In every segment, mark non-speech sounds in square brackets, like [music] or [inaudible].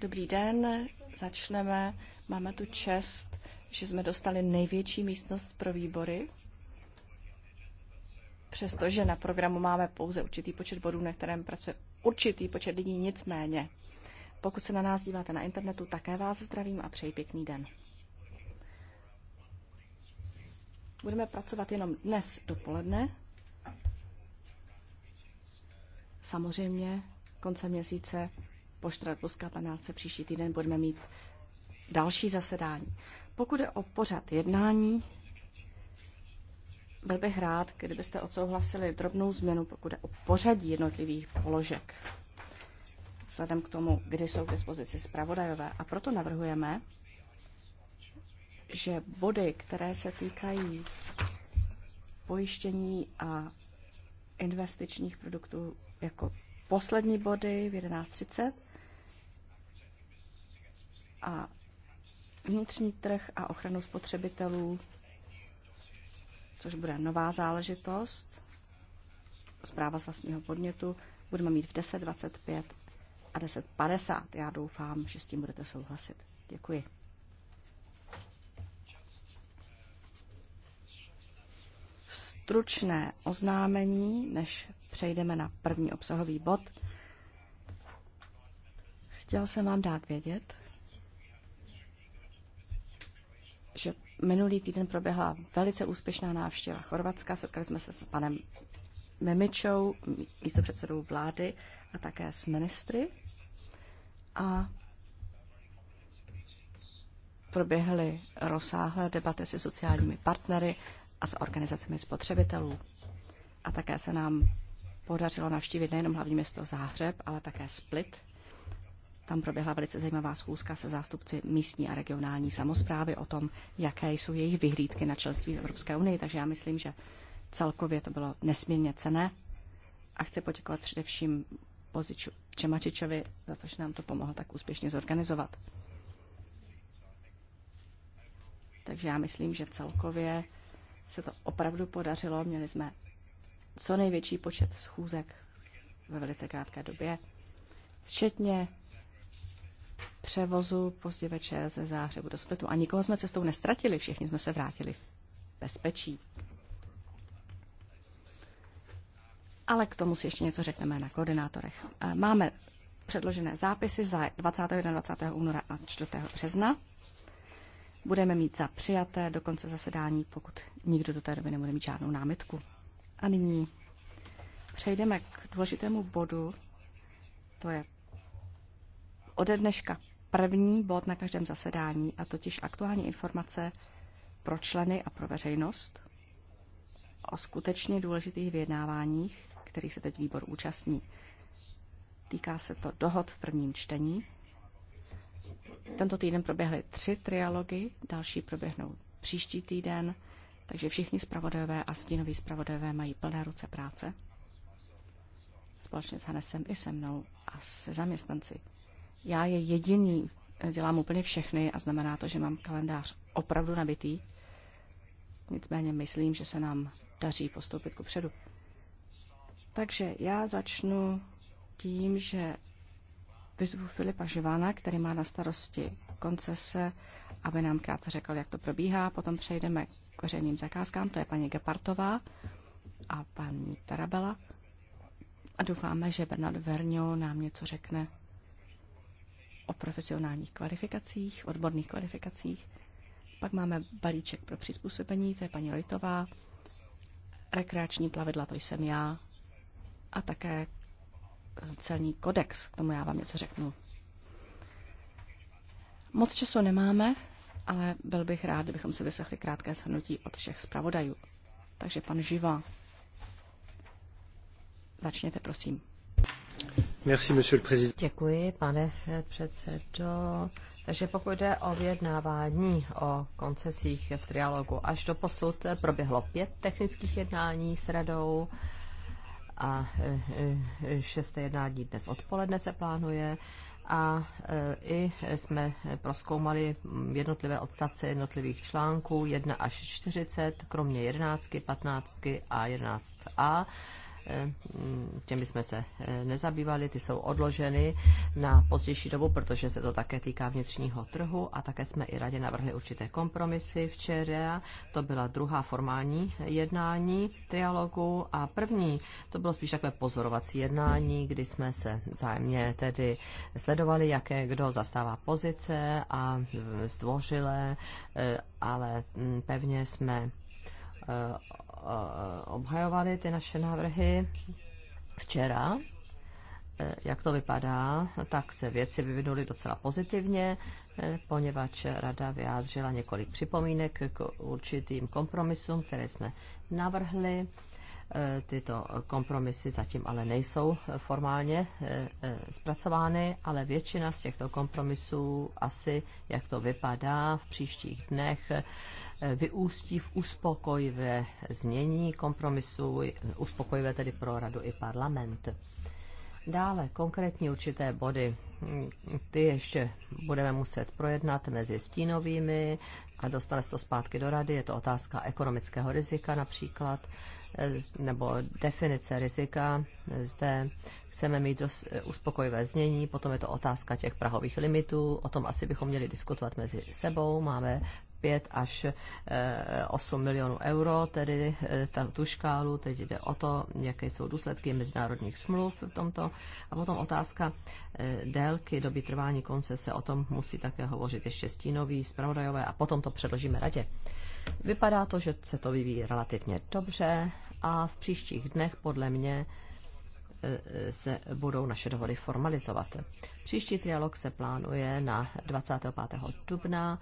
Dobrý den, začneme. Máme tu čest, že jsme dostali největší místnost pro výbory. Přestože na programu máme pouze určitý počet bodů, na kterém pracuje určitý počet lidí, nicméně. Pokud se na nás díváte na internetu, také vás zdravím a přeji pěkný den. Budeme pracovat jenom dnes dopoledne. Samozřejmě konce měsíce po Štrasburské panelce příští týden budeme mít další zasedání. Pokud je o pořad jednání, byl bych rád, kdybyste odsouhlasili drobnou změnu, pokud je o pořadí jednotlivých položek. Vzhledem k tomu, kdy jsou k dispozici zpravodajové. A proto navrhujeme, že body, které se týkají pojištění a investičních produktů jako poslední body v 11.30 a vnitřní trh a ochranu spotřebitelů, což bude nová záležitost, zpráva z vlastního podnětu, budeme mít v 10.25 a 10.50. Já doufám, že s tím budete souhlasit. Děkuji. Stručné oznámení, než přejdeme na první obsahový bod, chtěl jsem vám dát vědět, že minulý týden proběhla velice úspěšná návštěva Chorvatska. Setkali jsme se s panem Memičou, místopředsedou vlády a také s ministry. A proběhly rozsáhlé debaty se sociálními partnery a s organizacemi spotřebitelů. A také se nám podařilo navštívit nejenom hlavní město Záhřeb, ale také Split. Tam proběhla velice zajímavá schůzka se zástupci místní a regionální samozprávy o tom, jaké jsou jejich vyhlídky na členství v Evropské unii. Takže já myslím, že celkově to bylo nesmírně cené a chci poděkovat především Poziču Čemačičovi za to, že nám to pomohl tak úspěšně zorganizovat. Takže já myslím, že celkově se to opravdu podařilo. Měli jsme co největší počet schůzek ve velice krátké době, včetně převozu pozdě večer ze Záhřebu do Splitu. A nikoho jsme cestou nestratili, všichni jsme se vrátili v bezpečí. Ale k tomu si ještě něco řekneme na koordinátorech. Máme předložené zápisy za 21. 20. února a 4. března. Budeme mít za přijaté do konce zasedání, pokud nikdo do té doby nebude mít žádnou námitku. A nyní přejdeme k důležitému bodu, to je ode dneška první bod na každém zasedání, a totiž aktuální informace pro členy a pro veřejnost o skutečně důležitých vyjednáváních, kterých se teď výbor účastní. Týká se to dohod v prvním čtení. Tento týden proběhly tři trialogy, další proběhnou příští týden takže všichni zpravodajové a stínoví zpravodajové mají plné ruce práce. Společně s Hanesem i se mnou a se zaměstnanci. Já je jediný, eh, dělám úplně všechny a znamená to, že mám kalendář opravdu nabitý. Nicméně myslím, že se nám daří postoupit ku předu. Takže já začnu tím, že vyzvu Filipa Živána, který má na starosti koncese, aby nám krátce řekl, jak to probíhá. Potom přejdeme k veřejným zakázkám, to je paní Gepartová a paní Tarabela. A doufáme, že Bernard Verňo nám něco řekne o profesionálních kvalifikacích, odborných kvalifikacích. Pak máme balíček pro přizpůsobení, to je paní Rojtová. Rekreační plavidla, to jsem já. A také eh, celní kodex, k tomu já vám něco řeknu. Moc času nemáme, ale byl bych rád, kdybychom si vyslechli krátké shrnutí od všech zpravodajů. Takže pan Živa, začněte prosím. Merci, monsieur le président. Děkuji, pane eh, předsedo. Takže pokud jde o vyjednávání o koncesích v trialogu, až do posud eh, proběhlo pět technických jednání s radou a eh, šesté jednání dnes odpoledne se plánuje a e, i jsme proskoumali jednotlivé odstavce jednotlivých článků 1 až 40, kromě 11, 15 a 11a těmi jsme se eh, nezabývali, ty jsou odloženy na pozdější dobu, protože se to také týká vnitřního trhu a také jsme i radě navrhli určité kompromisy včera. To byla druhá formální jednání trialogu a první to bylo spíš takové pozorovací jednání, kdy jsme se vzájemně tedy sledovali, jaké kdo zastává pozice a zdvořile, eh, ale mm, pevně jsme Eh, obhajovali ty naše návrhy včera. Eh, jak to vypadá, tak se věci vyvinuly docela pozitivně, eh, poněvadž rada vyjádřila několik připomínek k určitým kompromisům, které jsme navrhli Eh, tyto kompromisy zatím ale nejsou eh, formálně eh, zpracovány, ale většina z těchto kompromisů asi, jak to vypadá v příštích dnech, vyústí v uspokojivé znění kompromisu, uspokojivé tedy pro radu i parlament. Dále konkrétní určité body. Ty ještě budeme muset projednat mezi stínovými a dostane se to zpátky do rady. Je to otázka ekonomického rizika například, nebo definice rizika. Zde chceme mít uspokojivé znění, potom je to otázka těch prahových limitů. O tom asi bychom měli diskutovat mezi sebou. Máme 5 až 8 eh, milionů euro, tedy eh, tam tu škálu. Teď jde o to, jaké jsou důsledky mezinárodních smluv v tomto. A potom otázka eh, délky doby trvání koncese. O tom musí také hovořit ještě stínový, zpravodajové a potom to předložíme radě. Vypadá to, že se to vyvíjí relativně dobře a v příštích dnech podle mě se budou naše dohody formalizovat. Příští trialog se plánuje na 25. dubna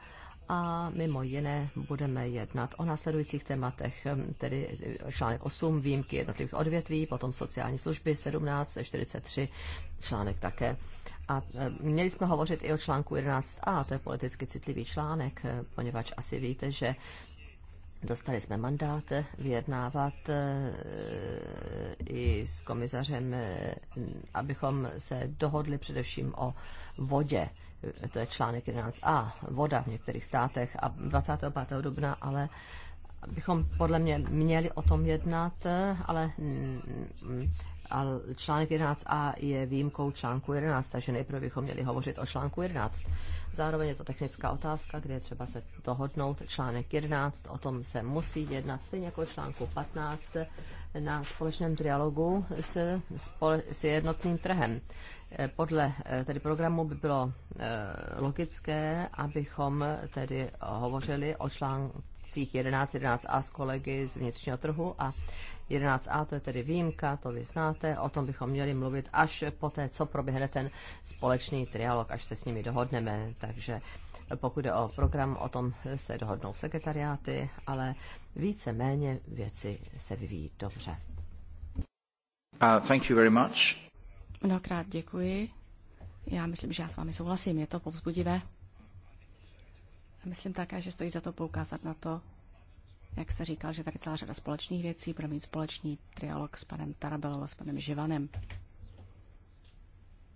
a mimo jiné budeme jednat o následujících tématech, ehm, tedy eh, článek 8, výjimky jednotlivých odvětví, potom sociální služby 43, článek také. A ehm, měli jsme hovořit i o článku 11a, to je politicky citlivý článek, eh, poněvadž asi víte, že Dostali jsme mandát eh, vyjednávat i s komisařem, abychom se dohodli především o vodě to je článek 11a, voda v některých státech a 25. dubna, ale bychom podle mě měli o tom jednat, ale, mm, ale článek 11a je výjimkou článku 11, takže nejprve bychom měli hovořit o článku 11. Zároveň je to technická otázka, kde je třeba se dohodnout článek 11, o tom se musí jednat stejně jako článku 15 na společném dialogu s, spole, s jednotným trhem. Eh, podle eh, tedy programu by bylo eh, logické, abychom tedy hovořili o článcích 11, 11a s kolegy z vnitřního trhu a 11a to je tedy výjimka, to vy znáte, o tom bychom měli mluvit až po té, co proběhne ten společný trialog, až se s nimi dohodneme, takže pokud jde o program, o tom se dohodnou sekretariáty, ale více méně věci se vyvíjí dobře. Uh, thank you very much. Mnohokrát děkuji. Já myslím, že já s vámi souhlasím, je to povzbudivé. A myslím také, že stojí za to poukázat na to, jak jste říkal, že tady celá řada společných věcí bude mít společný trialog s panem Tarabelou a s panem Živanem,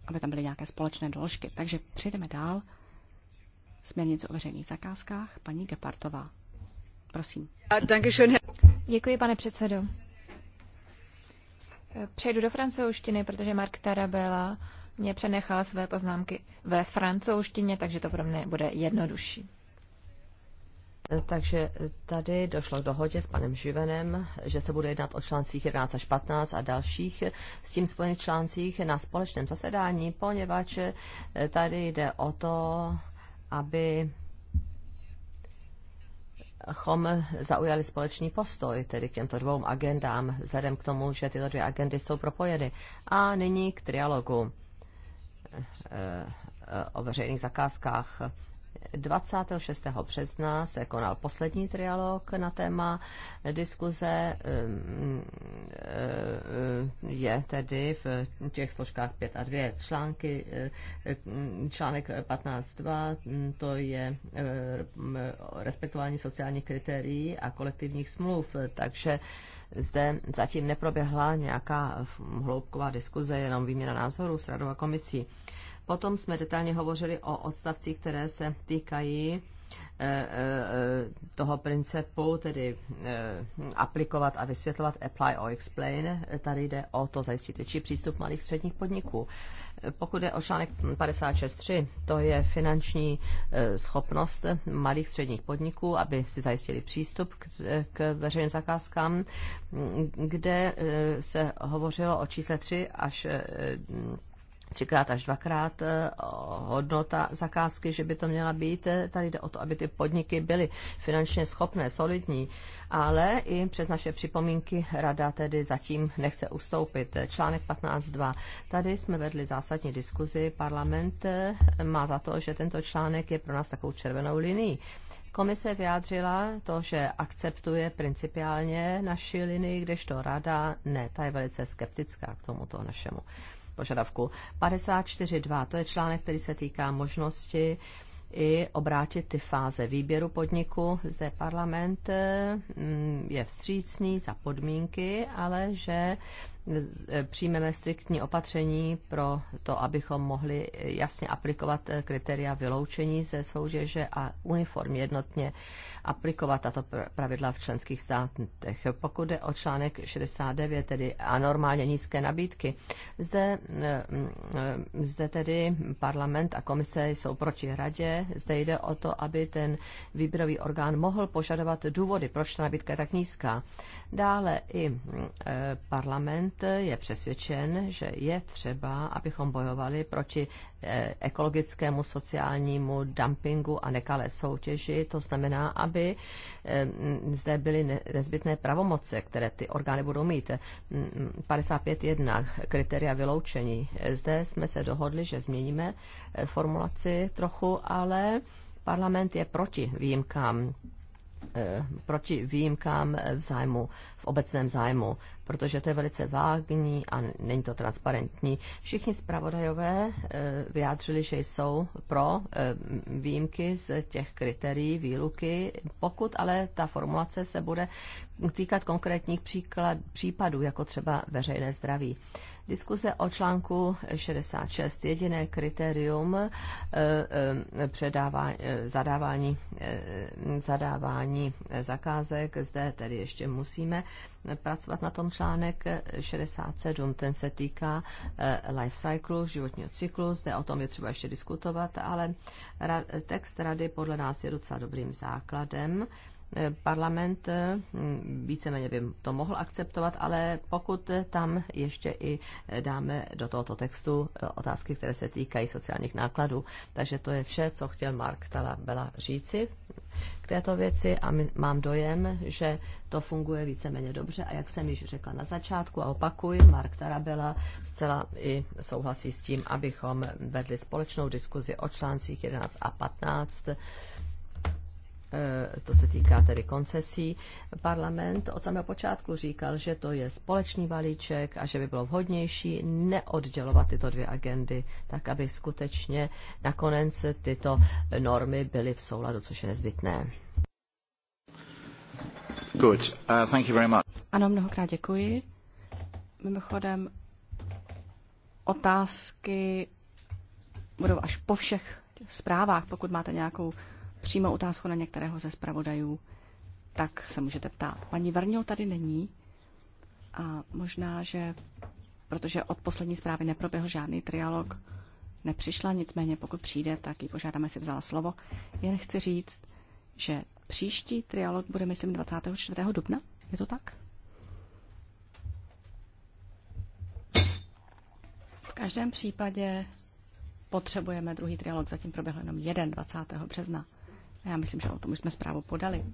aby tam byly nějaké společné doložky. Takže přejdeme dál. Směrnice o veřejných zakázkách, paní Gepartová. Prosím. Děkuji, pane předsedo. Přejdu do francouzštiny, protože Mark Tarabella mě přenechal své poznámky ve francouzštině, takže to pro mě bude jednodušší. Takže tady došlo k dohodě s panem Živenem, že se bude jednat o článcích 11 až 15 a dalších s tím spojených článcích na společném zasedání, poněvadž tady jde o to, aby chom zaujali společný postoj, tedy k těmto dvou agendám, vzhledem k tomu, že tyto dvě agendy jsou propojeny. A nyní k trialogu eh, eh, o veřejných zakázkách. 26. března se konal poslední trialog na téma diskuze. Um, um, je tedy v těch složkách 5 a 2 články, um, článek 15.2, to je respektování sociálních kritérií a kolektivních smluv, takže zde zatím neproběhla nějaká hloubková diskuze, jenom výměna názorů s radou a komisí. Potom jsme detailně hovořili o odstavcích, které se týkají eh, eh, toho principu, tedy eh, aplikovat a vysvětlovat apply or explain. Tady jde o to zajistit větší přístup malých středních podniků. Pokud je o článek 56.3, to je finanční schopnost malých středních podniků, aby si zajistili přístup k, k veřejným zakázkám, kde se hovořilo o čísle 3 až třikrát až dvakrát eh, hodnota zakázky, že by to měla být. Eh, tady jde o to, aby ty podniky byly finančně schopné, solidní, ale i přes naše připomínky rada tedy zatím nechce ustoupit. Eh, článek 15.2. Tady jsme vedli zásadní diskuzi. Parlament má za to, že tento článek je pro nás takovou červenou linií. Komise vyjádřila to, že akceptuje principiálně naši linii, kdežto rada ne, ta je velice skeptická k tomuto našemu požadavku. 54.2, to je článek, který se týká možnosti i obrátit ty fáze výběru podniku. Zde parlament mm, je vstřícný za podmínky, ale že přijmeme striktní opatření pro to, abychom mohli jasně aplikovat kritéria vyloučení ze soutěže a uniformně jednotně aplikovat tato pravidla v členských státech. Pokud jde o článek 69, tedy anormálně nízké nabídky, zde, eh, zde tedy parlament a komise jsou proti radě. Zde jde o to, aby ten výběrový orgán mohl požadovat důvody, proč ta nabídka je tak nízká. Dále i mm, e, parlament je přesvědčen, že je třeba, abychom bojovali proti e, ekologickému, sociálnímu dumpingu a nekalé soutěži. To znamená, aby e, zde byly nezbytné pravomoce, které ty orgány budou mít. 55.1. Kritéria vyloučení. Zde jsme se dohodli, že změníme formulaci trochu, ale parlament je proti výjimkám proti výjimkám v zájmu v obecném zájmu, protože to je velice vágní a není to transparentní. Všichni zpravodajové eh, vyjádřili, že jsou pro eh, výjimky z těch kritérií výluky, pokud ale ta formulace se bude týkat konkrétních příklad, případů, jako třeba veřejné zdraví. Diskuze o článku 66. Jediné kritérium eh, předává, zadávání, zadávání zakázek. Zde tedy ještě musíme pracovat na tom článek 67. Ten se týká eh, life cyclu, životního cyklu. Zde o tom je třeba ještě diskutovat, ale text rady podle nás je docela dobrým základem eh, parlament eh, hm, víceméně by to mohl akceptovat, ale pokud tam ještě i dáme do tohoto textu otázky, které se týkají sociálních nákladů. Takže to je vše, co chtěl Mark Bela říci k této věci a mám dojem, že to funguje víceméně dobře a jak jsem již řekla na začátku a opakuji, Mark Tarabela zcela i souhlasí s tím, abychom vedli společnou diskuzi o článcích 11 a 15 Eh, to se týká tedy koncesí, parlament od samého počátku říkal, že to je společný balíček a že by bylo vhodnější neoddělovat tyto dvě agendy, tak aby skutečně nakonec tyto normy byly v souladu, což je nezbytné. Good. Uh, thank you very much. Ano, mnohokrát děkuji. Mimochodem, otázky budou až po všech zprávách, pokud máte nějakou Přímo otázku na některého ze zpravodajů, tak se můžete ptát. Paní Varňo tady není a možná, že protože od poslední zprávy neproběhl žádný trialog, nepřišla, nicméně pokud přijde, tak ji požádáme, si vzala slovo. Jen chci říct, že příští trialog bude, myslím, 24. dubna. Je to tak? V každém případě potřebujeme druhý trialog, zatím proběhl jenom jeden 20. března. Já myslím, že o tom jsme zprávu podali.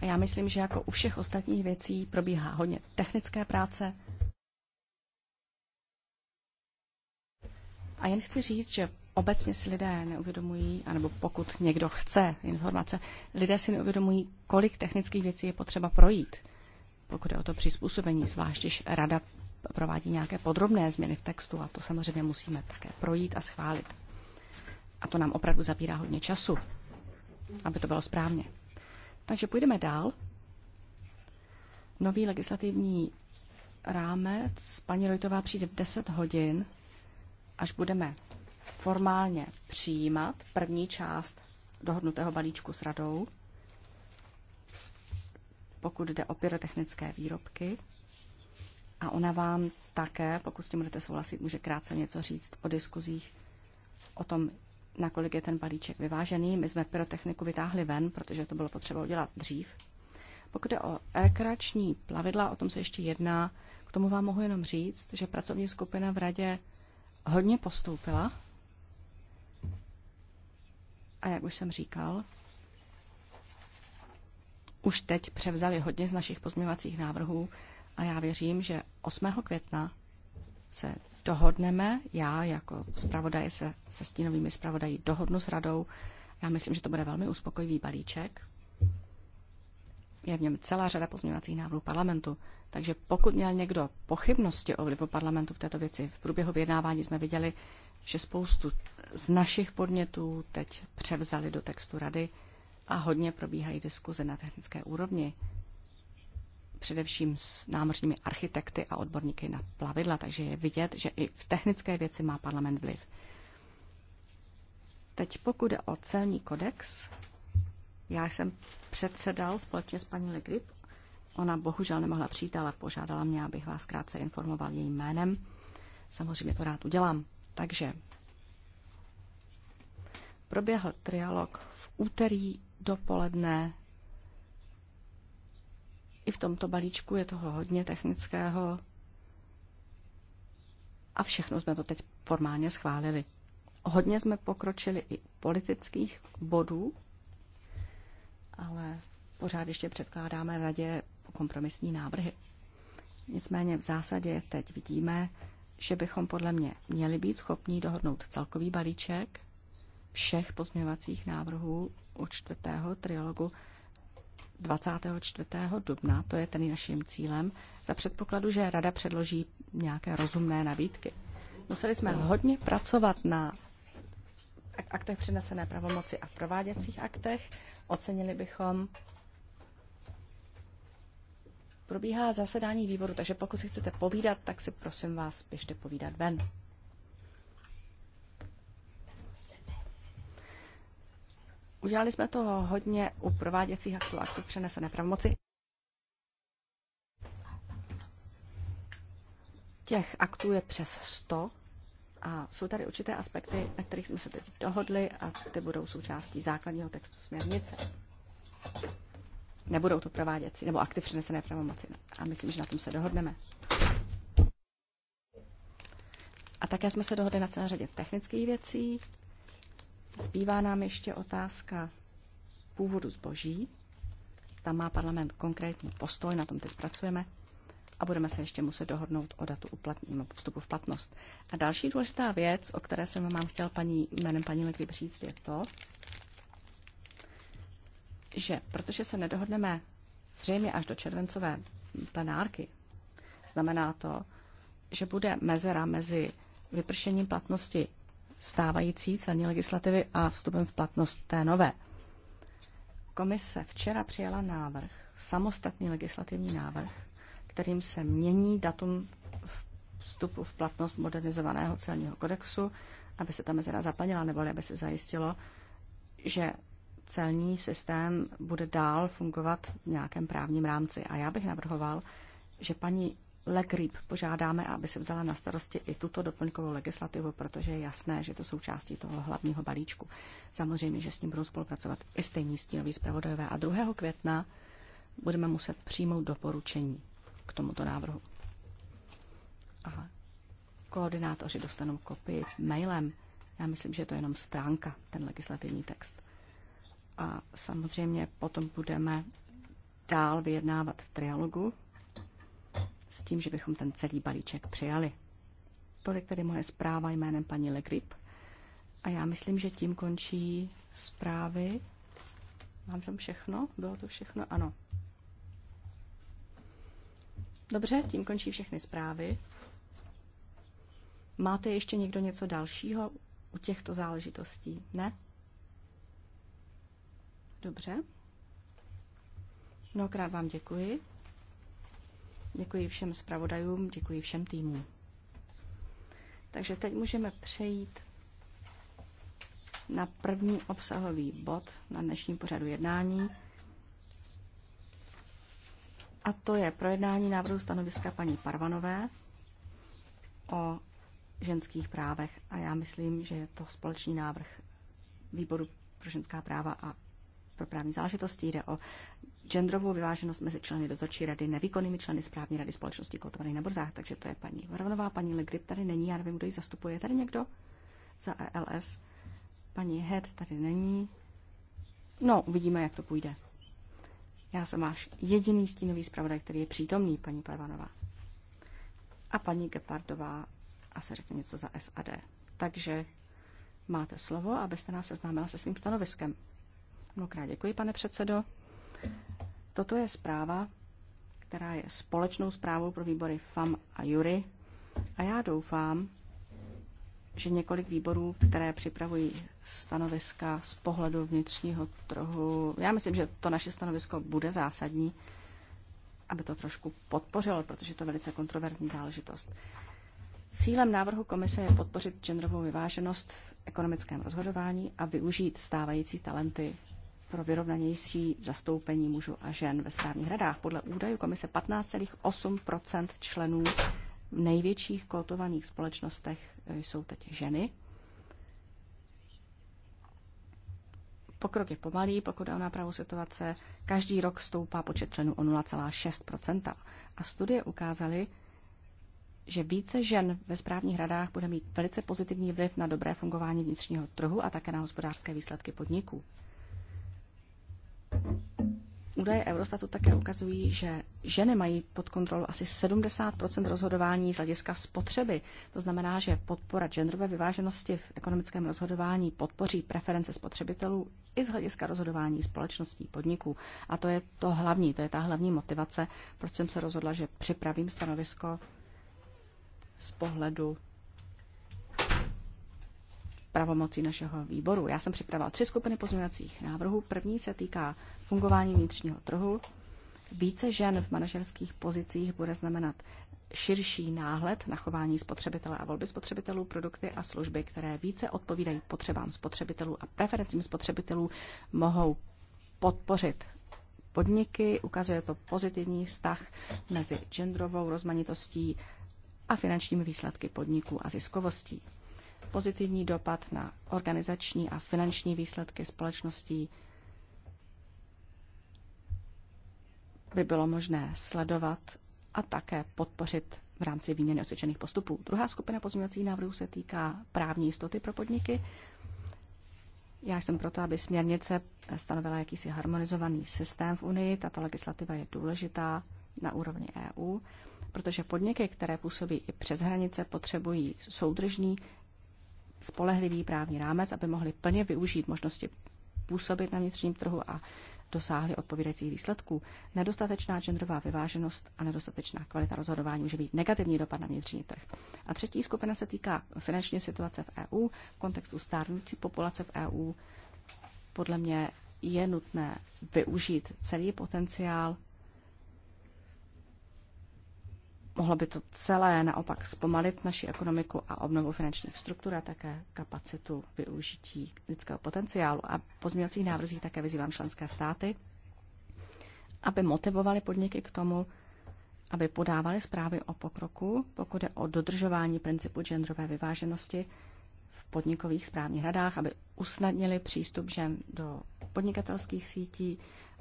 A já myslím, že jako u všech ostatních věcí probíhá hodně technické práce. A jen chci říct, že obecně si lidé neuvědomují, anebo pokud někdo chce informace, lidé si neuvědomují, kolik technických věcí je potřeba projít, pokud je o to přizpůsobení, zvlášť když rada provádí nějaké podrobné změny v textu a to samozřejmě musíme také projít a schválit. A to nám opravdu zabírá hodně času, aby to bylo správně. Takže půjdeme dál. Nový legislativní rámec. Paní Rojtová přijde v 10 hodin, až budeme formálně přijímat první část dohodnutého balíčku s radou, pokud jde o pyrotechnické výrobky. A ona vám také, pokud s tím budete souhlasit, může krátce něco říct o diskuzích o tom, nakolik je ten balíček vyvážený. My jsme pyrotechniku vytáhli ven, protože to bylo potřeba udělat dřív. Pokud je o rekreační plavidla, o tom se ještě jedná, k tomu vám mohu jenom říct, že pracovní skupina v radě hodně postoupila. A jak už jsem říkal, už teď převzali hodně z našich pozměvacích návrhů a já věřím, že 8. května se dohodneme. Já jako zpravodaj se, se stínovými zpravodají dohodnu s radou. Já myslím, že to bude velmi uspokojivý balíček. Je v něm celá řada pozměňovacích návrhů parlamentu. Takže pokud měl někdo pochybnosti o vlivu parlamentu v této věci, v průběhu vyjednávání jsme viděli, že spoustu z našich podnětů teď převzali do textu rady a hodně probíhají diskuze na technické úrovni především s námořními architekty a odborníky na plavidla, takže je vidět, že i v technické věci má parlament vliv. Teď pokud jde o celní kodex, já jsem předsedal společně s paní Legrip. Ona bohužel nemohla přijít, ale požádala mě, abych vás krátce informoval jejím jménem. Samozřejmě to rád udělám. Takže proběhl trialog v úterý dopoledne i v tomto balíčku je toho hodně technického a všechno jsme to teď formálně schválili. Hodně jsme pokročili i politických bodů, ale pořád ještě předkládáme radě kompromisní návrhy. Nicméně v zásadě teď vidíme, že bychom podle mě měli být schopní dohodnout celkový balíček všech pozměňovacích návrhů od čtvrtého triologu. 24. dubna, to je ten naším cílem, za předpokladu, že rada předloží nějaké rozumné nabídky. Museli jsme hodně pracovat na aktech přenesené pravomoci a prováděcích aktech. Ocenili bychom. Probíhá zasedání výboru, takže pokud si chcete povídat, tak si prosím vás běžte povídat ven. Udělali jsme toho hodně u prováděcích aktů, aktů přenesené pravomoci. Těch aktů je přes 100 a jsou tady určité aspekty, na kterých jsme se teď dohodli a ty budou součástí základního textu směrnice. Nebudou to prováděcí nebo akty přenesené pravomoci. A myslím, že na tom se dohodneme. A také jsme se dohodli na celé řadě technických věcí, Zbývá nám ještě otázka původu zboží. Tam má parlament konkrétní postoj, na tom teď pracujeme a budeme se ještě muset dohodnout o datu uplatnění, vstupu v platnost. A další důležitá věc, o které jsem vám chtěl paní, jménem paní Lekry říct, je to, že protože se nedohodneme zřejmě až do červencové plenárky, znamená to, že bude mezera mezi vypršením platnosti stávající celní legislativy a vstupem v platnost té nové. Komise včera přijala návrh, samostatný legislativní návrh, kterým se mění datum vstupu v platnost modernizovaného celního kodexu, aby se ta mezera zaplnila, nebo aby se zajistilo, že celní systém bude dál fungovat v nějakém právním rámci. A já bych navrhoval, že paní Legrip požádáme, aby se vzala na starosti i tuto doplňkovou legislativu, protože je jasné, že to součástí toho hlavního balíčku. Samozřejmě, že s ním budou spolupracovat i stejní stínoví zpravodajové. A 2. května budeme muset přijmout doporučení k tomuto návrhu. Aha. koordinátoři dostanou kopii mailem. Já myslím, že to je jenom stránka, ten legislativní text. A samozřejmě potom budeme dál vyjednávat v trialogu s tím, že bychom ten celý balíček přijali. Tolik tedy moje zpráva jménem paní Legrip. A já myslím, že tím končí zprávy. Mám tam všechno? Bylo to všechno? Ano. Dobře, tím končí všechny zprávy. Máte ještě někdo něco dalšího u těchto záležitostí? Ne? Dobře. Mnohokrát vám děkuji. Děkuji všem zpravodajům, děkuji všem týmům. Takže teď můžeme přejít na první obsahový bod na dnešním pořadu jednání. A to je projednání návrhu stanoviska paní Parvanové o ženských právech. A já myslím, že je to společný návrh výboru pro ženská práva a pro právní záležitosti. Jde o genderovou vyváženost mezi členy dozorčí rady, nevýkonnými členy správní rady společnosti kotovaný na burzách. Takže to je paní Varovnová, paní Legrip tady není, já nevím, kdo ji zastupuje. Je tady někdo za ELS? Paní Head tady není. No, uvidíme, jak to půjde. Já jsem váš jediný stínový zpravodaj, který je přítomný, paní Parvanová. A paní Gepardová a se řekne něco za SAD. Takže máte slovo, abyste nás seznámila se svým stanoviskem. Mnohokrát děkuji, pane předsedo. Toto je zpráva, která je společnou zprávou pro výbory FAM a JURY a já doufám, že několik výborů, které připravují stanoviska z pohledu vnitřního trhu, já myslím, že to naše stanovisko bude zásadní, aby to trošku podpořilo, protože to je velice kontroverzní záležitost. Cílem návrhu komise je podpořit genderovou vyváženost v ekonomickém rozhodování a využít stávající talenty pro vyrovnanější zastoupení mužů a žen ve správních radách. Podle údajů komise 15,8 členů v největších kotovaných společnostech eh, jsou teď ženy. Pokrok je pomalý, pokud je o nápravu situace. Každý rok stoupá počet členů o 0,6 A studie ukázaly, že více žen ve správních radách bude mít velice pozitivní vliv na dobré fungování vnitřního trhu a také na hospodářské výsledky podniků. Údaje Eurostatu také ukazují, že ženy mají pod kontrolou asi 70 rozhodování z hlediska spotřeby. To znamená, že podpora genderové vyváženosti v ekonomickém rozhodování podpoří preference spotřebitelů i z hlediska rozhodování společností, podniků. A to je to hlavní, to je ta hlavní motivace, proč jsem se rozhodla, že připravím stanovisko z pohledu pravomocí našeho výboru. Já jsem připravila tři skupiny pozměňovacích návrhů. První se týká fungování vnitřního trhu. Více žen v manažerských pozicích bude znamenat širší náhled na chování spotřebitele a volby spotřebitelů, produkty a služby, které více odpovídají potřebám spotřebitelů a preferencím spotřebitelů, mohou podpořit podniky. Ukazuje to pozitivní vztah mezi genderovou rozmanitostí a finančními výsledky podniků a ziskovostí pozitivní dopad na organizační a finanční výsledky společností by bylo možné sledovat a také podpořit v rámci výměny osvědčených postupů. Druhá skupina pozměňovacích návrhů se týká právní jistoty pro podniky. Já jsem proto, aby směrnice stanovila jakýsi harmonizovaný systém v Unii. Tato legislativa je důležitá na úrovni EU, protože podniky, které působí i přes hranice, potřebují soudržný, spolehlivý právní rámec, aby mohli plně využít možnosti působit na vnitřním trhu a dosáhli odpovídajících výsledků. Nedostatečná genderová vyváženost a nedostatečná kvalita rozhodování může být negativní dopad na vnitřní trh. A třetí skupina se týká finanční situace v EU. V kontextu stárnoucí populace v EU podle mě je nutné využít celý potenciál Mohlo by to celé naopak zpomalit naši ekonomiku a obnovu finančních struktur a také kapacitu využití lidského potenciálu. A pozměňovacích návrzích také vyzývám členské státy, aby motivovali podniky k tomu, aby podávali zprávy o pokroku, pokud je o dodržování principu genderové vyváženosti v podnikových správních radách, aby usnadnili přístup žen do podnikatelských sítí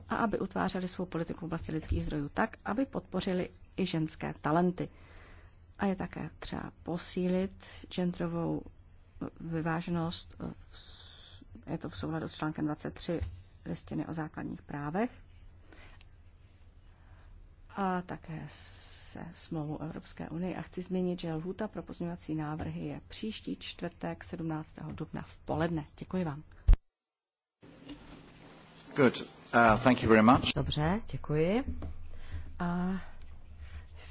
a aby utvářeli svou politiku v oblasti lidských zdrojů tak, aby podpořili i ženské talenty. A je také třeba posílit genderovou vyváženost, eh, je to v souladu s článkem 23 listiny o základních právech a také se smlouvou Evropské unie. A chci změnit, že lhůta pro pozměňovací návrhy je příští čtvrtek 17. dubna v poledne. Děkuji vám. Good. Uh, thank you very much. Dobře, děkuji. Uh,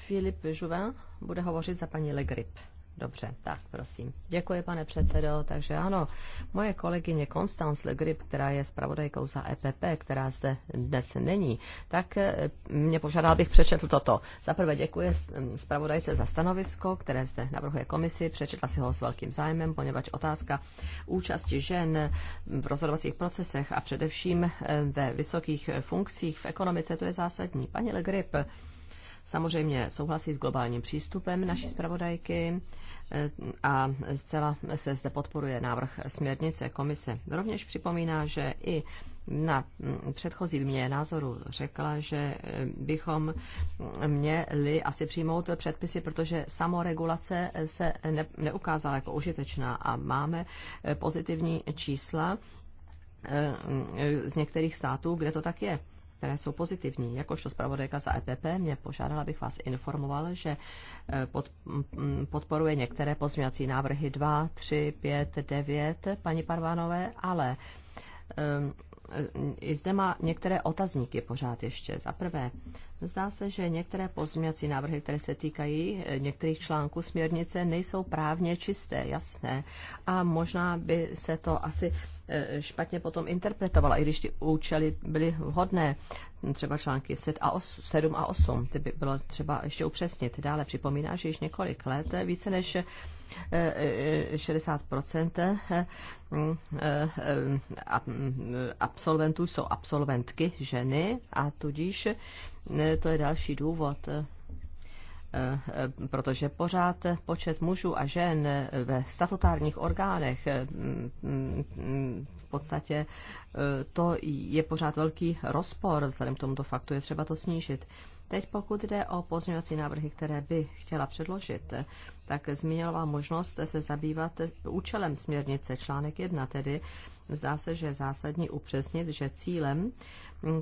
Filip Žuvin bude hovořit za paní Legrip. Dobře, tak prosím. Děkuji, pane předsedo. Takže ano, moje kolegyně Constance Legrip, která je zpravodajkou za EPP, která zde dnes není, tak eh, mě požádal, bych přečetl toto. Za prvé děkuji mm, zpravodajce za stanovisko, které zde navrhuje komisi. Přečetla si ho s velkým zájmem, poněvadž otázka účasti žen v rozhodovacích procesech a především eh, ve vysokých eh, funkcích v ekonomice, to je zásadní. Paní Legrip, samozřejmě souhlasí s globálním přístupem naší zpravodajky eh, a zcela se zde podporuje návrh směrnice komise. Rovněž připomíná, že i na mm, předchozí mě názoru řekla, že eh, bychom měli asi přijmout předpisy, protože samoregulace se ne, neukázala jako užitečná a máme eh, pozitivní čísla z některých států, kde to tak je které jsou pozitivní. Jakožto zpravodajka za EPP mě požádala, abych vás informoval, že eh, pod, mm, podporuje některé pozměňovací návrhy 2, 3, 5, 9 paní Parvánové, ale um, i zde má některé otazníky pořád ještě. Za prvé, Zdá se, že některé pozměňovací návrhy, které se týkají eh, některých článků směrnice, nejsou právně čisté, jasné. A možná by se to asi eh, špatně potom interpretovalo. i když ty účely byly vhodné, třeba články 7 a 8, ty by bylo třeba ještě upřesnit. Dále připomíná, že již několik let více než 60% eh, hm, hm, hm, absolventů jsou absolventky ženy a tudíž to je další důvod, eh, eh, protože pořád počet mužů a žen eh, ve statutárních orgánech mm, mm, v podstatě to je pořád velký rozpor, vzhledem k tomuto faktu je třeba to snížit. Teď pokud jde o pozměňovací návrhy, které by chtěla předložit, tak zmíněla možnost se zabývat účelem směrnice článek 1, tedy zdá se, že je zásadní upřesnit, že cílem mm,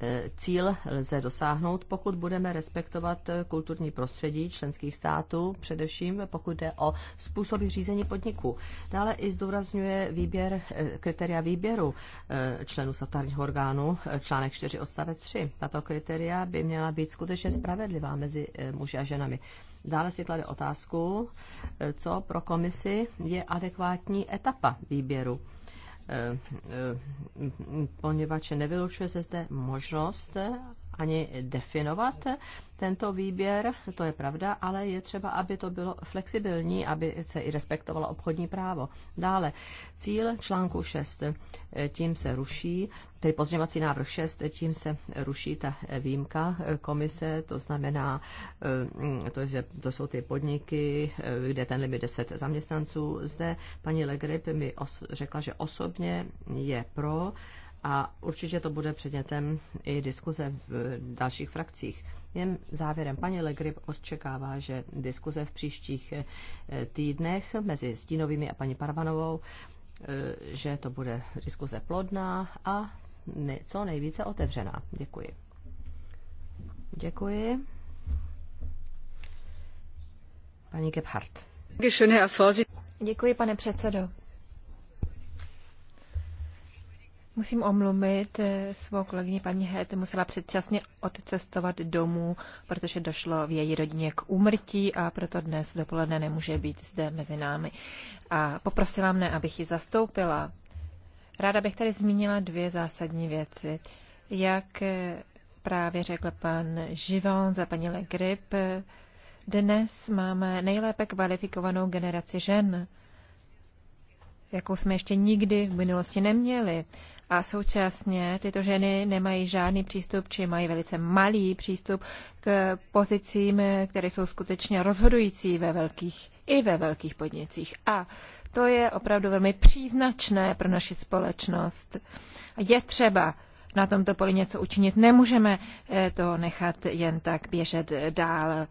E, cíl lze dosáhnout, pokud budeme respektovat kulturní prostředí členských států, především pokud jde o způsoby řízení podniku. Dále i zdůrazňuje výběr, e, kritéria výběru e, členů statutárního orgánu, článek 4 odstavec 3. Tato kritéria by měla být skutečně spravedlivá mezi muži a ženami. Dále si klade otázku, co pro komisi je adekvátní etapa výběru Eh, eh, poněvadž nevylučuje se zde možnost, ani definovat tento výběr, to je pravda, ale je třeba, aby to bylo flexibilní, aby se i respektovalo obchodní právo. Dále, cíl článku 6, tím se ruší, tedy pozměvací návrh 6, tím se ruší ta výjimka komise, to znamená, eh, to, že to jsou ty podniky, eh, kde ten limit 10 zaměstnanců. Zde paní Legrip mi řekla, že osobně je pro, a určitě to bude předmětem i diskuze v dalších frakcích. Jen závěrem, paní Legrip očekává, že diskuze v příštích eh, týdnech mezi Stínovými a paní Parvanovou, eh, že to bude diskuze plodná a co nejvíce otevřená. Děkuji. Děkuji. Paní Gebhardt. Děkuji, pane předsedo. Musím omluvit eh, svou kolegyni paní Het, musela předčasně odcestovat domů, protože došlo v její rodině k úmrtí a proto dnes dopoledne nemůže být zde mezi námi. A poprosila mne, abych ji zastoupila. Ráda bych tady zmínila dvě zásadní věci. Jak eh, právě řekl pan Živon za paní Le Grip, eh, dnes máme nejlépe kvalifikovanou generaci žen, jakou jsme ještě nikdy v minulosti neměli a současně tyto ženy nemají žádný přístup, či mají velice malý přístup k pozicím, které jsou skutečně rozhodující ve velkých i ve velkých podnicích. A to je opravdu velmi příznačné pro naši společnost. Je třeba na tomto poli něco učinit. Nemůžeme eh, to nechat jen tak běžet dál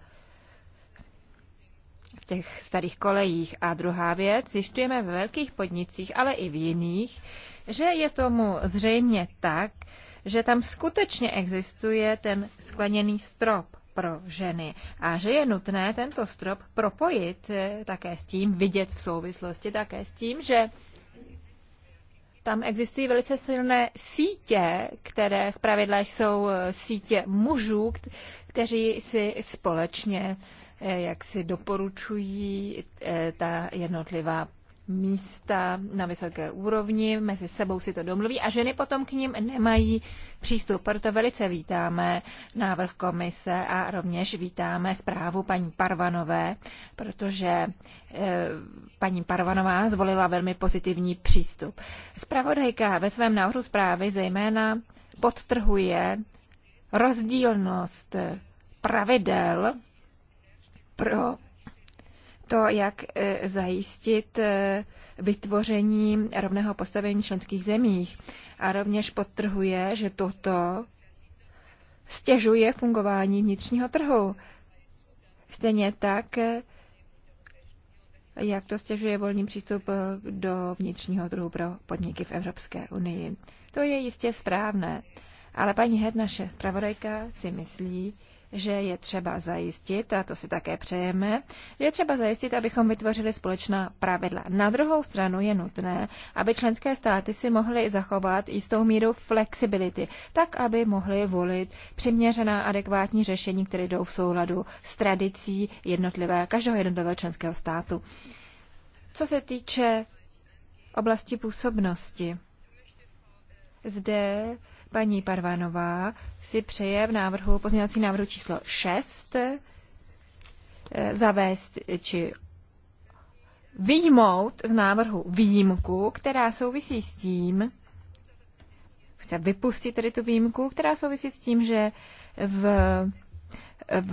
těch starých kolejích. A druhá věc, zjišťujeme ve velkých podnicích, ale i v jiných, že je tomu zřejmě tak, že tam skutečně existuje ten skleněný strop pro ženy a že je nutné tento strop propojit eh, také s tím, vidět v souvislosti také s tím, že tam existují velice silné sítě, které zpravidla jsou eh, sítě mužů, kteří si společně Eh, jak si doporučují eh, ta jednotlivá místa na vysoké úrovni, mezi sebou si to domluví a ženy potom k ním nemají přístup. Proto velice vítáme návrh komise a rovněž vítáme zprávu paní Parvanové, protože eh, paní Parvanová zvolila velmi pozitivní přístup. Zpravodajka ve svém návrhu zprávy zejména podtrhuje rozdílnost pravidel pro to, jak e, zajistit e, vytvoření rovného postavení členských zemích. A rovněž podtrhuje, že toto stěžuje fungování vnitřního trhu. Stejně tak, e, jak to stěžuje volný přístup do vnitřního trhu pro podniky v Evropské unii. To je jistě správné. Ale paní Hed, naše zpravodajka, si myslí, že je třeba zajistit, a to si také přejeme, je třeba zajistit, abychom vytvořili společná pravidla. Na druhou stranu je nutné, aby členské státy si mohly zachovat jistou míru flexibility, tak aby mohly volit přiměřená adekvátní řešení, které jdou v souladu s tradicí jednotlivé, každého jednotlivého členského státu. Co se týče oblasti působnosti, zde Paní Parvanová si přeje v návrhu pozměňovací návrhu číslo 6 eh, zavést či vyjmout z návrhu výjimku, která souvisí s tím, chce vypustit tedy tu výjimku, která souvisí s tím, že v v,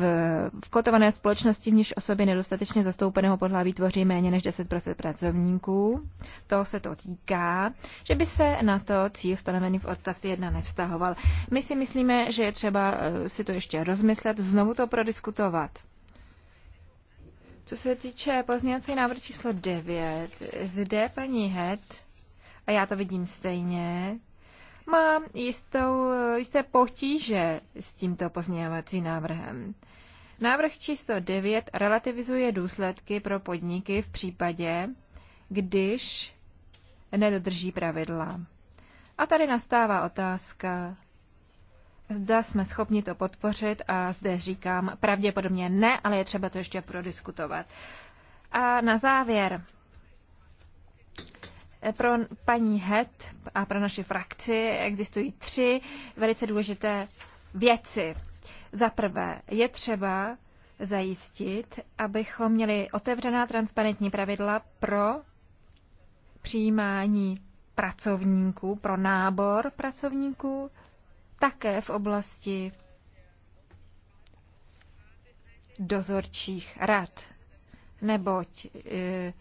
v kotované společnosti, v níž osoby nedostatečně zastoupeného podhlaví tvoří méně než 10 pracovníků, to se to týká, že by se na to cíl stanovený v odstavci 1 nevztahoval. My si myslíme, že je třeba eh, si to ještě rozmyslet, znovu to prodiskutovat. Co se týče pozměňovací návrh číslo 9, zde paní Het, a já to vidím stejně, mám jistou, jisté potíže s tímto pozměňovacím návrhem. Návrh číslo 9 relativizuje důsledky pro podniky v případě, když nedodrží pravidla. A tady nastává otázka, zda jsme schopni to podpořit a zde říkám pravděpodobně ne, ale je třeba to ještě prodiskutovat. A na závěr pro paní Het a pro naši frakci existují tři velice důležité věci. Za prvé, je třeba zajistit, abychom měli otevřená transparentní pravidla pro přijímání pracovníků, pro nábor pracovníků, také v oblasti dozorčích rad. Neboť e,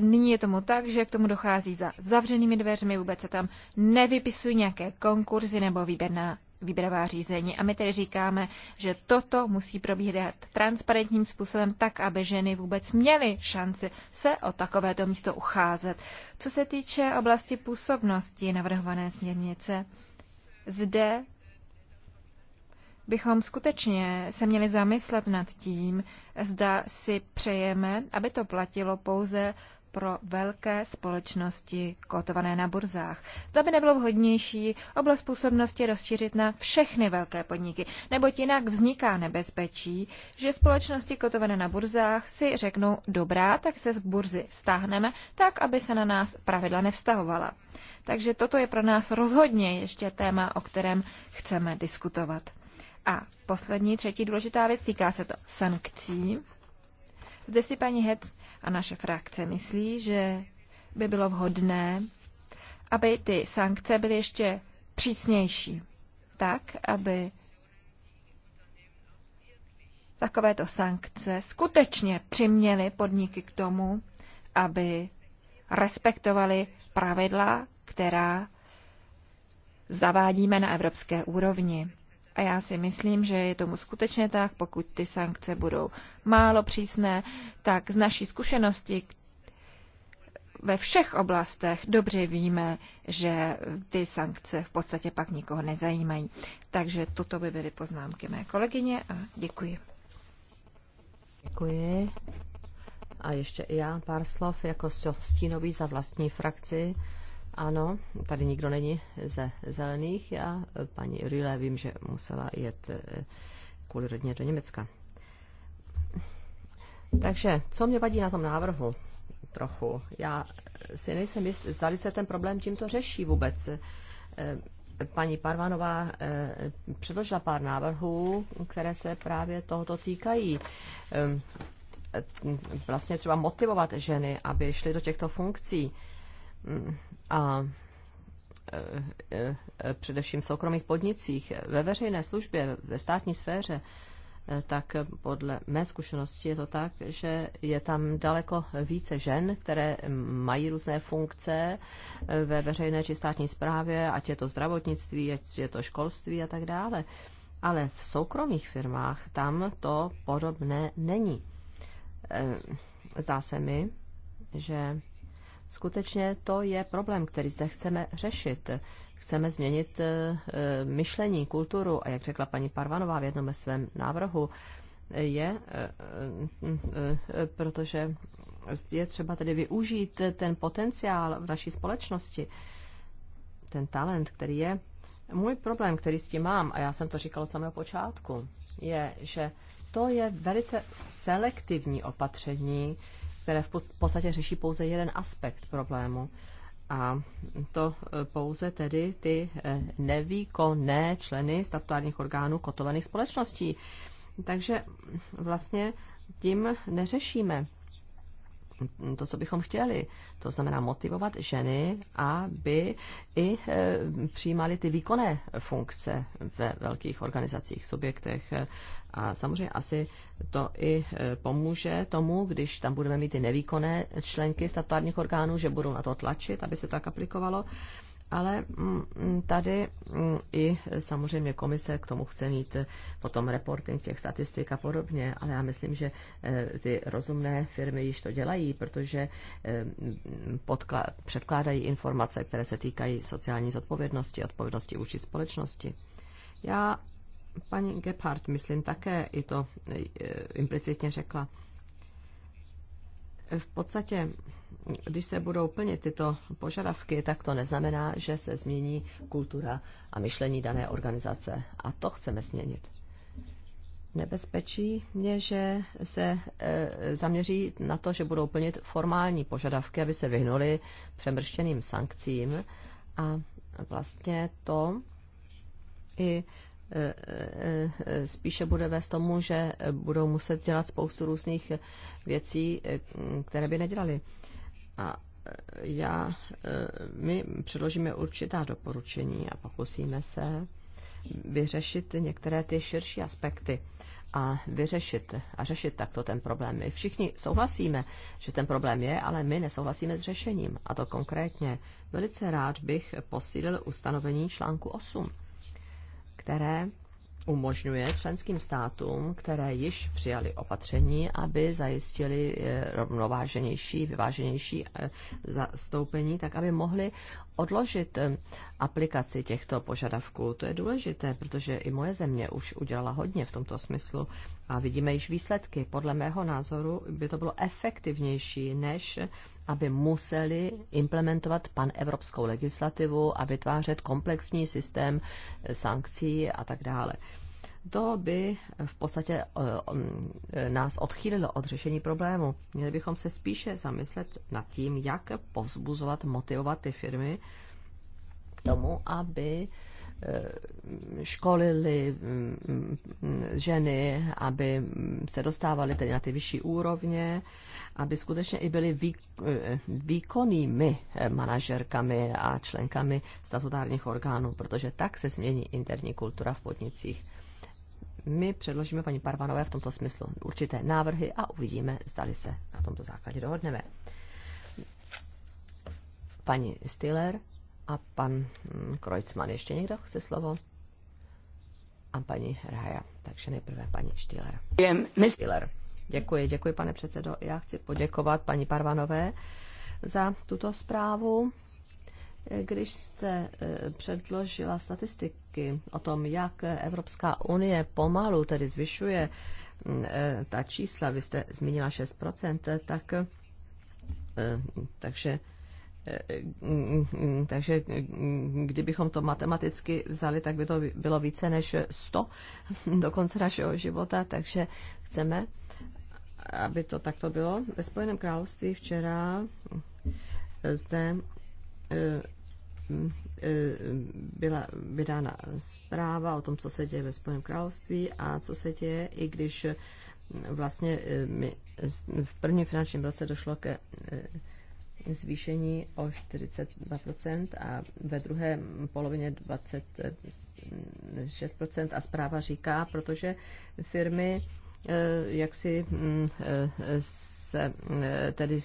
Nyní je tomu tak, že k tomu dochází za zavřenými dveřmi, vůbec se tam nevypisují nějaké konkurzy nebo výběrná výběrová řízení. A my tedy říkáme, že toto musí probíhat transparentním způsobem tak, aby ženy vůbec měly šanci se o takovéto místo ucházet. Co se týče oblasti působnosti navrhované směrnice, zde bychom skutečně se měli zamyslet nad tím, zda si přejeme, aby to platilo pouze pro velké společnosti kotované na burzách. Zda by nebylo vhodnější oblast působnosti rozšířit na všechny velké podniky, neboť jinak vzniká nebezpečí, že společnosti kotované na burzách si řeknou dobrá, tak se z burzy stáhneme, tak aby se na nás pravidla nevztahovala. Takže toto je pro nás rozhodně ještě téma, o kterém chceme diskutovat. A poslední, třetí důležitá věc, týká se to sankcí. Zde si paní Hec a naše frakce myslí, že by bylo vhodné, aby ty sankce byly ještě přísnější, tak, aby takovéto sankce skutečně přiměly podniky k tomu, aby respektovali pravidla, která zavádíme na evropské úrovni. A já si myslím, že je tomu skutečně tak, pokud ty sankce budou málo přísné, tak z naší zkušenosti ve všech oblastech dobře víme, že ty sankce v podstatě pak nikoho nezajímají. Takže toto by byly poznámky mé kolegyně a děkuji. Děkuji. A ještě i já pár slov jako stínový za vlastní frakci. Ano, tady nikdo není ze zelených. Já paní Rüle vím, že musela jet eh, kvůli rodině do Německa. Takže, co mě vadí na tom návrhu trochu? Já si nejsem jist, zdali se ten problém tímto řeší vůbec. Eh, paní Parvanová eh, předložila pár návrhů, které se právě tohoto týkají vlastně třeba motivovat ženy, aby šly do těchto funkcí a e, e, především v soukromých podnicích, ve veřejné službě, ve státní sféře, e, tak podle mé zkušenosti je to tak, že je tam daleko více žen, které mají různé funkce ve veřejné či státní správě, ať je to zdravotnictví, ať je to školství a tak dále. Ale v soukromých firmách tam to podobné není. Zdá se mi, že skutečně to je problém, který zde chceme řešit. Chceme změnit eh, eh, myšlení, kulturu a jak řekla paní Parvanová v jednom svém návrhu, je, eh, protože je třeba tedy využít ten potenciál v naší společnosti, ten talent, který je. Můj problém, který s tím mám, a já jsem to říkal od samého počátku, je, že to je velice selektivní opatření, které v podstatě řeší pouze jeden aspekt problému. A to e, pouze tedy ty e, nevýkonné členy statutárních orgánů kotovaných společností. Takže vlastně tím neřešíme to, co bychom chtěli. To znamená motivovat ženy, aby i e, přijímali ty výkonné funkce ve velkých organizacích, subjektech. A samozřejmě asi to i e, pomůže tomu, když tam budeme mít ty nevýkonné členky statutárních orgánů, že budou na to tlačit, aby se tak aplikovalo ale mm, mm, tady mm, i samozřejmě komise k tomu chce mít eh, potom reporting těch statistik a podobně, ale já myslím, že eh, ty rozumné firmy již to dělají, protože eh, předkládají informace, které se týkají sociální zodpovědnosti, odpovědnosti vůči společnosti. Já, paní Gebhardt, myslím také, i to implicitně řekla, v podstatě když se budou plnit tyto požadavky, tak to neznamená, že se změní kultura a myšlení dané organizace. A to chceme změnit. Nebezpečí je, že se e, zaměří na to, že budou plnit formální požadavky, aby se vyhnuli přemrštěným sankcím. A vlastně to i e, e, e, spíše bude vést tomu, že budou muset dělat spoustu různých věcí, které by nedělali. A e, já, e, my předložíme určitá doporučení a pokusíme se vyřešit některé ty širší aspekty a vyřešit a řešit takto ten problém. My všichni souhlasíme, že ten problém je, ale my nesouhlasíme s řešením. A to konkrétně velice rád bych posílil ustanovení článku 8, které umožňuje členským státům, které již přijali opatření, aby zajistili eh, rovnováženější, vyváženější eh, zastoupení, tak aby mohli odložit eh, aplikaci těchto požadavků. To je důležité, protože i moje země už udělala hodně v tomto smyslu a vidíme již výsledky. Podle mého názoru by to bylo efektivnější, než aby museli implementovat panevropskou legislativu a vytvářet komplexní systém eh, sankcí a tak dále to by v podstatě eh, eh, nás odchýlilo od řešení problému. Měli bychom se spíše zamyslet nad tím, jak povzbuzovat, motivovat ty firmy k tomu, aby eh, školili mm, mm, ženy, aby se dostávaly tedy na ty vyšší úrovně, aby skutečně i byly výkonnými manažerkami a členkami statutárních orgánů, protože tak se změní interní kultura v podnicích my předložíme paní Parvanové v tomto smyslu určité návrhy a uvidíme, zdali se na tomto základě dohodneme. Paní Stiller a pan mm, Kreutzmann. Ještě někdo chce slovo? A paní Raja. Takže nejprve paní Stiller. Stiller. Děkuji, děkuji, pane předsedo. Já chci poděkovat paní Parvanové za tuto zprávu když jste eh, předložila statistiky o tom, jak Evropská unie pomalu tedy zvyšuje mm, eh, ta čísla, vy jste zmínila 6%, eh, tak takže mm, mm, takže kdybychom to matematicky vzali, tak by to bylo více než 100 [laughs] do konce našeho života, takže chceme, aby to takto bylo. Ve Spojeném království včera zde byla vydána zpráva o tom, co se děje ve Spojeném království a co se děje, i když eh, vlastně eh, v prvním finančním roce došlo ke eh, zvýšení o 42% a ve druhé polovině 26% a zpráva říká, protože firmy Eh, jak si mm, eh, se eh, tedy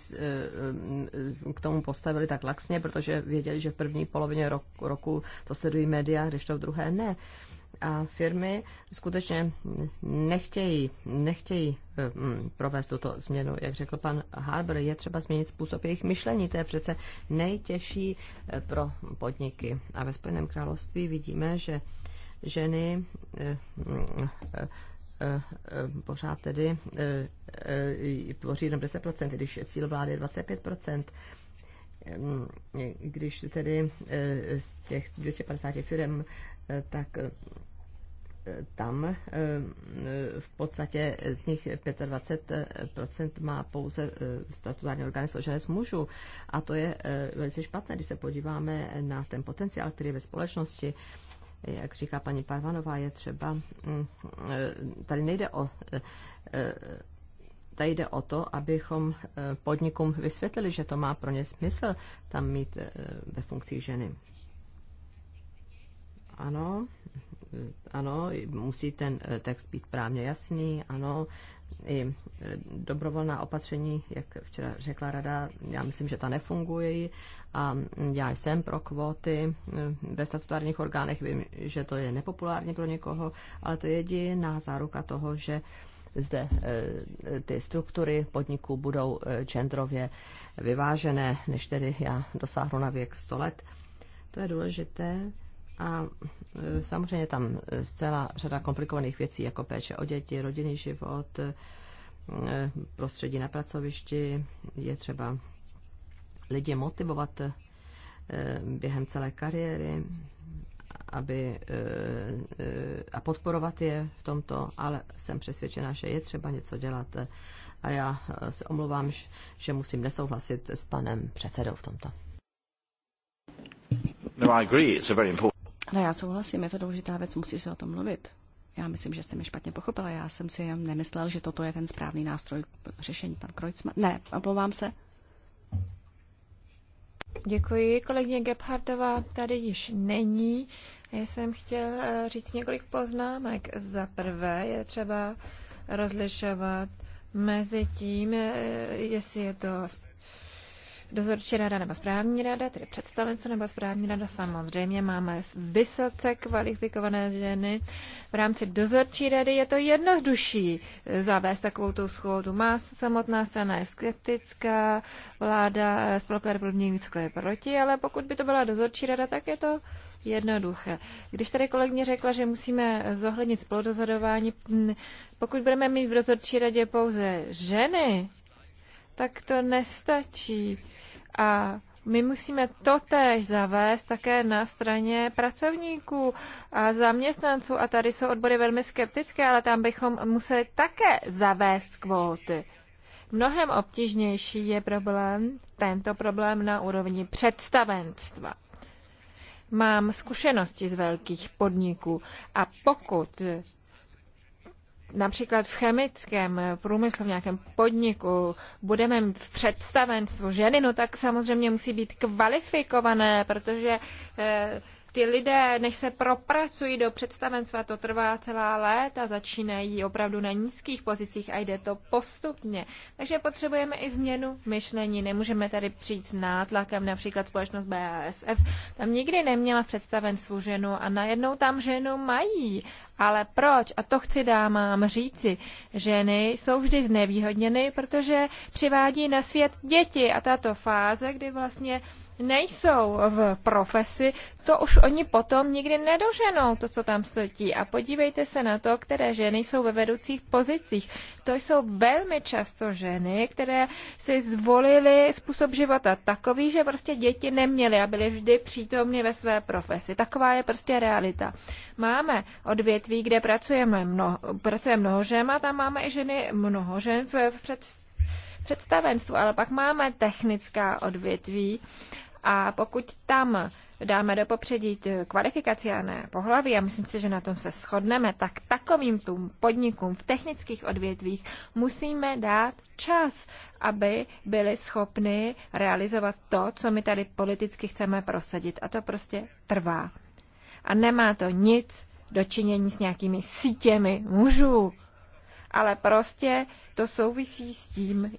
mm, k tomu postavili tak laxně, protože věděli, že v první polovině roku, roku to sledují média, když to v druhé ne. A firmy skutečně nechtějí, nechtějí mm, provést tuto změnu. Jak řekl pan Harbour, je třeba změnit způsob jejich myšlení. To je přece nejtěžší pro podniky. A ve Spojeném království vidíme, že ženy Eh, eh, pořád tedy eh, tvoří 10%, když cíl vlády je 25%. Ehm, když tedy z těch 250 firm, tak tam v podstatě z nich 25% má pouze statutární orgány složené z mužů. A to je velice špatné, když se podíváme na ten potenciál, který je ve společnosti jak říká paní Parvanová, je třeba, mm, eh, tady nejde o eh, eh, Tady jde o to, abychom podnikům vysvětlili, že to má pro ně smysl tam mít ve funkci ženy. Ano, ano, musí ten text být právně jasný, ano, i e, dobrovolná opatření, jak včera řekla rada, já myslím, že ta nefunguje a já jsem pro kvóty e, ve statutárních orgánech, vím, že to je nepopulární pro někoho, ale to je jediná záruka toho, že zde e, ty struktury podniků budou čendrově vyvážené, než tedy já dosáhnu na věk 100 let. To je důležité a e, samozřejmě tam zcela řada komplikovaných věcí, jako péče o děti, rodinný život, e, prostředí na pracovišti. Je třeba lidi motivovat e, během celé kariéry aby, a podporovat je v tomto, ale jsem přesvědčena, že je třeba něco dělat. A já se omlouvám, že musím nesouhlasit s panem předsedou v tomto. No, I agree. It's a very important... Ale no, já souhlasím, je to důležitá věc, musí se o tom mluvit. Já myslím, že jste mě špatně pochopila. Já jsem si jen nemyslel, že toto je ten správný nástroj k řešení. Pan Krojcman. Ne, omlouvám se. Děkuji. Kolegyně Gebhardová tady již není. Já jsem chtěl eh, říct několik poznámek. Za prvé je třeba rozlišovat mezi tím, eh, jestli je to dozorčí rada nebo správní rada, tedy představence nebo správní rada. Samozřejmě máme vysoce kvalifikované ženy. V rámci dozorčí rady je to jednodušší eh, zavést takovou tu schodu. Má samotná strana je skeptická, vláda eh, spolkové republiky Německo jako je proti, ale pokud by to byla dozorčí rada, tak je to jednoduché. Když tady kolegyně řekla, že musíme zohlednit spoludozorování, mm, pokud budeme mít v dozorčí radě pouze ženy, tak to nestačí. A my musíme totéž zavést také na straně pracovníků a zaměstnanců, a tady jsou odbory velmi skeptické, ale tam bychom museli také zavést kvóty. Mnohem obtížnější je problém, tento problém na úrovni představenstva. Mám zkušenosti z velkých podniků a pokud například v chemickém průmyslu, v nějakém podniku, budeme mít v představenstvu ženy, no tak samozřejmě musí být kvalifikované, protože eh, ty lidé, než se propracují do představenstva, to trvá celá léta, začínají opravdu na nízkých pozicích a jde to postupně. Takže potřebujeme i změnu myšlení. Nemůžeme tady přijít s nátlakem, například společnost BASF. Tam nikdy neměla v představenstvu ženu a najednou tam ženu mají. Ale proč? A to chci dámám říci. Ženy jsou vždy znevýhodněny, protože přivádí na svět děti a tato fáze, kdy vlastně nejsou v profesi, to už oni potom nikdy nedoženou, to, co tam stojí. A podívejte se na to, které ženy jsou ve vedoucích pozicích. To jsou velmi často ženy, které si zvolily způsob života takový, že prostě děti neměly a byly vždy přítomny ve své profesi. Taková je prostě realita. Máme odvětví, kde pracujeme mnoho, pracuje mnoho žen a tam máme i ženy, mnoho žen v, v představenstvu, ale pak máme technická odvětví a pokud tam dáme do popředí kvalifikaci a ne pohlaví, a myslím si, že na tom se shodneme, tak takovým tům podnikům v technických odvětvích musíme dát čas, aby byli schopni realizovat to, co my tady politicky chceme prosadit. A to prostě trvá. A nemá to nic dočinění s nějakými sítěmi mužů ale prostě to souvisí s tím,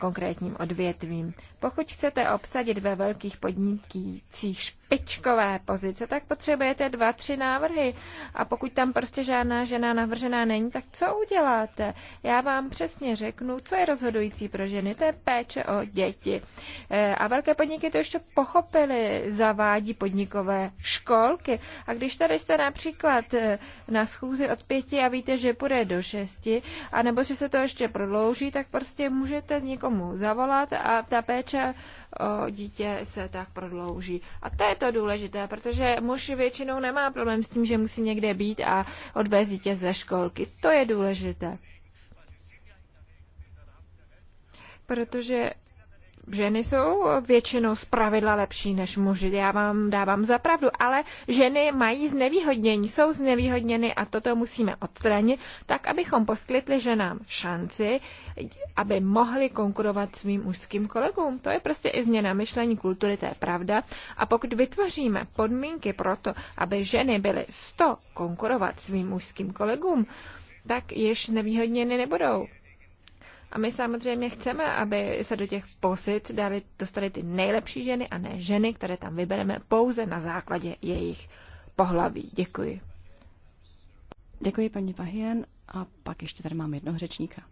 konkrétním odvětvím. Pokud chcete obsadit ve velkých podnikcích špičkové pozice, tak potřebujete dva, tři návrhy. A pokud tam prostě žádná žena navržená není, tak co uděláte? Já vám přesně řeknu, co je rozhodující pro ženy, to je péče o děti. E, a velké podniky to ještě pochopily, zavádí podnikové školky. A když tady jste například e, na schůzi od pěti a víte, že půjde do šesti, anebo že se to ještě prodlouží, tak prostě můžete někomu zavolat a ta péče o dítě se tak prodlouží. A to je to důležité, protože muž většinou nemá problém s tím, že musí někde být a odvést dítě ze školky. To je důležité. Protože ženy jsou většinou pravidla lepší než muži, já vám dávám za pravdu, ale ženy mají znevýhodnění, jsou znevýhodněny a toto musíme odstranit, tak abychom poskytli ženám šanci, aby mohly konkurovat svým mužským kolegům. To je prostě i změna myšlení kultury, to je pravda. A pokud vytvoříme podmínky pro to, aby ženy byly 100 konkurovat svým mužským kolegům, tak již znevýhodněny nebudou. A my samozřejmě chceme, aby se do těch pozic dali, dostali ty nejlepší ženy a ne ženy, které tam vybereme pouze na základě jejich pohlaví. Děkuji. Děkuji paní Vahien a pak ještě tady mám jednoho řečníka.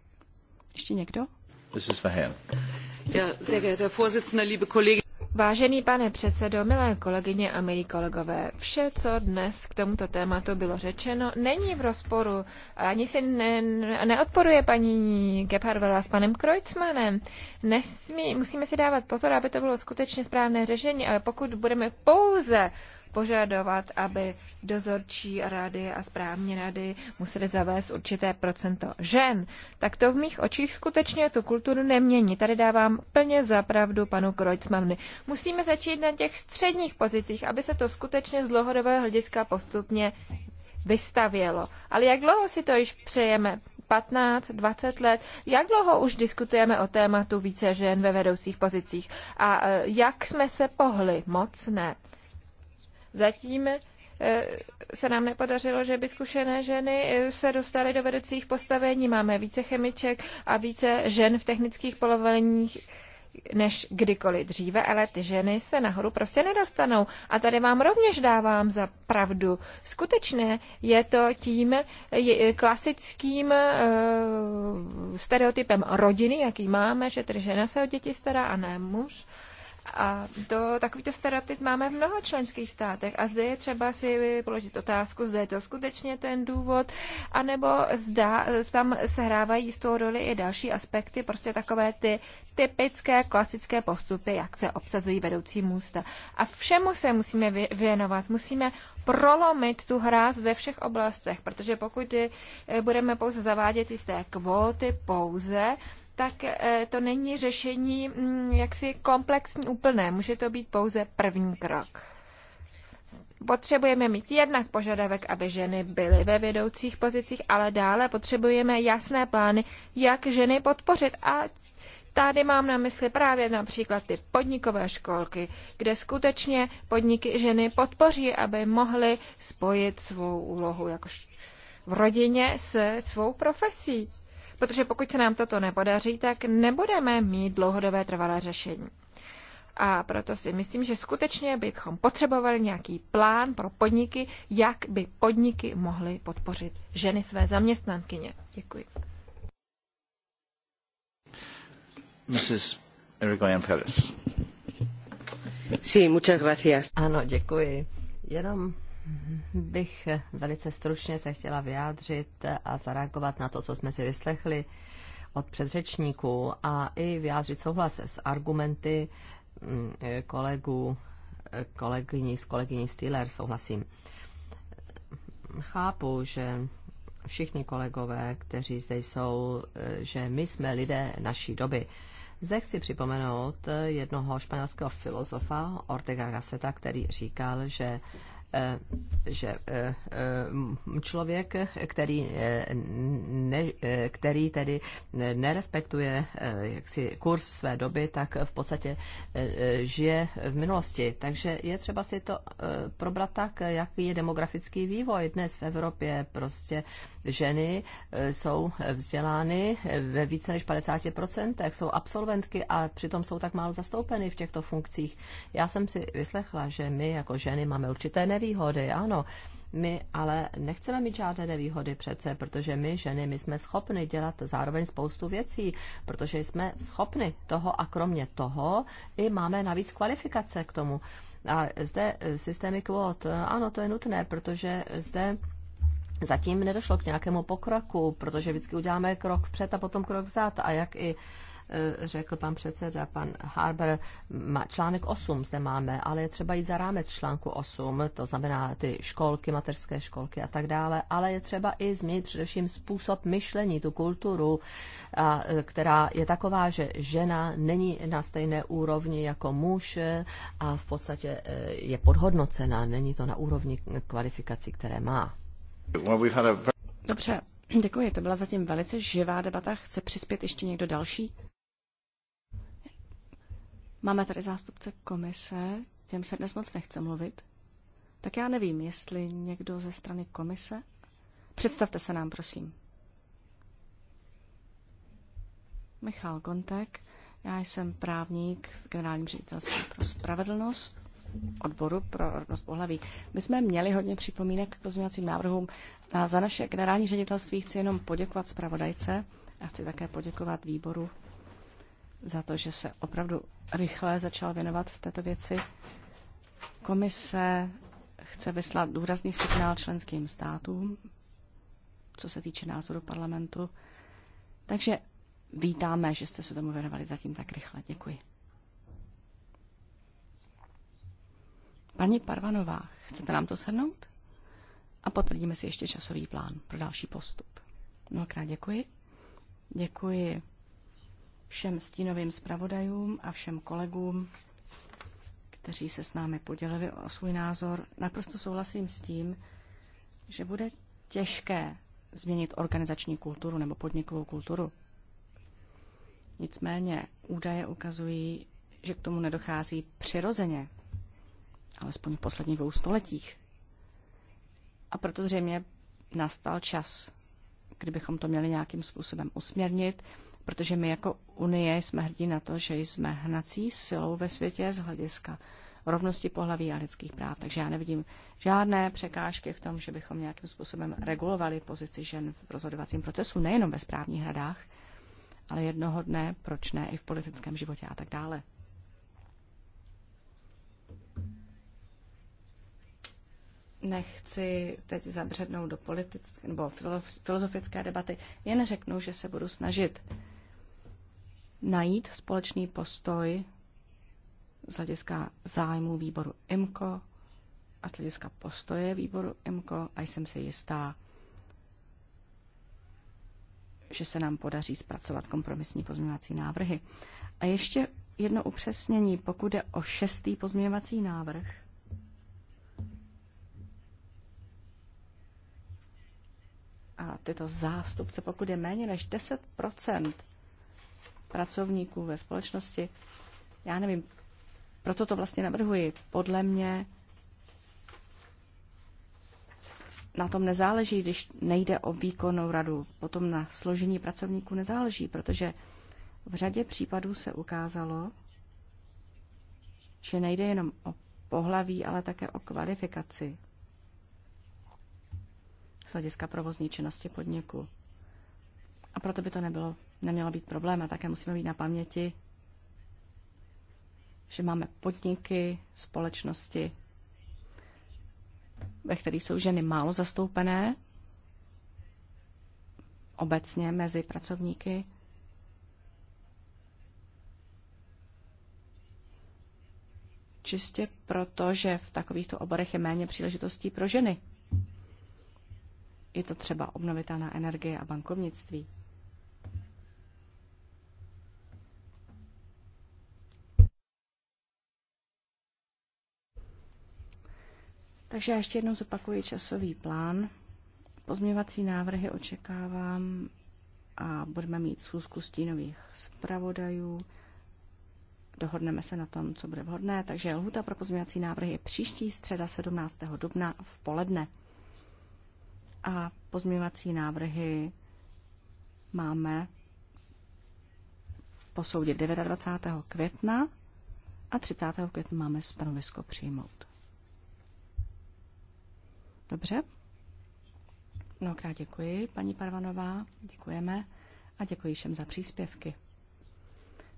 Ještě někdo? Mrs. Vahien. Ja, sehr geehrter Vorsitzender, liebe Kollegen. Vážený pane předsedo, milé kolegyně a milí kolegové, vše, co dnes k tomuto tématu bylo řečeno, není v rozporu, ani se ne, neodporuje paní Gebhardová s panem Kreutzmanem. Nesmí, musíme si dávat pozor, aby to bylo skutečně správné řešení, ale pokud budeme pouze požadovat, aby dozorčí rady a správní rady museli zavést určité procento žen, tak to v mých očích skutečně tu kulturu nemění. Tady dávám plně zapravdu panu Krojcmavny. Musíme začít na těch středních pozicích, aby se to skutečně z dlouhodobého hlediska postupně vystavělo. Ale jak dlouho si to již přejeme? 15, 20 let. Jak dlouho už diskutujeme o tématu více žen ve vedoucích pozicích? A e, jak jsme se pohli? Moc ne. Zatím eh, se nám nepodařilo, že by zkušené ženy eh, se dostaly do vedoucích postavení. Máme více chemiček a více žen v technických polovoleních než kdykoliv dříve, ale ty ženy se nahoru prostě nedostanou. A tady vám rovněž dávám za pravdu. Skutečně je to tím je, klasickým e, stereotypem rodiny, jaký máme, že tedy žena se o děti stará a ne muž. E, a to, takovýto stereotyp máme v mnoha členských státech a zde je třeba si položit otázku, zda je to skutečně ten důvod, anebo zda tam sehrávají jistou roli i další aspekty, prostě takové ty typické klasické postupy, jak se obsazují vedoucí můsta. A všemu se musíme věnovat, musíme prolomit tu hráz ve všech oblastech, protože pokud eh, budeme pouze zavádět jisté kvóty pouze, tak eh, to není řešení mm, jaksi komplexní úplné. Může to být pouze první krok. Potřebujeme mít jednak požadavek, aby ženy byly ve vedoucích pozicích, ale dále potřebujeme jasné plány, jak ženy podpořit. A tady mám na mysli právě například ty podnikové školky, kde skutečně podniky ženy podpoří, aby mohly spojit svou úlohu jakož v rodině se svou profesí protože pokud se nám toto nepodaří, tak nebudeme mít dlouhodobé trvalé řešení. A proto si myslím, že skutečně bychom potřebovali nějaký plán pro podniky, jak by podniky mohly podpořit ženy své zaměstnankyně. Děkuji. Mrs. Erigoyen Perez. Sí, muchas gracias. Ano, děkuji. Jenom bych velice stručně se chtěla vyjádřit a zareagovat na to, co jsme si vyslechli od předřečníků a i vyjádřit souhlas s argumenty mm, kolegů, kolegyní, s kolegyní Stiller souhlasím. Chápu, že všichni kolegové, kteří zde jsou, že my jsme lidé naší doby. Zde chci připomenout jednoho španělského filozofa, Ortega Gasseta, který říkal, že Eh, že eh, eh, člověk, který, ne, který tedy nerespektuje jaksi kurz své doby, tak v podstatě žije v minulosti. Takže je třeba si to probrat tak, jaký je demografický vývoj dnes v Evropě. Prostě ženy jsou vzdělány ve více než 50%, jsou absolventky a přitom jsou tak málo zastoupeny v těchto funkcích. Já jsem si vyslechla, že my jako ženy máme určité nevědomí nevýhody, ano. My ale nechceme mít žádné nevýhody přece, protože my ženy, my jsme schopny dělat zároveň spoustu věcí, protože jsme schopny toho a kromě toho i máme navíc kvalifikace k tomu. A zde eh, systémy kvót, ano, to je nutné, protože zde zatím nedošlo k nějakému pokroku, protože vždycky uděláme krok před a potom krok vzad a jak i Eh, řekl pan předseda, pan Harber, má článek 8 zde máme, ale je třeba jít za rámec článku 8, to znamená ty školky, mateřské školky a tak dále, ale je třeba i změnit především způsob myšlení, tu kulturu, a, eh, která je taková, že žena není na stejné úrovni jako muž eh, a v podstatě je podhodnocena, není to na úrovni kvalifikací, které má. Dobře, děkuji. To byla zatím velice živá debata. Chce přispět ještě někdo další? Máme tady zástupce komise, těm se dnes moc nechce mluvit. Tak já nevím, jestli někdo ze strany komise. Představte se nám, prosím. Michal Gontek, já jsem právník v Generálním ředitelství pro spravedlnost odboru pro rovnost pohlaví. My jsme měli hodně připomínek k pozměňovacím návrhům a za naše generální ředitelství chci jenom poděkovat zpravodajce a chci také poděkovat výboru za to, že se opravdu rychle začal věnovat v této věci. Komise chce vyslat důrazný signál členským státům, co se týče názoru parlamentu. Takže vítáme, že jste se tomu věnovali zatím tak rychle. Děkuji. Paní Parvanová, chcete nám to shrnout? A potvrdíme si ještě časový plán pro další postup. Mnohokrát děkuji. Děkuji všem stínovým zpravodajům a všem kolegům, kteří se s námi podělili o svůj názor. Naprosto souhlasím s tím, že bude těžké změnit organizační kulturu nebo podnikovou kulturu. Nicméně údaje ukazují, že k tomu nedochází přirozeně, alespoň v posledních dvou stoletích. A proto zřejmě nastal čas, kdybychom to měli nějakým způsobem usměrnit protože my jako Unie jsme hrdí na to, že jsme hnací silou ve světě z hlediska rovnosti pohlaví a lidských práv. Takže já nevidím žádné překážky v tom, že bychom nějakým způsobem regulovali pozici žen v rozhodovacím procesu, nejenom ve správních radách, ale jednoho dne, proč ne, i v politickém životě a tak dále. Nechci teď zabřednout do politické nebo filozofické debaty, jen řeknu, že se budu snažit najít společný postoj z hlediska zájmu výboru EMKO a z hlediska postoje výboru EMKO a jsem si jistá, že se nám podaří zpracovat kompromisní pozměňovací návrhy. A ještě jedno upřesnění, pokud je o šestý pozměňovací návrh. A tyto zástupce, pokud je méně než 10 pracovníků ve společnosti. Já nevím, proto to vlastně navrhuji. Podle mě na tom nezáleží, když nejde o výkonnou radu, potom na složení pracovníků nezáleží, protože v řadě případů se ukázalo, že nejde jenom o pohlaví, ale také o kvalifikaci z hlediska provozní činnosti podniku. A proto by to nebylo nemělo být problém. A také musíme být na paměti, že máme podniky, společnosti, ve kterých jsou ženy málo zastoupené obecně mezi pracovníky. Čistě proto, že v takovýchto oborech je méně příležitostí pro ženy. Je to třeba obnovitelná energie a bankovnictví. Takže já ještě jednou zopakuji časový plán. Pozměvací návrhy očekávám a budeme mít schůzku stínových zpravodajů. Dohodneme se na tom, co bude vhodné, takže lhuta pro pozměvací návrhy je příští středa 17. dubna v poledne. A pozměvací návrhy máme posoudit 29. května a 30. května máme stanovisko přijmout. Dobře. Mnohokrát děkuji, paní Parvanová, děkujeme a děkuji všem za příspěvky.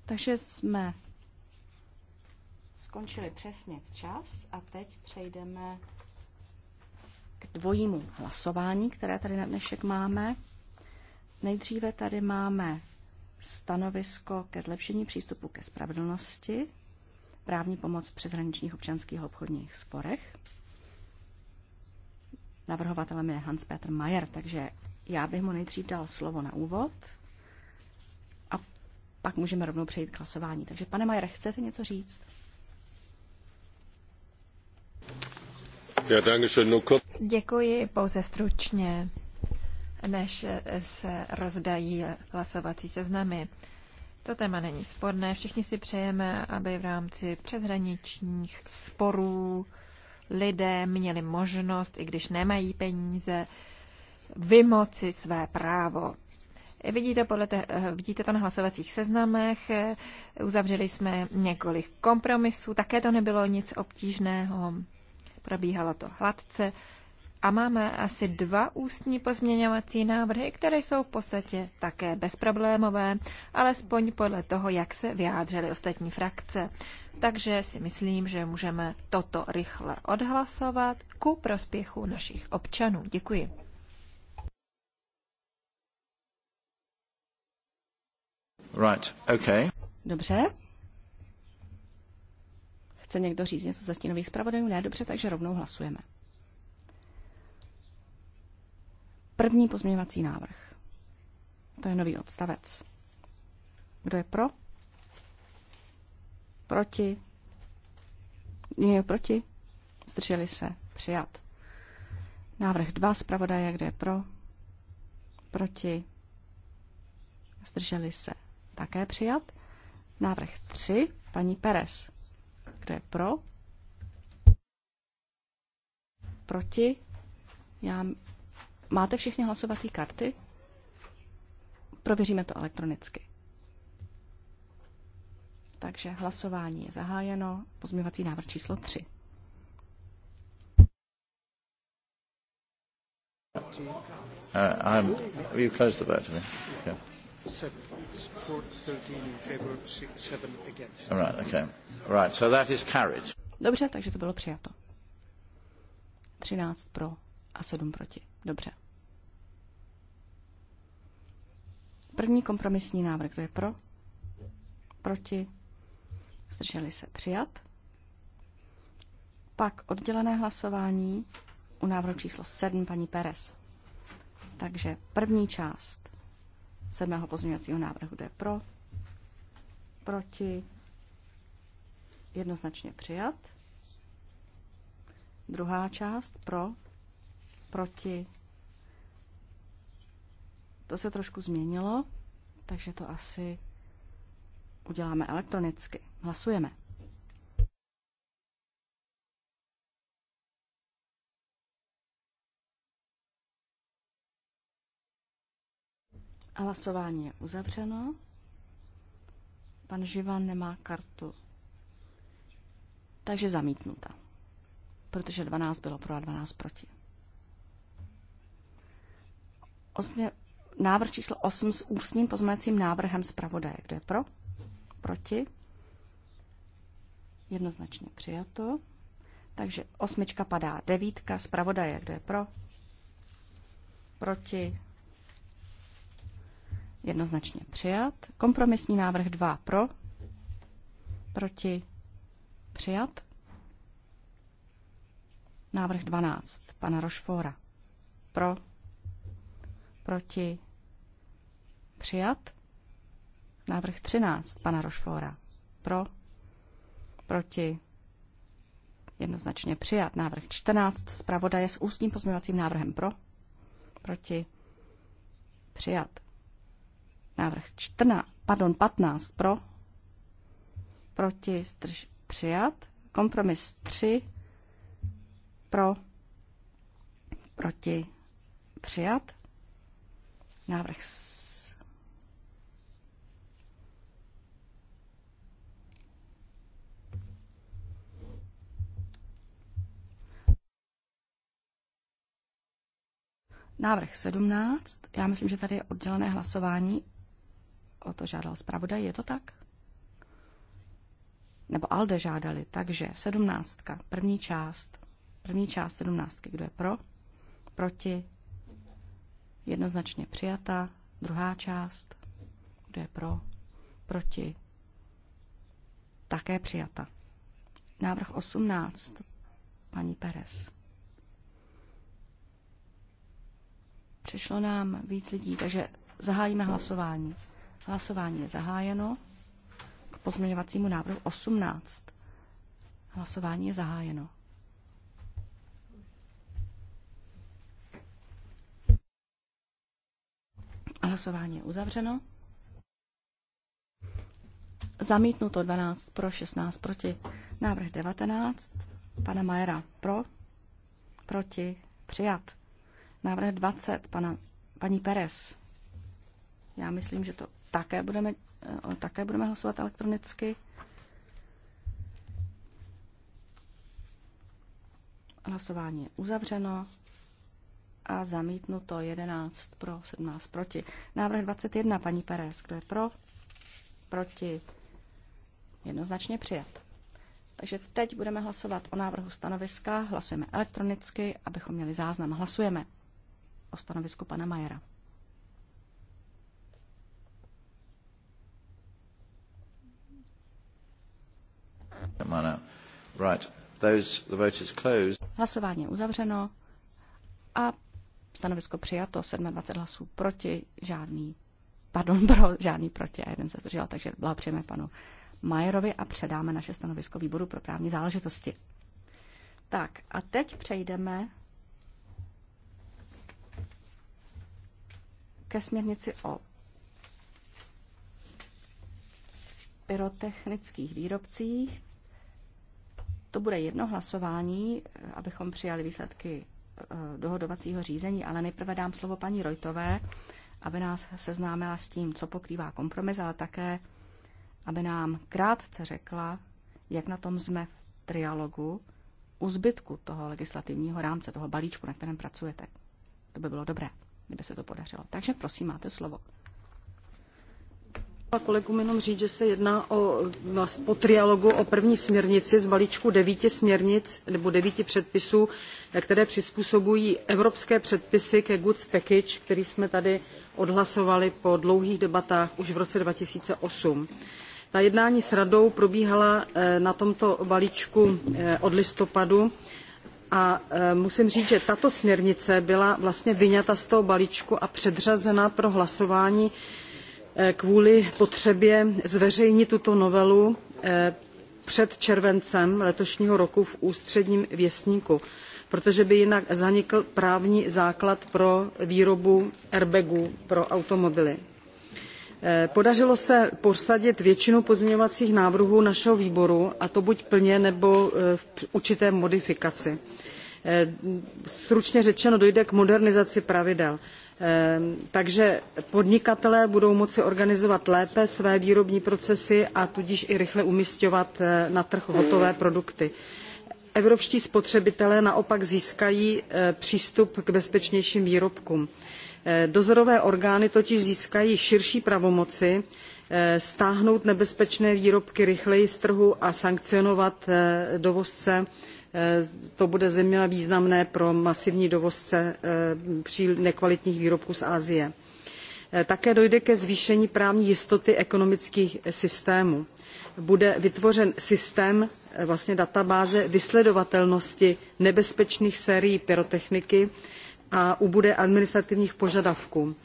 Takže jsme skončili přesně včas a teď přejdeme k dvojímu hlasování, které tady na dnešek máme. Nejdříve tady máme stanovisko ke zlepšení přístupu ke spravedlnosti, právní pomoc v přeshraničních občanských obchodních sporech. Navrhovatelem je Hans-Peter Mayer, takže já bych mu nejdřív dal slovo na úvod a pak můžeme rovnou přejít k hlasování. Takže pane Mayer, chcete něco říct? Děkuji pouze stručně, než se rozdají hlasovací seznamy. To téma není sporné. Všichni si přejeme, aby v rámci přeshraničních sporů lidé měli možnost, i když nemají peníze, vymoci své právo. Vidíte, podle te, vidíte to na hlasovacích seznamech, uzavřeli jsme několik kompromisů, také to nebylo nic obtížného, probíhalo to hladce a máme asi dva ústní pozměňovací návrhy, které jsou v podstatě také bezproblémové, alespoň podle toho, jak se vyjádřily ostatní frakce. Takže si myslím, že můžeme toto rychle odhlasovat ku prospěchu našich občanů. Děkuji. Right, okay. Dobře. Chce někdo říct něco ze stínových zpravodajů? Ne, dobře, takže rovnou hlasujeme. První pozměňovací návrh. To je nový odstavec. Kdo je pro? Proti? Je proti? Zdrželi se. Přijat. Návrh 2 zpravodaje, kde je pro? Proti? Zdrželi se. Také přijat. Návrh 3 paní Perez. Kdo je pro? Proti? Já Máte všichni hlasovací karty? Prověříme to elektronicky. Takže hlasování je zahájeno. Pozměvací návrh číslo 3. Uh, Dobře, takže to bylo přijato. 13 pro a 7 proti. Dobře. První kompromisní návrh, kdo je pro? Proti? Zdrželi se přijat. Pak oddělené hlasování u návrhu číslo 7 paní Perez. Takže první část sedmého pozměňovacího návrhu, jde je pro? Proti? Jednoznačně přijat. Druhá část pro? Proti? To se trošku změnilo, takže to asi uděláme elektronicky. Hlasujeme. Hlasování je uzavřeno. Pan Živan nemá kartu. Takže zamítnuta. Protože 12 bylo pro a 12 proti návrh číslo 8 s ústním pozměňovacím návrhem zpravodaje. Kdo je pro? Proti? Jednoznačně přijato. Takže osmička padá. Devítka zpravodaje. Kdo je pro? Proti? Jednoznačně přijat. Kompromisní návrh 2 pro? Proti? Přijat. Návrh 12 pana Rošfora. Pro? Proti? Přijat. Návrh 13 pana Rošfora. Pro. Proti. Jednoznačně přijat. Návrh 14 zpravodaje s ústním pozměňovacím návrhem pro. Proti. Přijat. Návrh 14, pardon, 15 pro. Proti. Strž, přijat. Kompromis 3 pro. Proti. Přijat. Návrh Návrh 17. Já myslím, že tady je oddělené hlasování. O to žádal zpravodaj, je to tak? Nebo Alde žádali. Takže 17. První část. První část 17. Kdo je pro? Proti? Jednoznačně přijata. Druhá část. Kdo je pro? Proti? Také přijata. Návrh 18. Paní Perez. Přišlo nám víc lidí, takže zahájíme hlasování. Hlasování je zahájeno k pozměňovacímu návrhu 18. Hlasování je zahájeno. Hlasování je uzavřeno. Zamítnuto 12 pro, 16 proti. Návrh 19. Pana Majera pro, proti, přijat. Návrh 20 pana, paní Perez. Já myslím, že to také budeme, eh, také budeme hlasovat elektronicky. Hlasování je uzavřeno a zamítnuto 11 pro, 17 proti. Návrh 21, paní Perez, kdo je pro? Proti. Jednoznačně přijat. Takže teď budeme hlasovat o návrhu stanoviska, hlasujeme elektronicky, abychom měli záznam. Hlasujeme o stanovisku pana Majera. Right. Those, the vote is closed. Hlasování je uzavřeno a stanovisko přijato, 27 hlasů proti, žádný, pardon, [laughs] pro, žádný proti a jeden se zdržel, takže blahopřejeme panu Majerovi a předáme naše stanovisko výboru pro právní záležitosti. Tak a teď přejdeme ke směrnici o pyrotechnických výrobcích. To bude jedno hlasování, abychom přijali výsledky eh, dohodovacího řízení, ale nejprve dám slovo paní Rojtové, aby nás seznámila s tím, co pokrývá kompromis, ale také, aby nám krátce řekla, jak na tom jsme v trialogu u zbytku toho legislativního rámce, toho balíčku, na kterém pracujete. To by bylo dobré kdyby se to podařilo. Takže prosím, máte slovo. A kolegům jenom říct, že se jedná o, vlastně po trialogu o první směrnici z balíčku devíti směrnic nebo devíti předpisů, které přizpůsobují evropské předpisy ke Goods Package, který jsme tady odhlasovali po dlouhých debatách už v roce 2008. Ta jednání s radou probíhala eh, na tomto balíčku eh, od listopadu a e, musím říct, že tato směrnice byla vlastně vyňata z toho balíčku a předřazena pro hlasování e, kvůli potřebě zveřejnit tuto novelu e, před červencem letošního roku v ústředním věstníku, protože by jinak zanikl právní základ pro výrobu airbagů pro automobily. Eh, podařilo se prosadit většinu pozměňovacích návrhů našeho výboru, a to buď plně nebo eh, v určité modifikaci. Eh, stručně řečeno dojde k modernizaci pravidel. Takže podnikatelé budou moci organizovat lépe své výrobní procesy a tudíž i rychle umístěvat na trh hotové produkty. Evropští spotřebitelé naopak získají přístup k bezpečnějším výrobkům Eh, dozorové orgány totiž získají širší pravomoci eh, stáhnout nebezpečné výrobky rychleji z trhu a sankcionovat eh, dovozce. To bude zejména významné pro masivní dovozce nekvalitních výrobků z Asie. Také dojde ke zvýšení právní jistoty ekonomických systémů. Bude vytvořen systém, vlastně databáze vysledovatelnosti nebezpečných sérií pyrotechniky, a ubude administrativních požadavků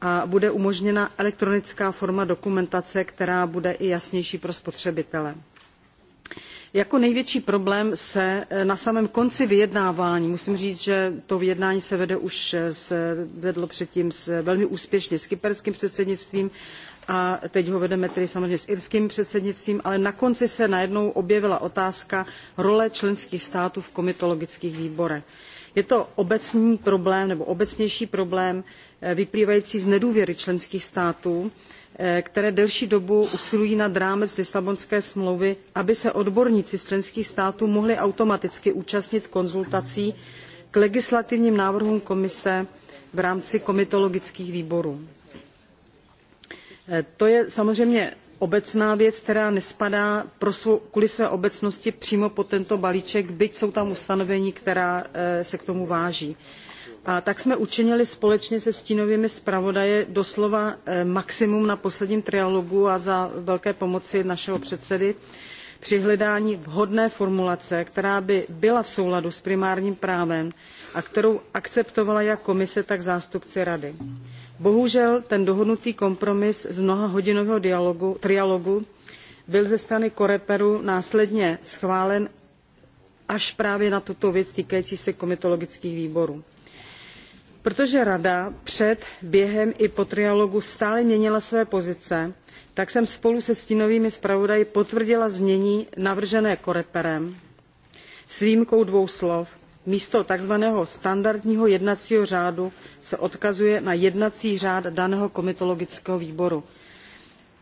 a bude umožněna elektronická forma dokumentace, která bude i jasnější pro spotřebitele. Jako největší problém se eh, na samém konci vyjednávání, musím říct, že to vyjednání se vede už eh, s, vedlo předtím s, eh, velmi úspěšně s kyperským předsednictvím a teď ho vedeme tedy samozřejmě s irským předsednictvím, ale na konci se najednou objevila otázka role členských států v komitologických výborech. Je to obecný problém nebo obecnější problém eh, vyplývající z nedůvěry členských států, eh, které delší dobu usilují nad rámec Lisabonské smlouvy, aby se odborníci z členských států mohli automaticky účastnit konzultací k legislativním návrhům komise v rámci komitologických výborů. Eh, to je samozřejmě obecná věc, která nespadá pro svou, kvůli své obecnosti přímo pod tento balíček, byť jsou tam ustanovení, která eh, se k tomu váží. A tak jsme učinili společně se stínovými zpravodaje doslova eh, maximum na posledním trialogu a za velké pomoci našeho předsedy při hledání vhodné formulace, která by byla v souladu s primárním právem, a kterou akceptovala jak komise, tak zástupci rady. Bohužel ten dohodnutý kompromis z mnohahodinového dialogu, trialogu byl ze strany Koreperu následně schválen až právě na tuto věc týkající se komitologických výborů. Protože Rada před, během i po trialogu stále měnila své pozice, tak jsem spolu se stínovými zpravodaji potvrdila znění navržené Koreperem s výjimkou dvou slov, místo tzv. standardního jednacího řádu se odkazuje na jednací řád daného komitologického výboru.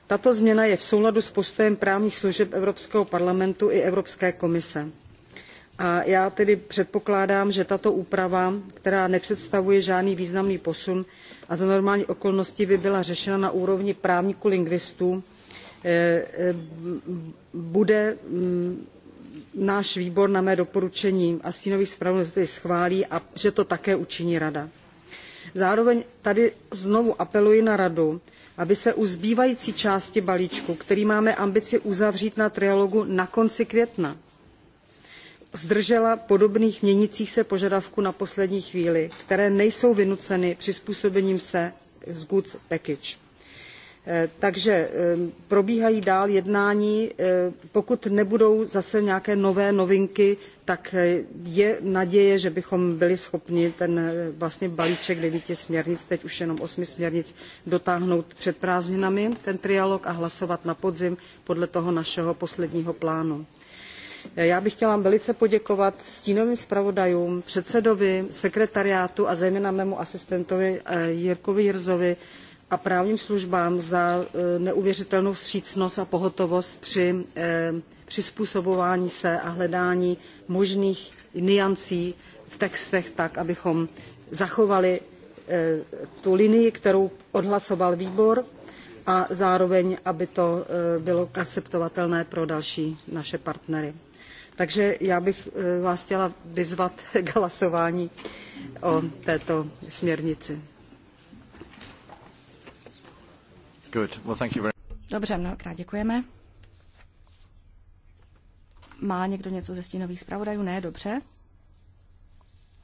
Tato změna je v souladu s postojem právních služeb Evropského parlamentu i Evropské komise. A já tedy předpokládám, že tato úprava, která nepředstavuje žádný významný posun a za normální okolností by byla řešena na úrovni právníků lingvistů, eh, eh, bude mm, náš výbor na mé doporučení a to zpravodajů schválí a že to také učiní rada. Zároveň tady znovu apeluji na radu, aby se u zbývající části balíčku, který máme ambici uzavřít na trialogu na konci května, zdržela podobných měnících se požadavků na poslední chvíli, které nejsou vynuceny přizpůsobením se z goods package Eh, takže eh, probíhají dál jednání eh, pokud nebudou zase nějaké nové novinky tak je naděje že bychom byli schopni ten vlastně balíček devíti směrnic teď už jenom osmi směrnic dotáhnout před prázdninami ten trialog a hlasovat na podzim podle toho našeho posledního plánu. já bych chtěla velice poděkovat stínovým zpravodajům předsedovi sekretariátu a zejména mému asistentovi jirkovi Jirzovi a právním službám za e, neuvěřitelnou vstřícnost a pohotovost při e, přizpůsobování se a hledání možných niancí v textech tak, abychom zachovali e, tu linii, kterou odhlasoval výbor a zároveň, aby to bylo akceptovatelné pro další naše partnery. Takže já bych vás chtěla vyzvat [laughs] k hlasování o této směrnici. Good. Well, thank you very... Dobře, mnohokrát děkujeme. Má někdo něco ze stínových zpravodajů? Ne, dobře.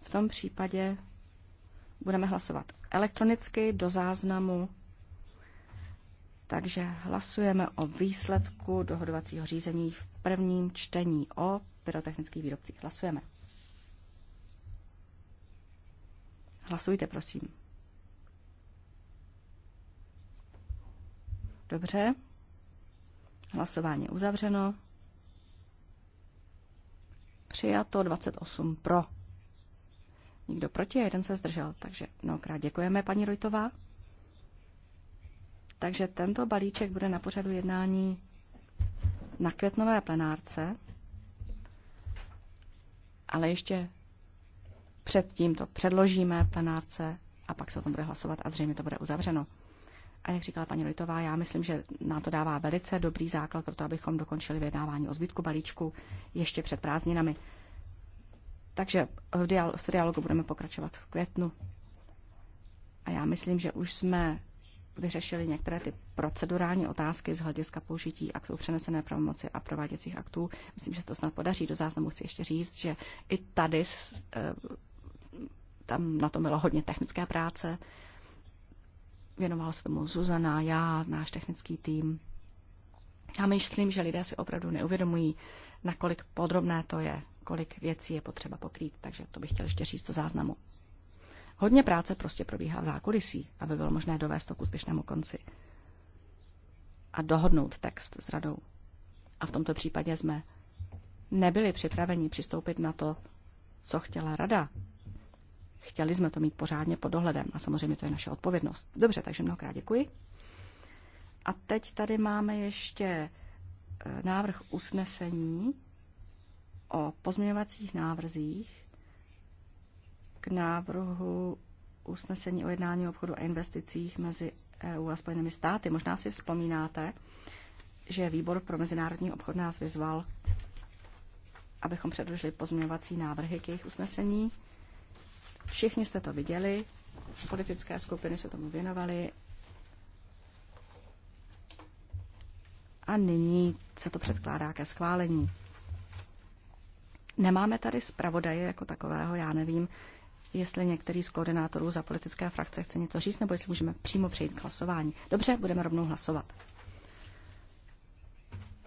V tom případě budeme hlasovat elektronicky do záznamu. Takže hlasujeme o výsledku dohodovacího řízení v prvním čtení o pyrotechnických výrobcích. Hlasujeme. Hlasujte, prosím. Dobře. Hlasování uzavřeno. Přijato 28 pro. Nikdo proti jeden se zdržel. Takže mnohokrát děkujeme, paní Rojtová. Takže tento balíček bude na pořadu jednání na květnové plenárce, ale ještě předtím to předložíme plenárce a pak se o tom bude hlasovat a zřejmě to bude uzavřeno. A jak říkala paní Litová, já myslím, že nám to dává velice dobrý základ pro to, abychom dokončili vyjednávání o zbytku balíčku ještě před prázdninami. Takže v, dial- v dialogu budeme pokračovat v květnu. A já myslím, že už jsme vyřešili některé ty procedurální otázky z hlediska použití aktů přenesené pravomoci a prováděcích aktů. Myslím, že to snad podaří. Do záznamu chci ještě říct, že i tady eh, tam na tom bylo hodně technické práce. Věnoval se tomu Zuzana, já, náš technický tým. A myslím, že lidé si opravdu neuvědomují, nakolik podrobné to je, kolik věcí je potřeba pokrýt, takže to bych chtěl ještě říct do záznamu. Hodně práce prostě probíhá v zákulisí, aby bylo možné dovést to k úspěšnému konci a dohodnout text s radou. A v tomto případě jsme nebyli připraveni přistoupit na to, co chtěla rada, Chtěli jsme to mít pořádně pod dohledem a samozřejmě to je naše odpovědnost. Dobře, takže mnohokrát děkuji. A teď tady máme ještě e, návrh usnesení o pozměňovacích návrzích k návrhu usnesení o jednání obchodu a investicích mezi EU a Spojenými státy. Možná si vzpomínáte, že výbor pro mezinárodní obchod nás vyzval, abychom předložili pozměňovací návrhy k jejich usnesení. Všichni jste to viděli, politické skupiny se tomu věnovaly a nyní se to předkládá ke schválení. Nemáme tady zpravodaje jako takového, já nevím, jestli některý z koordinátorů za politické frakce chce něco říct, nebo jestli můžeme přímo přejít k hlasování. Dobře, budeme rovnou hlasovat.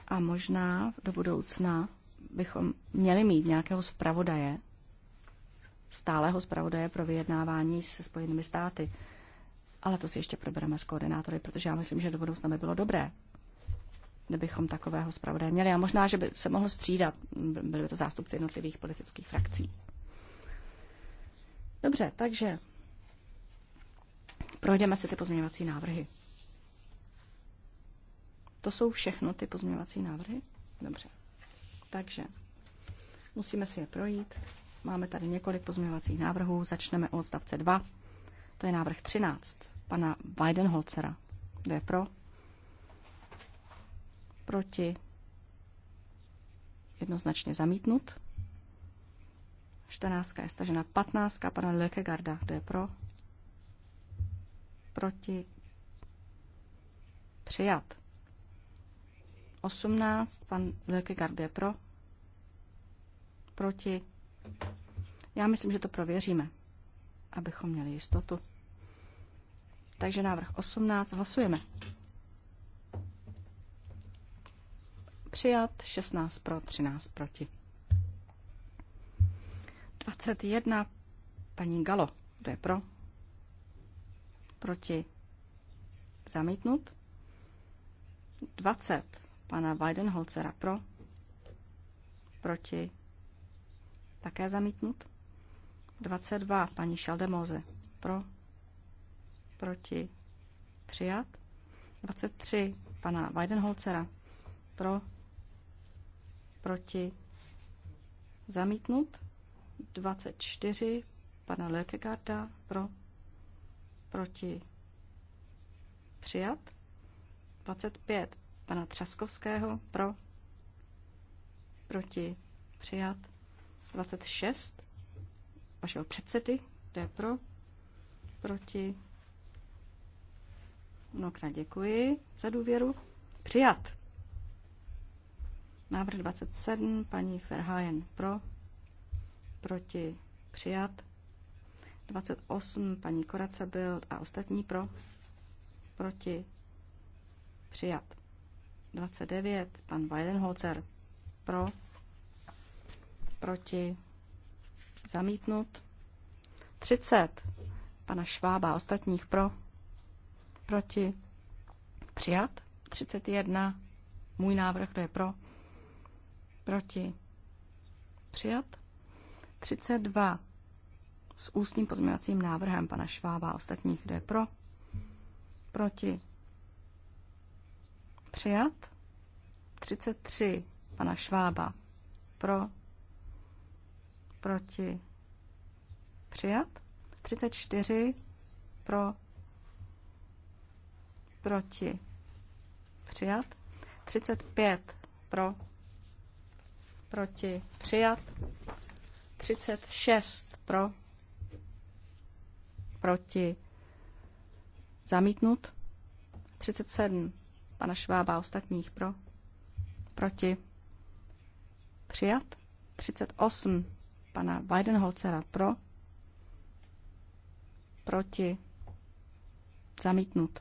A možná do budoucna bychom měli mít nějakého zpravodaje stálého zpravodaje pro vyjednávání se Spojenými státy. Ale to si ještě probereme s koordinátory, protože já myslím, že do budoucna by bylo dobré, kdybychom takového zpravodaje měli. A možná, že by se mohlo střídat, byli by to zástupci jednotlivých politických frakcí. Dobře, takže projdeme si ty pozměňovací návrhy. To jsou všechno ty pozměňovací návrhy? Dobře. Takže musíme si je projít. Máme tady několik pozměňovacích návrhů. Začneme od odstavce 2. To je návrh 13 pana Weidenholzera. Kdo je pro? Proti? Jednoznačně zamítnut. 14 je stažena. 15 pana Lekegarda. Kdo je pro? Proti? Přijat. 18 pan Lekegard je pro. Proti? Já myslím, že to prověříme, abychom měli jistotu. Takže návrh 18 hlasujeme. Přijat 16 pro, 13 proti. 21 paní Galo. Kdo je pro? Proti? Zamítnut? 20 pana Weidenholzera pro? Proti? Také zamítnut. 22. Paní Šaldemoze. Pro. Proti. Přijat. 23. Pana Weidenholzera. Pro. Proti. Zamítnut. 24. Pana Lökegarda. Pro. Proti. Přijat. 25. Pana Třaskovského. Pro. Proti. Přijat. 26 vašeho předsedy, kdo je pro, proti. Mnohokrát děkuji za důvěru. Přijat. Návrh 27, paní Ferhajen pro, proti přijat. 28, paní Korace byl a ostatní pro, proti přijat. 29, pan Weidenholzer pro, proti, zamítnut. 30 pana Švába ostatních pro, proti, přijat. 31 můj návrh, kdo je pro, proti, přijat. 32 s ústním pozměňovacím návrhem pana Švába ostatních, kdo je pro, proti, přijat. 33 pana Švába pro, proti, přijat. 34 pro, proti, přijat. 35 pro, proti, přijat. 36 pro, proti, zamítnut. 37 pana Švába a ostatních pro, proti, přijat. 38 pana Weidenholzera pro, proti, zamítnut.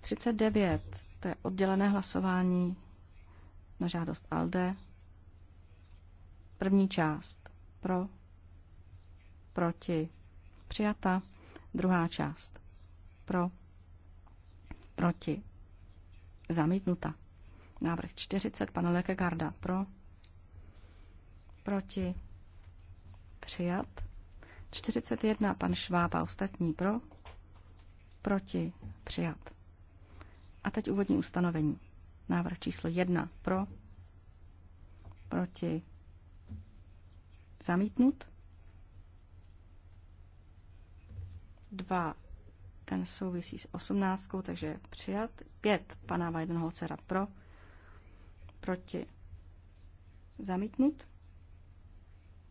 39, to je oddělené hlasování na žádost ALDE. První část pro, proti, přijata. Druhá část pro, proti, zamítnuta. Návrh 40, pana Lekegarda pro, proti, přijat. 41 pan Šváb a ostatní pro, proti přijat. A teď úvodní ustanovení. Návrh číslo 1 pro, proti zamítnut. dva ten souvisí s osmnáctkou, takže je přijat. 5 pana Weidenholzera pro, proti zamítnut.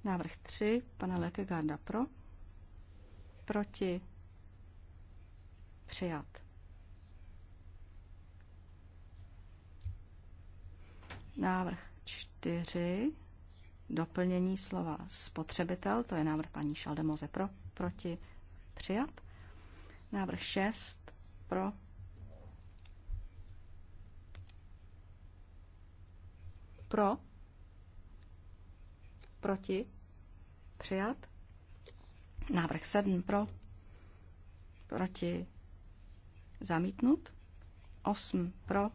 Návrh 3 pana Lekegarda pro. Proti. Přijat. Návrh 4. Doplnění slova spotřebitel, to je návrh paní Šaldemoze pro, proti, přijat. Návrh 6 pro, pro, Proti? Přijat. Návrh 7 pro. Proti? Zamítnut. 8 pro.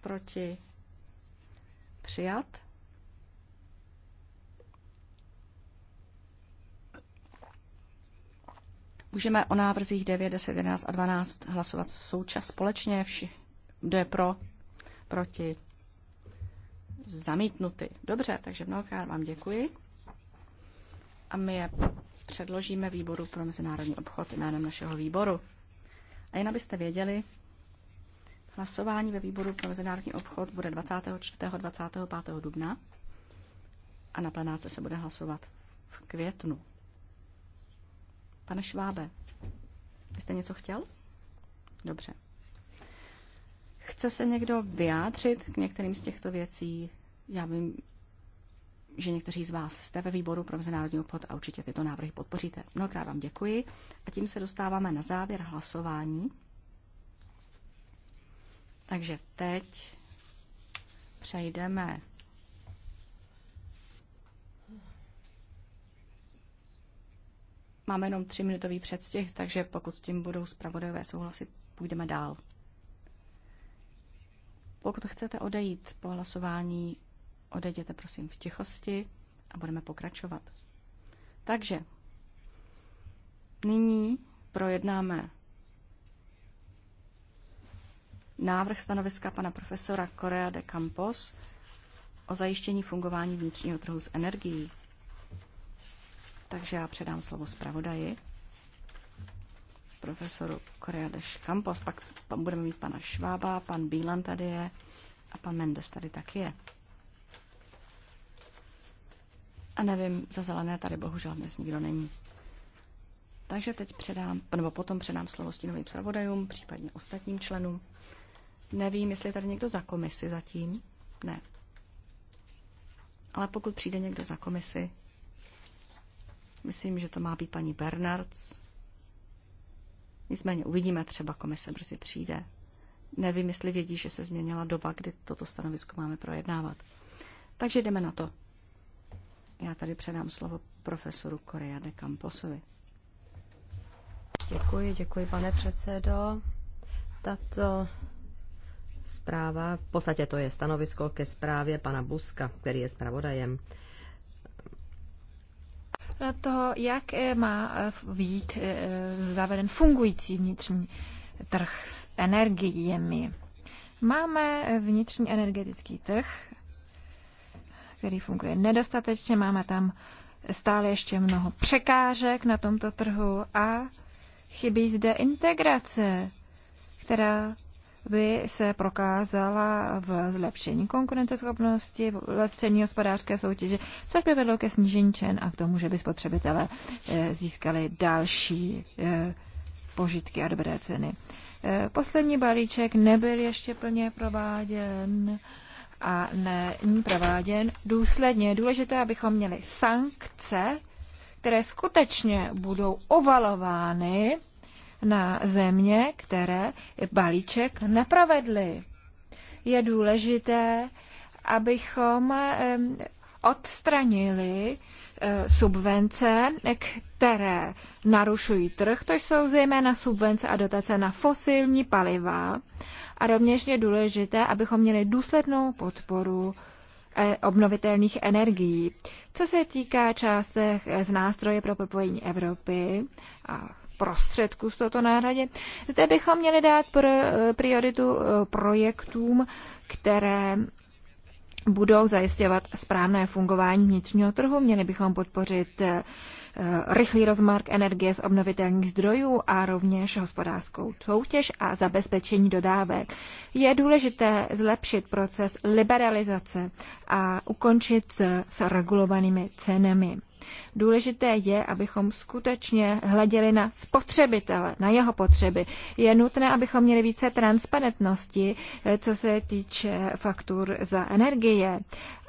Proti? Přijat. Můžeme o návrzích 9, 10, 11 a 12 hlasovat součas společně. Vši, kdo je pro, proti, zamítnuty. Dobře, takže mnohokrát vám děkuji. A my je předložíme výboru pro mezinárodní obchod jménem našeho výboru. A jen abyste věděli, hlasování ve výboru pro mezinárodní obchod bude 24. 25. dubna a na plenáce se bude hlasovat v květnu. Pane Švábe, vy jste něco chtěl? Dobře. Chce se někdo vyjádřit k některým z těchto věcí? Já vím, že někteří z vás jste ve výboru pro mezinárodní obchod a určitě tyto návrhy podpoříte. Mnohokrát vám děkuji a tím se dostáváme na závěr hlasování. Takže teď přejdeme Máme jenom tři minutový předstih, takže pokud s tím budou zpravodajové souhlasit, půjdeme dál. Pokud chcete odejít po hlasování, odejděte prosím v tichosti a budeme pokračovat. Takže nyní projednáme návrh stanoviska pana profesora Korea de Campos o zajištění fungování vnitřního trhu s energií. Takže já předám slovo zpravodaji profesoru Korea Campos, pak budeme mít pana Švába, pan Bílan tady je a pan Mendes tady taky je. A nevím, za zelené tady bohužel dnes nikdo není. Takže teď předám, nebo potom předám slovo stínovým zpravodajům, případně ostatním členům. Nevím, jestli je tady někdo za komisi zatím. Ne. Ale pokud přijde někdo za komisi, myslím, že to má být paní Bernards, Nicméně uvidíme, třeba komise brzy přijde. Nevím, jestli vědí, že se změnila doba, kdy toto stanovisko máme projednávat. Takže jdeme na to. Já tady předám slovo profesoru Korea de Camposovi. Děkuji, děkuji, pane předsedo. Tato zpráva, v podstatě to je stanovisko ke zprávě pana Buska, který je zpravodajem toho, jak eh, má eh, být eh, zaveden fungující vnitřní trh s energiemi. Máme vnitřní energetický trh, který funguje nedostatečně, máme tam stále ještě mnoho překážek na tomto trhu a chybí zde integrace, která by se prokázala v zlepšení konkurenceschopnosti, v zlepšení hospodářské soutěže, což by vedlo ke snížení čen a k tomu, že by spotřebitelé eh, získali další eh, požitky a dobré ceny. Eh, poslední balíček nebyl ještě plně prováděn a není prováděn důsledně. Je důležité, abychom měli sankce, které skutečně budou ovalovány na země, které balíček neprovedly. Je důležité, abychom odstranili e, subvence, které narušují trh, to jsou zejména subvence a dotace na fosilní paliva. A rovněž je důležité, abychom měli důslednou podporu e, obnovitelných energií. Co se týká částech z nástroje pro propojení Evropy a prostředků z toto náhradě. Zde bychom měli dát pr- prioritu eh, projektům, které budou zajišťovat správné fungování vnitřního trhu. Měli bychom podpořit eh, rychlý rozmark energie z obnovitelných zdrojů a rovněž hospodářskou soutěž a zabezpečení dodávek. Je důležité zlepšit proces liberalizace a ukončit s regulovanými cenami. Důležité je, abychom skutečně hleděli na spotřebitele, na jeho potřeby. Je nutné, abychom měli více transparentnosti, eh, co se týče faktur za energie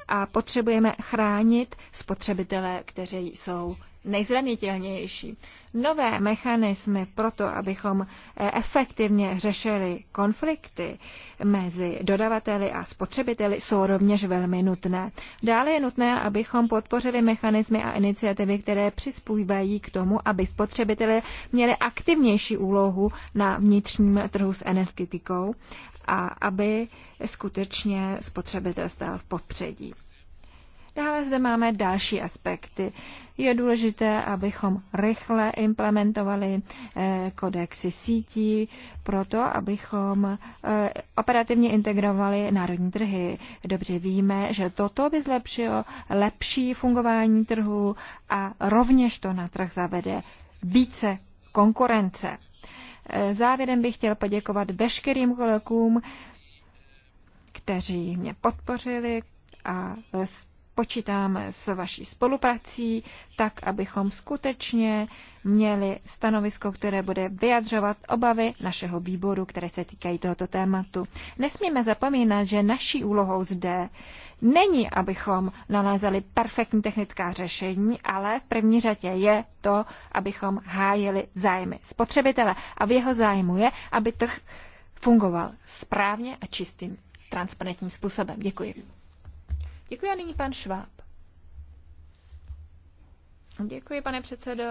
a potřebujeme chránit spotřebitele, kteří jsou nejzranitelnější. Nové mechanismy pro to, abychom eh, efektivně řešili konflikty mezi dodavateli a spotřebiteli, jsou rovněž velmi nutné. Dále je nutné, abychom podpořili mechanismy a iniciativy, které přispívají k tomu, aby spotřebitelé měli aktivnější úlohu na vnitřním trhu s energetikou a aby skutečně spotřebitel stál v popředí. Dále zde máme další aspekty. Je důležité, abychom rychle implementovali eh, kodexy sítí, proto abychom eh, operativně integrovali národní trhy. Dobře víme, že toto by zlepšilo lepší fungování trhu a rovněž to na trh zavede více konkurence. Závěrem bych chtěl poděkovat veškerým kolegům, kteří mě podpořili a Počítáme s vaší spoluprací, tak abychom skutečně měli stanovisko, které bude vyjadřovat obavy našeho výboru, které se týkají tohoto tématu. Nesmíme zapomínat, že naší úlohou zde není, abychom nalézali perfektní technická řešení, ale v první řadě je to, abychom hájili zájmy spotřebitele. A v jeho zájmu je, aby trh fungoval správně a čistým transparentním způsobem. Děkuji. Děkuji a nyní pan Šváb. Děkuji, pane předsedo.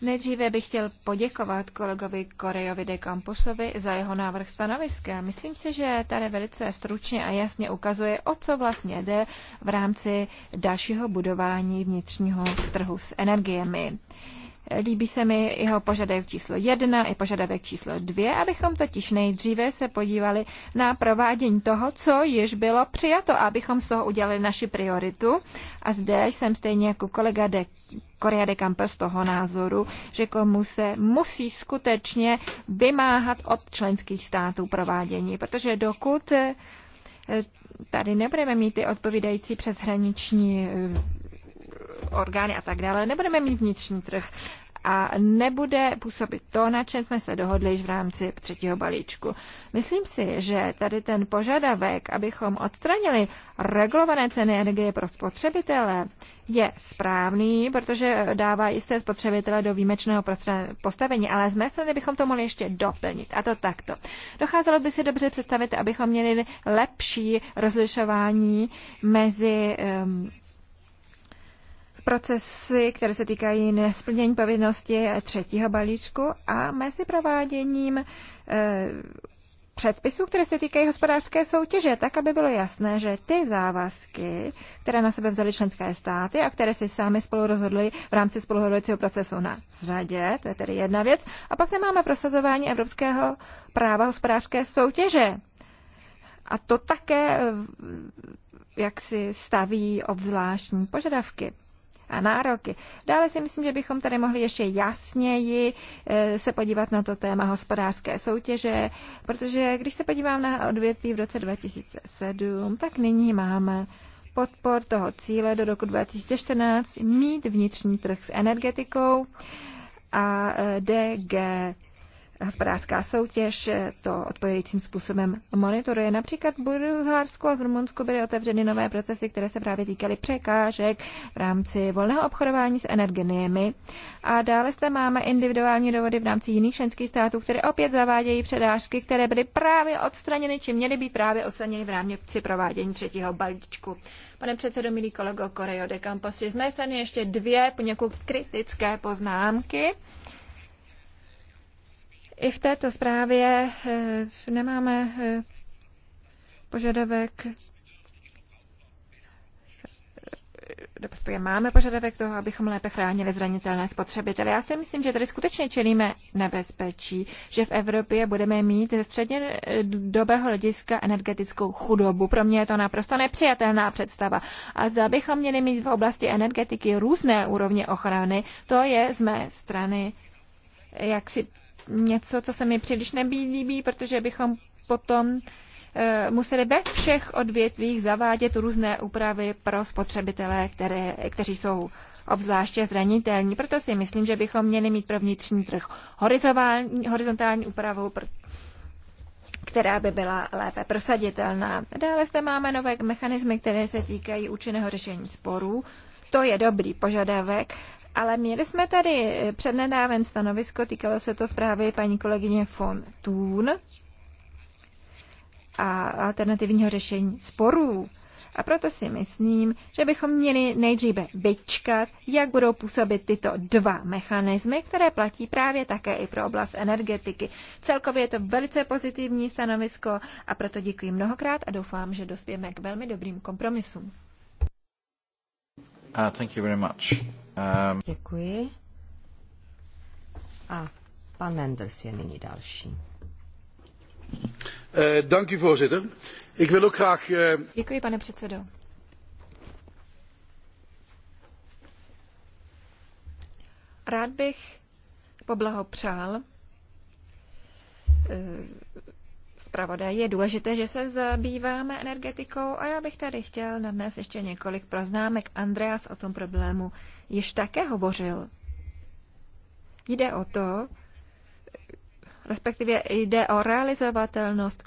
Nejdříve bych chtěl poděkovat kolegovi Korejovi de Campusovi za jeho návrh stanoviska. Myslím si, že tady velice stručně a jasně ukazuje, o co vlastně jde v rámci dalšího budování vnitřního trhu s energiemi. Uh, Líbí se mi jeho požadavek číslo jedna i požadavek číslo dvě, abychom totiž nejdříve se podívali na provádění toho, co již bylo přijato, abychom z toho udělali naši prioritu. A zde jsem stejně jako kolega de Korea de Campos toho názoru, že komu se musí skutečně vymáhat od členských států provádění, protože dokud eh, tady nebudeme mít ty odpovídající přeshraniční eh, orgány a tak dále, nebudeme mít vnitřní trh a nebude působit to, na čem jsme se dohodli již v rámci třetího balíčku. Myslím si, že tady ten požadavek, abychom odstranili regulované ceny energie pro spotřebitele, je správný, protože dává jisté spotřebitele do výjimečného postavení, ale z mé strany bychom to mohli ještě doplnit. A to takto. Docházelo by si dobře představit, abychom měli lepší rozlišování mezi um, procesy, které se týkají nesplnění povinnosti třetího balíčku a mezi prováděním eh, předpisů, které se týkají hospodářské soutěže, tak, aby bylo jasné, že ty závazky, které na sebe vzaly členské státy a které si sami spolu rozhodli v rámci spoluhodujícího procesu na řadě, to je tedy jedna věc, a pak tam máme prosazování evropského práva hospodářské soutěže. A to také eh, jak si staví obzvláštní požadavky a nároky. Dále si myslím, že bychom tady mohli ještě jasněji eh, se podívat na to téma hospodářské soutěže, protože když se podívám na odvětví v roce 2007, tak nyní máme podpor toho cíle do roku 2014 mít vnitřní trh s energetikou a eh, DG hospodářská soutěž to odpovědícím způsobem monitoruje. Například v Bulharsku a v Rumunsku byly otevřeny nové procesy, které se právě týkaly překážek v rámci volného obchodování s energiemi. A dále zde máme individuální dohody v rámci jiných členských států, které opět zavádějí předážky, které byly právě odstraněny, či měly být právě odstraněny v rámci provádění třetího balíčku. Pane předsedo, milí kolego Koreo de Campos, z mé strany ještě dvě poněkud kritické poznámky. I v této zprávě eh, nemáme eh, požadavek eh, máme požadavek toho, abychom lépe chránili zranitelné spotřebitele. Já si myslím, že tady skutečně čelíme nebezpečí, že v Evropě budeme mít ze středně dobého hlediska energetickou chudobu. Pro mě je to naprosto nepřijatelná představa. A zda bychom měli mít v oblasti energetiky různé úrovně ochrany, to je z mé strany jaksi něco, co se mi příliš nelíbí, protože bychom potom eh, museli ve všech odvětvích zavádět různé úpravy pro spotřebitele, které, kteří jsou obzvláště zranitelní. Proto si myslím, že bychom měli mít pro vnitřní trh horizontální, horizontální úpravu, která by byla lépe prosaditelná. Dále zde máme nové mechanismy, které se týkají účinného řešení sporů. To je dobrý požadavek, ale měli jsme tady přednedávem stanovisko, týkalo se to zprávy paní kolegyně von Thun a alternativního řešení sporů. A proto si myslím, že bychom měli nejdříve vyčkat, jak budou působit tyto dva mechanismy, které platí právě také i pro oblast energetiky. Celkově je to velice pozitivní stanovisko a proto děkuji mnohokrát a doufám, že dospějeme k velmi dobrým kompromisům. Uh, thank you very much. Um... Děkuji. A pan Menders je nyní další. Eh, dank u voorzitter. Ik wil ook graag... Eh, Děkuji, pane předsedo. Rád bych poblahopřál eh, zpravodaj, je důležité, že se zabýváme energetikou a já bych tady chtěl na dnes ještě několik proznámek. Andreas o tom problému již také hovořil. Jde o to, respektive jde o realizovatelnost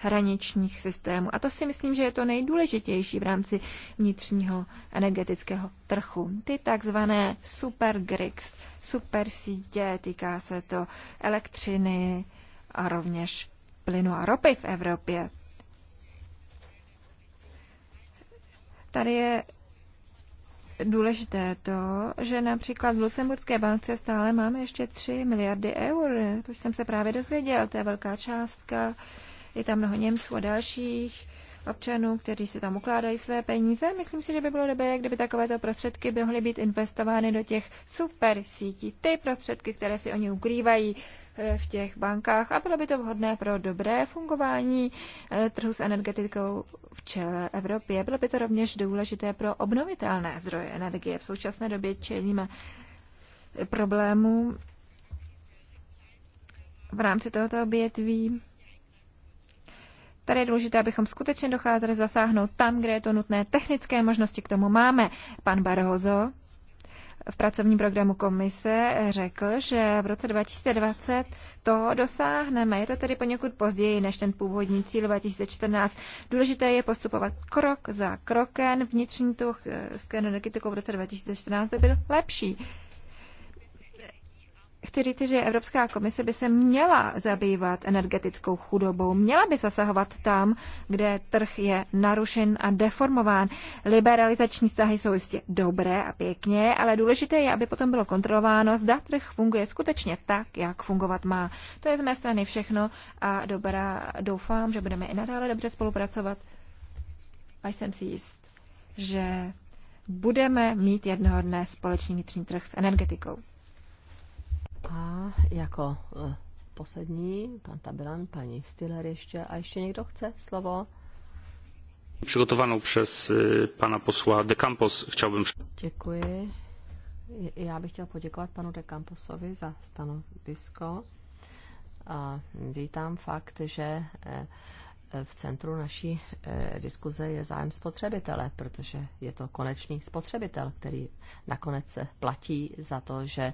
hraničních systémů. A to si myslím, že je to nejdůležitější v rámci vnitřního energetického trhu. Ty takzvané supergrids, super sítě, týká se to elektřiny a rovněž plynu a ropy v Evropě. Tady je důležité to, že například v Lucemburské bance stále máme ještě 3 miliardy eur. To jsem se právě dozvěděl, to je velká částka. Je tam mnoho Němců a dalších občanů, kteří si tam ukládají své peníze. Myslím si, že by bylo dobré, kdyby takovéto prostředky by mohly být investovány do těch super sítí, ty prostředky, které si oni ukrývají eh, v těch bankách a bylo by to vhodné pro dobré fungování eh, trhu s energetikou v celé Evropě. Bylo by to rovněž důležité pro obnovitelné zdroje energie. V současné době čelíme problémů v rámci tohoto obětví Tady je důležité, abychom skutečně docházeli zasáhnout tam, kde je to nutné. Technické možnosti k tomu máme. Pan Barhozo v pracovním programu komise řekl, že v roce 2020 toho dosáhneme. Je to tedy poněkud později než ten původní cíl 2014. Důležité je postupovat krok za krokem. Vnitřní tuch s energetikou v roce 2014 by byl lepší chci říct, že Evropská komise by se měla zabývat energetickou chudobou, měla by zasahovat tam, kde trh je narušen a deformován. Liberalizační vztahy jsou jistě dobré a pěkně, ale důležité je, aby potom bylo kontrolováno, zda trh funguje skutečně tak, jak fungovat má. To je z mé strany všechno a dobrá, doufám, že budeme i nadále dobře spolupracovat. A jsem si jist, že budeme mít jednoho dne společný vnitřní trh s energetikou. A jako e, poslední, pan Tabilan, paní Stiller ještě. A ještě někdo chce slovo? Přigotowaną přes e, pana posla De Campos chciałbym... Děkuji. Já bych chtěl poděkovat panu De Camposovi za stanovisko. A vítám fakt, že e, v centru naší eh, diskuze je zájem spotřebitele, protože je to konečný spotřebitel, který nakonec platí za to, že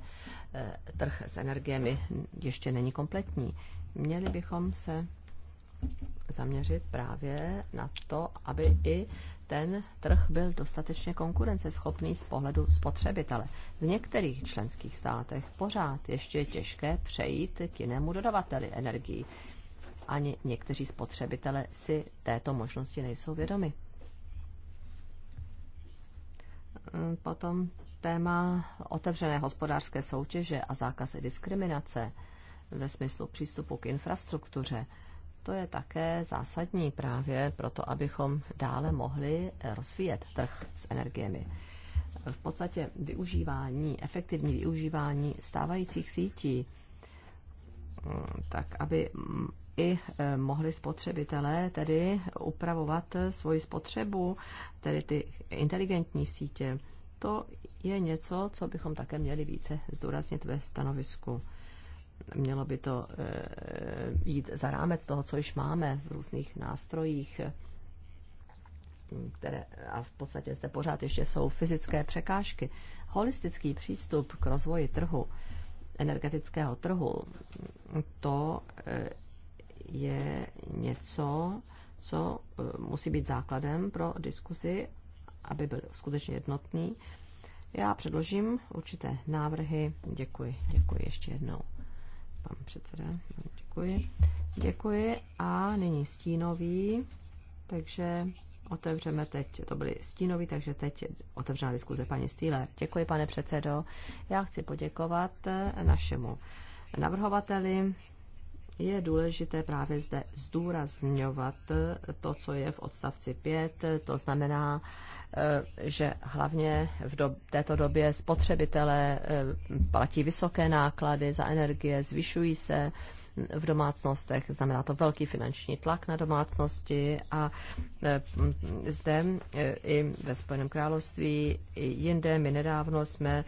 eh, trh s energiemi ještě není kompletní. Měli bychom se zaměřit právě na to, aby i ten trh byl dostatečně konkurenceschopný z pohledu spotřebitele. V některých členských státech pořád ještě je těžké přejít k jinému dodavateli energii ani někteří spotřebitele si této možnosti nejsou vědomi. Potom téma otevřené hospodářské soutěže a zákaz diskriminace ve smyslu přístupu k infrastruktuře. To je také zásadní právě proto, abychom dále mohli rozvíjet trh s energiemi. V podstatě využívání, efektivní využívání stávajících sítí, tak aby i eh, mohli spotřebitelé tedy upravovat svoji spotřebu, tedy ty inteligentní sítě. To je něco, co bychom také měli více zdůraznit ve stanovisku. Mělo by to eh, jít za rámec toho, co již máme v různých nástrojích, které, a v podstatě zde pořád ještě jsou fyzické překážky. Holistický přístup k rozvoji trhu energetického trhu, to eh, je něco, co eh, musí být základem pro diskuzi, aby byl skutečně jednotný. Já předložím určité návrhy. Děkuji, děkuji ještě jednou. Pan předseda, děkuji. Děkuji a nyní stínový, takže otevřeme teď, to byly stínový, takže teď otevřená diskuze paní Stýle. Děkuji, pane předsedo. Já chci poděkovat našemu navrhovateli je důležité právě zde zdůrazňovat to, co je v odstavci 5, to znamená, eh, že hlavně v do, této době spotřebitelé eh, platí vysoké náklady za energie, zvyšují se v domácnostech, znamená to velký finanční tlak na domácnosti a eh, zde i ve Spojeném království i jinde my nedávno jsme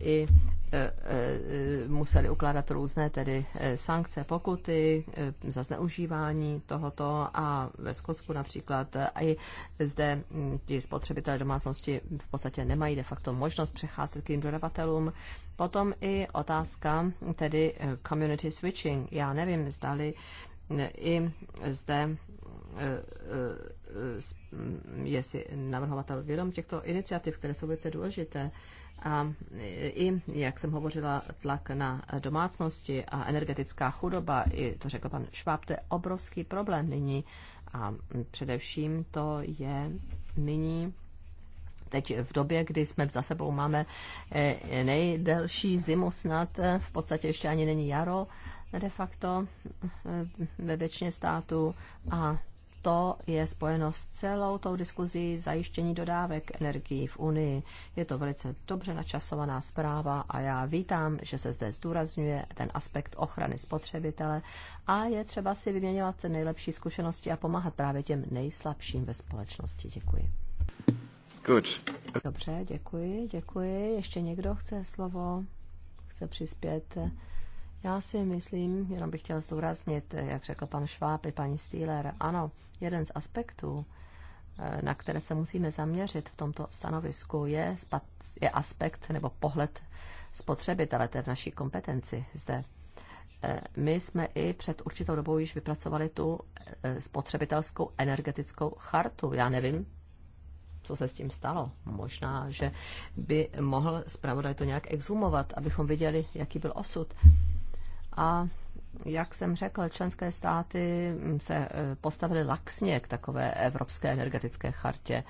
i e, e, museli ukládat různé tedy e, sankce, pokuty za zneužívání tohoto a ve Skotsku například i zde ti spotřebitelé domácnosti v podstatě nemají de facto možnost přecházet k jiným dodavatelům. Potom i otázka tedy community switching. Já nevím, zdali i zde si navrhovatel vědom těchto iniciativ, které jsou velice důležité, a i, jak jsem hovořila, tlak na domácnosti a energetická chudoba, i to řekl pan Šváb, to je obrovský problém nyní a především to je nyní teď v době, kdy jsme za sebou máme e, nejdelší zimu snad, e, v podstatě ještě ani není jaro de facto e, ve většině států a to je spojeno s celou tou diskuzí zajištění dodávek energií v Unii. Je to velice dobře načasovaná zpráva a já vítám, že se zde zdůrazňuje ten aspekt ochrany spotřebitele a je třeba si vyměňovat nejlepší zkušenosti a pomáhat právě těm nejslabším ve společnosti. Děkuji. Good. Dobře, děkuji, děkuji. Ještě někdo chce slovo? Chce přispět? Já si myslím, jenom bych chtěl zdůraznit, jak řekl pan Šváb i paní Stýler, ano, jeden z aspektů, eh, na které se musíme zaměřit v tomto stanovisku, je, je aspekt nebo pohled spotřebitele, to je v naší kompetenci zde. Eh, my jsme i před určitou dobou již vypracovali tu eh, spotřebitelskou energetickou chartu. Já nevím, co se s tím stalo. Možná, že by mohl zpravodaj to nějak exhumovat, abychom viděli, jaký byl osud. A jak jsem řekl, členské státy se e, postavily laxně k takové evropské energetické chartě.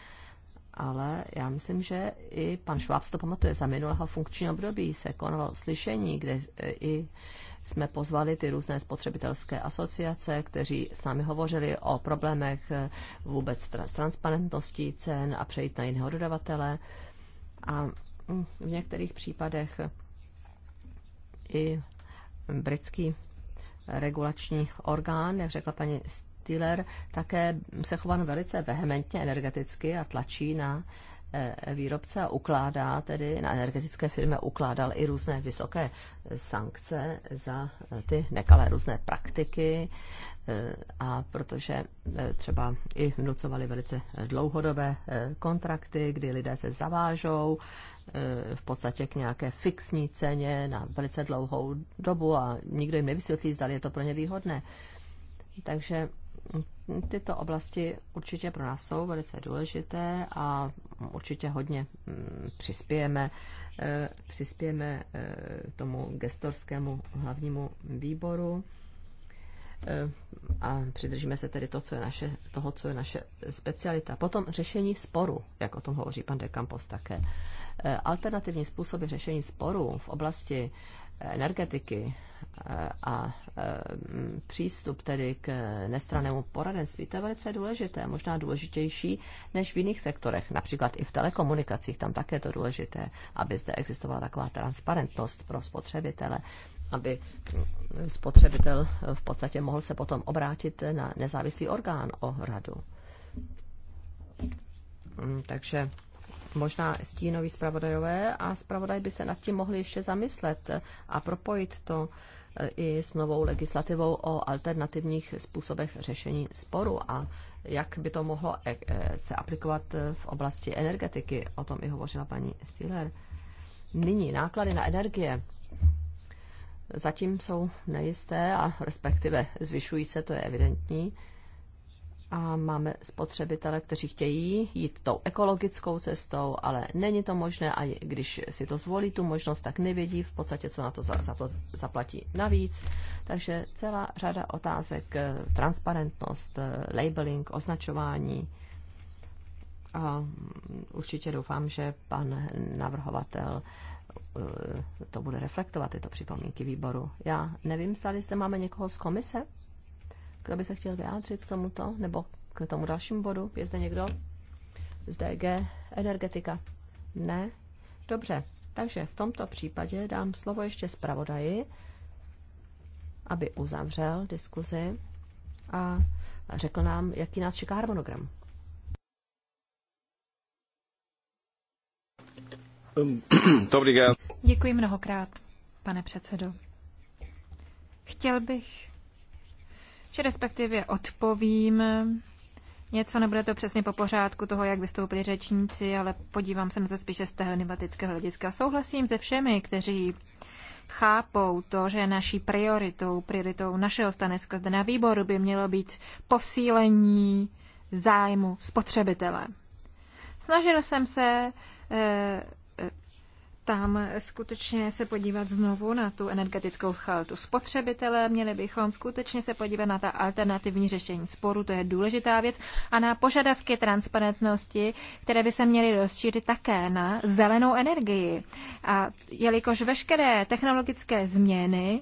Ale já myslím, že i pan Schwab to pamatuje. Za minulého funkčního období se konalo slyšení, kde e, i jsme pozvali ty různé spotřebitelské asociace, kteří s námi hovořili o problémech e, vůbec s transparentností cen a přejít na jiného dodavatele. A mm, v některých případech i britský regulační orgán, jak řekla paní Stiller, také se chová no velice vehementně energeticky a tlačí na eh, výrobce a ukládá tedy na energetické firmy ukládal i různé vysoké sankce za eh, ty nekalé různé praktiky eh, a protože třeba i vnucovali velice dlouhodobé kontrakty, kdy lidé se zavážou v podstatě k nějaké fixní ceně na velice dlouhou dobu a nikdo jim nevysvětlí, zda je to pro ně výhodné. Takže tyto oblasti určitě pro nás jsou velice důležité a určitě hodně mm, přispějeme, eh, přispějeme eh, tomu gestorskému hlavnímu výboru eh, a přidržíme se tedy to, co je naše, toho, co je naše specialita. Potom řešení sporu, jak o tom hovoří pan de Campos také. Eh, alternativní způsoby řešení sporů v oblasti eh, energetiky eh, a přístup tedy k nestranému poradenství, to je velice důležité, možná důležitější než v jiných sektorech, například i v telekomunikacích, tam také je to důležité, aby zde existovala taková transparentnost pro spotřebitele, aby spotřebitel v podstatě mohl se potom obrátit na nezávislý orgán o radu. Mm, takže Možná stínoví zpravodajové a zpravodaj by se nad tím mohli ještě zamyslet a propojit to eh, i s novou legislativou o alternativních způsobech řešení sporu a jak by to mohlo eh, eh, se aplikovat v oblasti energetiky. O tom i hovořila paní Stiller. Nyní náklady na energie zatím jsou nejisté a respektive zvyšují se, to je evidentní a máme spotřebitele, kteří chtějí jít tou ekologickou cestou, ale není to možné a když si to zvolí tu možnost, tak nevědí v podstatě, co na to za, za to zaplatí navíc. Takže celá řada otázek, eh, transparentnost, eh, labeling, označování. A mm, určitě doufám, že pan navrhovatel eh, to bude reflektovat, tyto připomínky výboru. Já nevím, stále zde máme někoho z komise? Kdo by se chtěl vyjádřit k tomuto nebo k tomu dalšímu bodu? Je zde někdo? Z DG energetika? Ne? Dobře, takže v tomto případě dám slovo ještě zpravodaji, aby uzavřel diskuzi a řekl nám, jaký nás čeká harmonogram. Dobrý Děkuji mnohokrát, pane předsedo. Chtěl bych či respektive odpovím něco, nebude to přesně po pořádku toho, jak vystoupili řečníci, ale podívám se na to spíše z telematického hlediska. Souhlasím se všemi, kteří chápou to, že naší prioritou, prioritou našeho staneska zde na výboru by mělo být posílení zájmu spotřebitele. Snažil jsem se eh, tam skutečně se podívat znovu na tu energetickou chaltu spotřebitele. Měli bychom skutečně se podívat na ta alternativní řešení sporu, to je důležitá věc, a na požadavky transparentnosti, které by se měly rozšířit také na zelenou energii. A jelikož veškeré technologické změny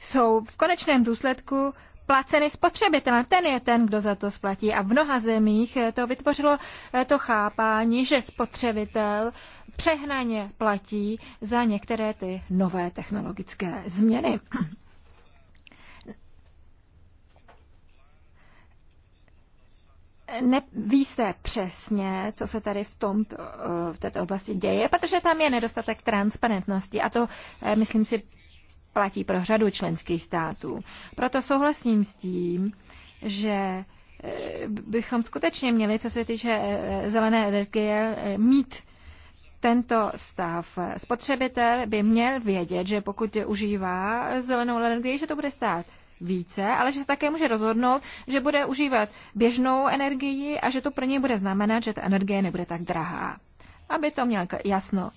jsou v konečném důsledku placeny spotřebitelem. Ten je ten, kdo za to splatí. A v mnoha zemích to vytvořilo to chápání, že spotřebitel přehnaně platí za některé ty nové technologické změny. neví se přesně, co se tady v, tom, v této oblasti děje, protože tam je nedostatek transparentnosti a to, eh, myslím si, platí pro řadu členských států. Proto souhlasím s tím, že eh, bychom skutečně měli, co se týče eh, zelené energie, mít tento stav. Spotřebitel by měl vědět, že pokud užívá zelenou energii, že to bude stát více, ale že se také může rozhodnout, že bude užívat běžnou energii a že to pro něj bude znamenat, že ta energie nebude tak drahá. Aby to měl jasno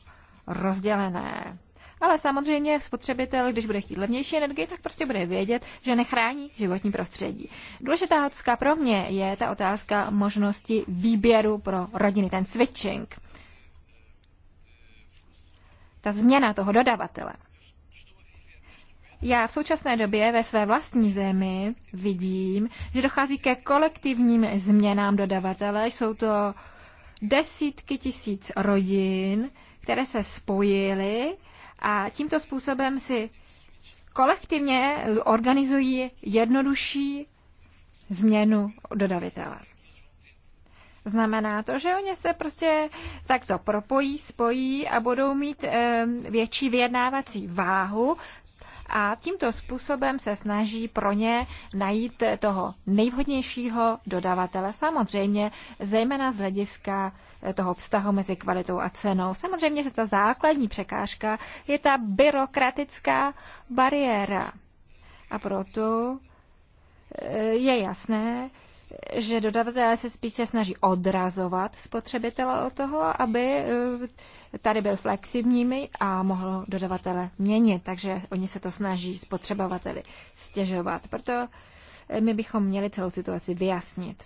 rozdělené. Ale samozřejmě spotřebitel, když bude chtít levnější energii, tak prostě bude vědět, že nechrání životní prostředí. Důležitá otázka pro mě je ta otázka možnosti výběru pro rodiny, ten switching ta změna toho dodavatele. Já v současné době ve své vlastní zemi vidím, že dochází ke kolektivním změnám dodavatele. Jsou to desítky tisíc rodin, které se spojily a tímto způsobem si kolektivně organizují jednodušší změnu dodavitele. Znamená to, že oni se prostě takto propojí, spojí a budou mít eh, větší vyjednávací váhu a tímto způsobem se snaží pro ně najít toho nejvhodnějšího dodavatele, samozřejmě zejména z hlediska eh, toho vztahu mezi kvalitou a cenou. Samozřejmě, že ta základní překážka je ta byrokratická bariéra. A proto eh, je jasné, že dodavatelé se spíše snaží odrazovat spotřebitele od toho, aby eh, tady byl flexibními a mohl dodavatele měnit. Takže oni se to snaží spotřebovateli stěžovat. Proto eh, my bychom měli celou situaci vyjasnit.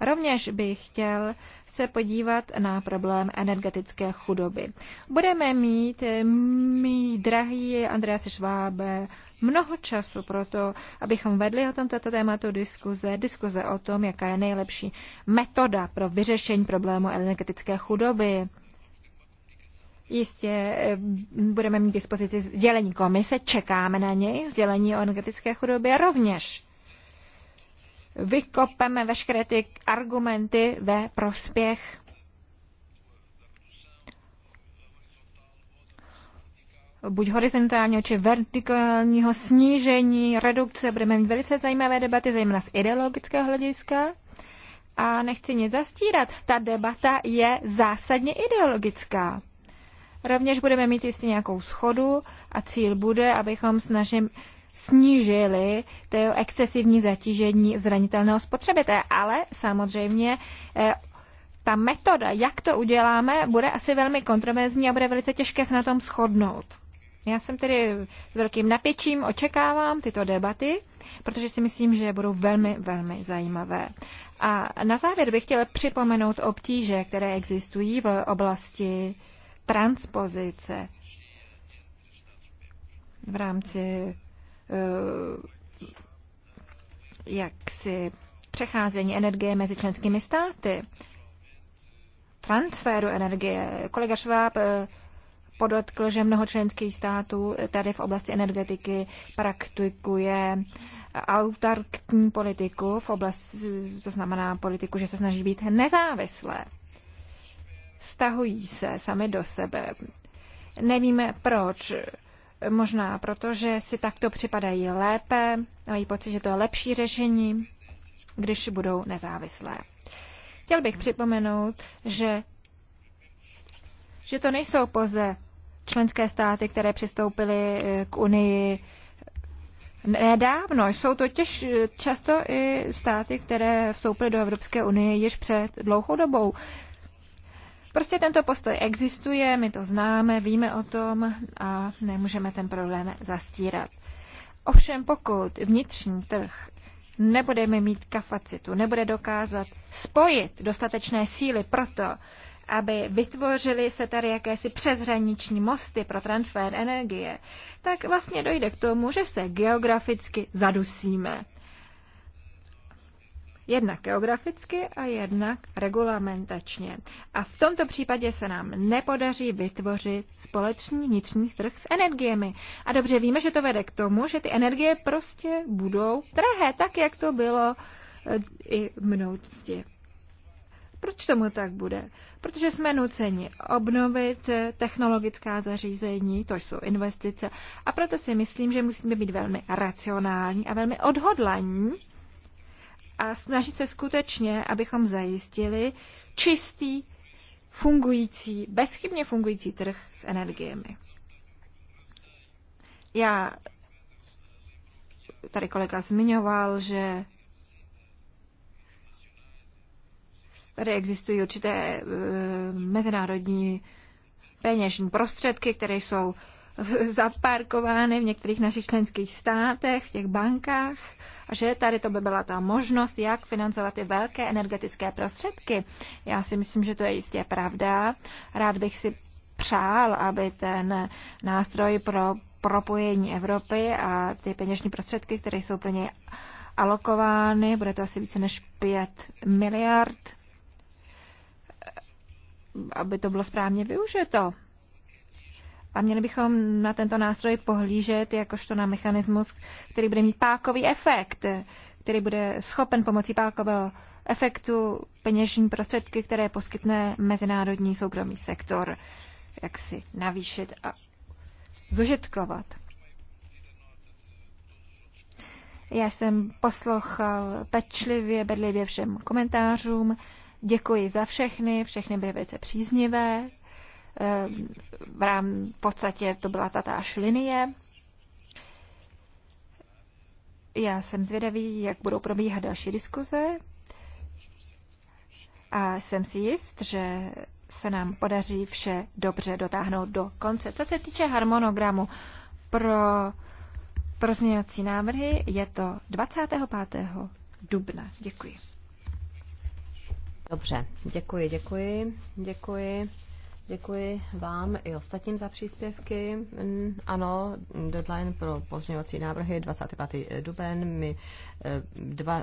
Rovněž bych chtěl se podívat na problém energetické chudoby. Budeme mít eh, mý drahý Andreas Švábe mnoho času pro to, abychom vedli o tomto tématu diskuze, diskuze o tom, jaká je nejlepší metoda pro vyřešení problému energetické chudoby. Jistě eh, budeme mít k dispozici sdělení komise, čekáme na něj, sdělení o energetické chudobě rovněž. Vykopeme veškeré ty argumenty ve prospěch buď horizontálního či vertikálního snížení, redukce. Budeme mít velice zajímavé debaty, zejména z ideologického hlediska. A nechci nic zastírat, ta debata je zásadně ideologická. Rovněž budeme mít jistě nějakou schodu a cíl bude, abychom snažím snížili to excesivní zatížení zranitelného spotřebitele. Ale samozřejmě eh, ta metoda, jak to uděláme, bude asi velmi kontroverzní a bude velice těžké se na tom shodnout. Já jsem tedy s velkým napěčím očekávám tyto debaty, protože si myslím, že budou velmi, velmi zajímavé. A na závěr bych chtěla připomenout obtíže, které existují v oblasti transpozice v rámci eh, jaksi přecházení energie mezi členskými státy, transferu energie. Kolega Šváb eh, podotkl, že mnoho členských států tady v oblasti energetiky praktikuje autarktní politiku v oblasti, to znamená politiku, že se snaží být nezávislé. Stahují se sami do sebe. Nevíme proč. Možná proto, že si takto připadají lépe, mají pocit, že to je lepší řešení, když budou nezávislé. Chtěl bych připomenout, že, že to nejsou pouze členské státy, které přistoupily eh, k Unii nedávno. Jsou to těž, eh, často i státy, které vstoupily do Evropské unie již před dlouhou dobou. Prostě tento postoj existuje, my to známe, víme o tom a nemůžeme ten problém zastírat. Ovšem pokud vnitřní trh nebudeme mít kapacitu, nebude dokázat spojit dostatečné síly proto, aby vytvořili se tady jakési přeshraniční mosty pro transfer energie, tak vlastně dojde k tomu, že se geograficky zadusíme. Jednak geograficky a jednak regulamentačně. A v tomto případě se nám nepodaří vytvořit společný vnitřní trh s energiemi. A dobře víme, že to vede k tomu, že ty energie prostě budou drahé, tak jak to bylo eh, i v minulosti. Proč tomu tak bude? Protože jsme nuceni obnovit eh, technologická zařízení, to jsou investice, a proto si myslím, že musíme být velmi racionální a velmi odhodlaní a snažit se skutečně, abychom zajistili čistý, fungující, bezchybně fungující trh s energiemi. Já tady kolega zmiňoval, že Tady existují určité e, mezinárodní peněžní prostředky, které jsou [laughs] zaparkovány v některých našich členských státech, v těch bankách, a že tady to by byla ta možnost, jak financovat ty velké energetické prostředky. Já si myslím, že to je jistě pravda. Rád bych si přál, aby ten nástroj pro propojení Evropy a ty peněžní prostředky, které jsou pro něj alokovány, bude to asi více než 5 miliard aby to bylo správně využito. A měli bychom na tento nástroj pohlížet jakožto na mechanismus, který bude mít pákový efekt, který bude schopen pomocí pákového efektu peněžní prostředky, které poskytne mezinárodní soukromý sektor, jak si navýšit a zužitkovat. Já jsem poslouchal pečlivě, bedlivě všem komentářům Děkuji za všechny, všechny byly velice příznivé. Ehm, v rám v podstatě to byla tatáž linie. Já jsem zvědavý, jak budou probíhat další diskuze. A jsem si jist, že se nám podaří vše dobře dotáhnout do konce. Co se týče harmonogramu pro prozměňovací návrhy, je to 25. dubna. Děkuji. Dobře, děkuji, děkuji, děkuji. Děkuji vám i ostatním za příspěvky. Mm, ano, deadline pro pozměňovací návrhy 25. duben. My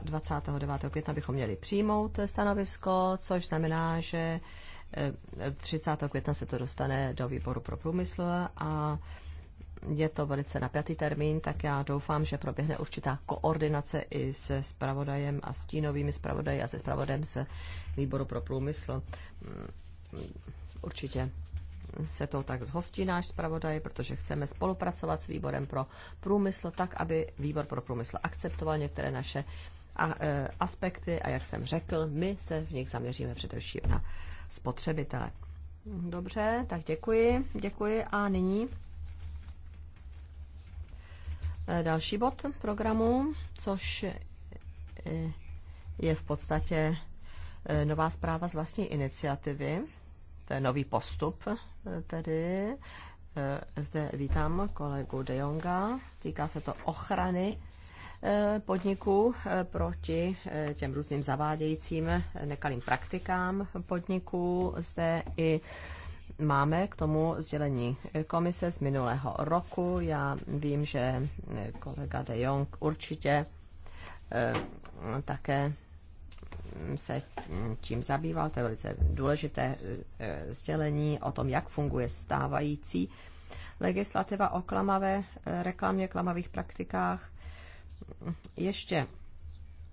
29. Eh, května bychom měli přijmout stanovisko, což znamená, že 30. Eh, května se to dostane do výboru pro průmysl a je to velice napjatý termín, tak já doufám, že proběhne určitá koordinace i se spravodajem a stínovými spravodaji a se spravodajem se výboru pro průmysl. Mm, určitě se to tak zhostí náš zpravodaj, protože chceme spolupracovat s výborem pro průmysl tak, aby výbor pro průmysl akceptoval některé naše e, aspekty a jak jsem řekl, my se v nich zaměříme především na spotřebitele. Dobře, tak děkuji, děkuji a nyní Eh, další bod programu, což eh, je v podstatě eh, nová zpráva z vlastní iniciativy. To je nový postup tedy. Zde vítám kolegu De Jonga. Týká se to ochrany podniků proti těm různým zavádějícím nekalým praktikám podniků. Zde i máme k tomu sdělení komise z minulého roku. Já vím, že kolega De Jong určitě eh, také se tím zabýval. To je velice důležité eh, sdělení o tom, jak funguje stávající legislativa o klamavé eh, reklamě, klamavých praktikách. Ještě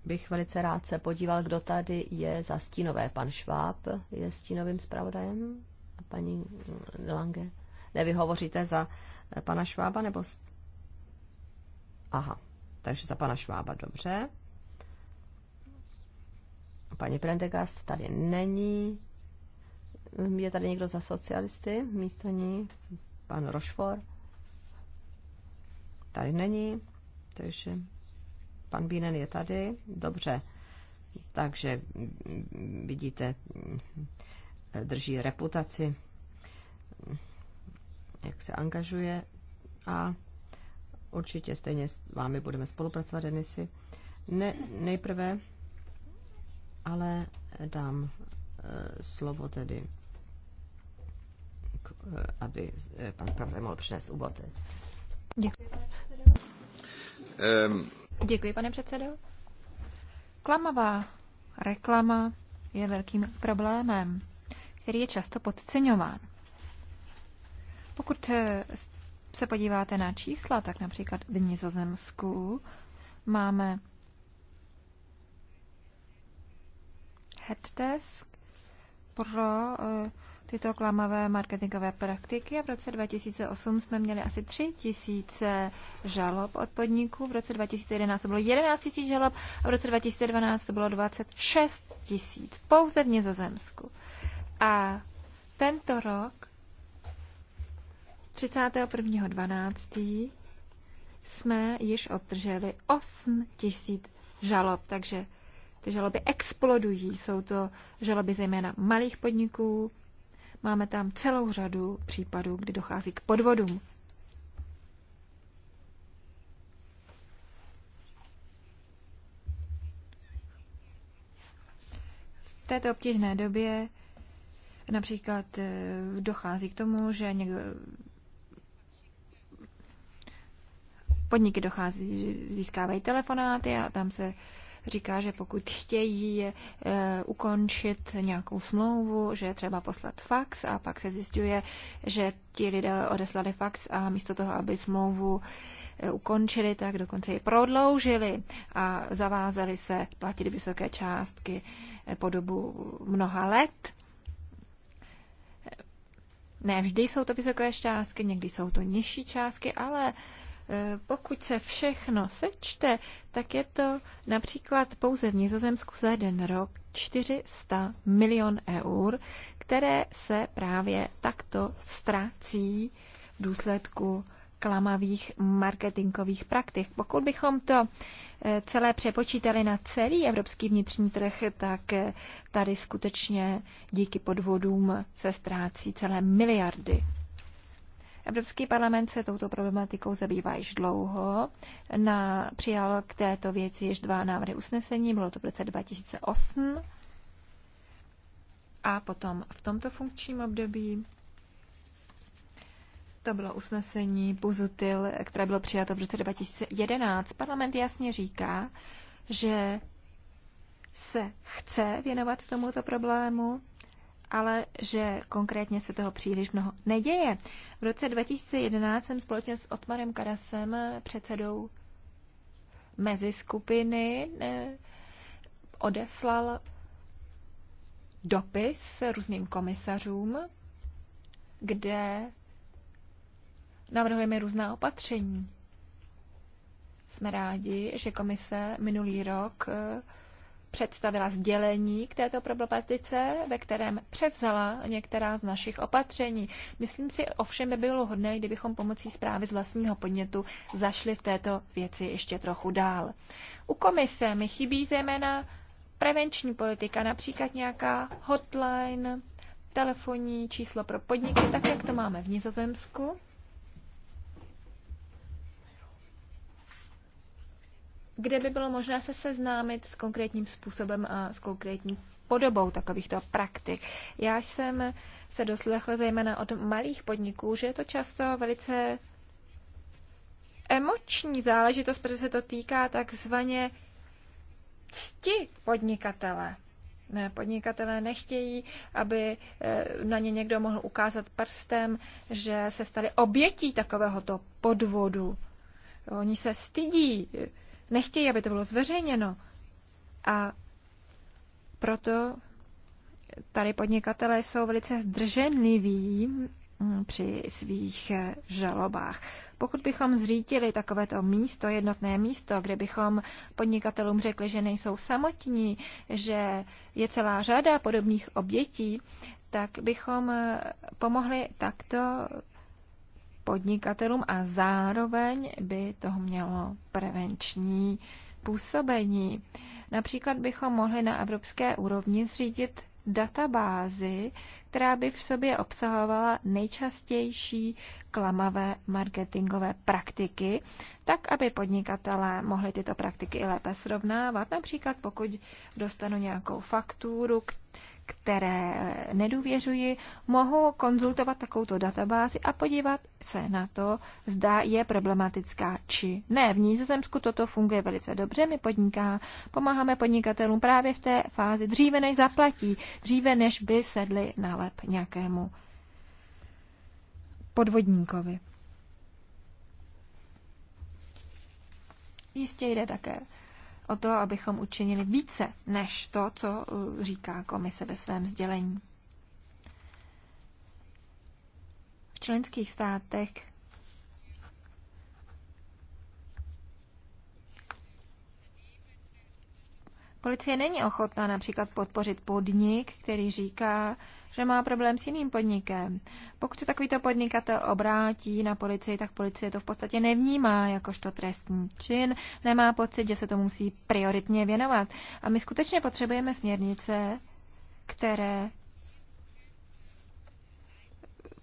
bych velice rád se podíval, kdo tady je za stínové. Pan Šváb je stínovým zpravodajem paní Lange? Ne, vy hovoříte za pana Švába nebo... Aha, takže za pana Švába, dobře. Paní Prendegast tady není. Je tady někdo za socialisty? Místo ní pan Rošfor. Tady není, takže pan Bínen je tady. Dobře, takže vidíte, drží reputaci, jak se angažuje a určitě stejně s vámi budeme spolupracovat, Denisy. Ne, nejprve ale dám eh, slovo tedy, eh, aby eh, pan zpravodaj mohl přinést úvod. Děkuji, pane předsedo. Um. Děkuji, pane předsedo. Klamavá reklama je velkým problémem který je často podceňován. Pokud eh, se podíváte na čísla, tak například v Nizozemsku máme headdesk pro eh, tyto klamavé marketingové praktiky a v roce 2008 jsme měli asi 3 tisíce žalob od podniků, v roce 2011 to bylo 11 tisíc žalob a v roce 2012 to bylo 26 tisíc pouze v Nizozemsku. A tento rok 31.12. jsme již obdrželi 8 tisíc žalob, takže ty žaloby explodují. Jsou to žaloby zejména malých podniků. Máme tam celou řadu případů, kdy dochází k podvodům. V této obtížné době Například eh, dochází k tomu, že někdo podniky dochází, získávají telefonáty a tam se říká, že pokud chtějí e, ukončit nějakou smlouvu, že je třeba poslat fax a pak se zjišťuje, že ti lidé odeslali fax a místo toho, aby smlouvu e, ukončili, tak dokonce ji prodloužili a zavázali se platit vysoké částky po dobu mnoha let. Ne vždy jsou to vysoké částky, někdy jsou to nižší částky, ale e, pokud se všechno sečte, tak je to například pouze v Nizozemsku za jeden rok 400 milion eur, které se právě takto ztrácí v důsledku klamavých marketingových praktik. Pokud bychom to eh, celé přepočítali na celý evropský vnitřní trh, tak eh, tady skutečně díky podvodům se ztrácí celé miliardy. Evropský parlament se touto problematikou zabývá již dlouho. Na, přijal k této věci již dva návrhy usnesení, bylo to v roce 2008 a potom v tomto funkčním období to bylo usnesení Buzutil, které bylo přijato v roce 2011. Parlament jasně říká, že se chce věnovat tomuto problému, ale že konkrétně se toho příliš mnoho neděje. V roce 2011 jsem společně s Otmarem Karasem, předsedou mezi skupiny, eh, odeslal dopis různým komisařům, kde Navrhujeme různá opatření. Jsme rádi, že komise minulý rok eh, představila sdělení k této problematice, ve kterém převzala některá z našich opatření. Myslím si ovšem by bylo hodné, kdybychom pomocí zprávy z vlastního podnětu zašli v této věci ještě trochu dál. U komise mi chybí zejména prevenční politika, například nějaká hotline, telefonní číslo pro podniky, tak jak to máme v Nizozemsku. kde by bylo možné se seznámit s konkrétním způsobem a s konkrétní podobou takovýchto praktik. Já jsem se doslechla zejména od malých podniků, že je to často velice emoční záležitost, protože se to týká takzvaně cti podnikatele. Ne, podnikatelé nechtějí, aby eh, na ně někdo mohl ukázat prstem, že se stali obětí takovéhoto podvodu. Oni se stydí nechtějí, aby to bylo zveřejněno. A proto tady podnikatelé jsou velice zdrženliví mm, při svých eh, žalobách. Pokud bychom zřítili takovéto místo, jednotné místo, kde bychom podnikatelům řekli, že nejsou samotní, že je celá řada podobných obětí, tak bychom eh, pomohli takto podnikatelům a zároveň by to mělo prevenční působení. Například bychom mohli na evropské úrovni zřídit databázi, která by v sobě obsahovala nejčastější klamavé marketingové praktiky, tak aby podnikatelé mohli tyto praktiky lépe srovnávat. Například pokud dostanu nějakou fakturu, které eh, nedůvěřuji, mohu konzultovat takovouto databázi a podívat se na to, zda je problematická či ne. V nízozemsku toto funguje velice dobře, my podniká, pomáháme podnikatelům právě v té fázi dříve, než zaplatí, dříve, než by sedli na lep nějakému podvodníkovi. Jistě jde také o to, abychom učinili více než to, co uh, říká komise ve svém sdělení. V členských státech Policie není ochotná například podpořit podnik, který říká, že má problém s jiným podnikem. Pokud se takovýto podnikatel obrátí na policii, tak policie to v podstatě nevnímá jakožto trestní čin, nemá pocit, že se to musí prioritně věnovat. A my skutečně potřebujeme směrnice, které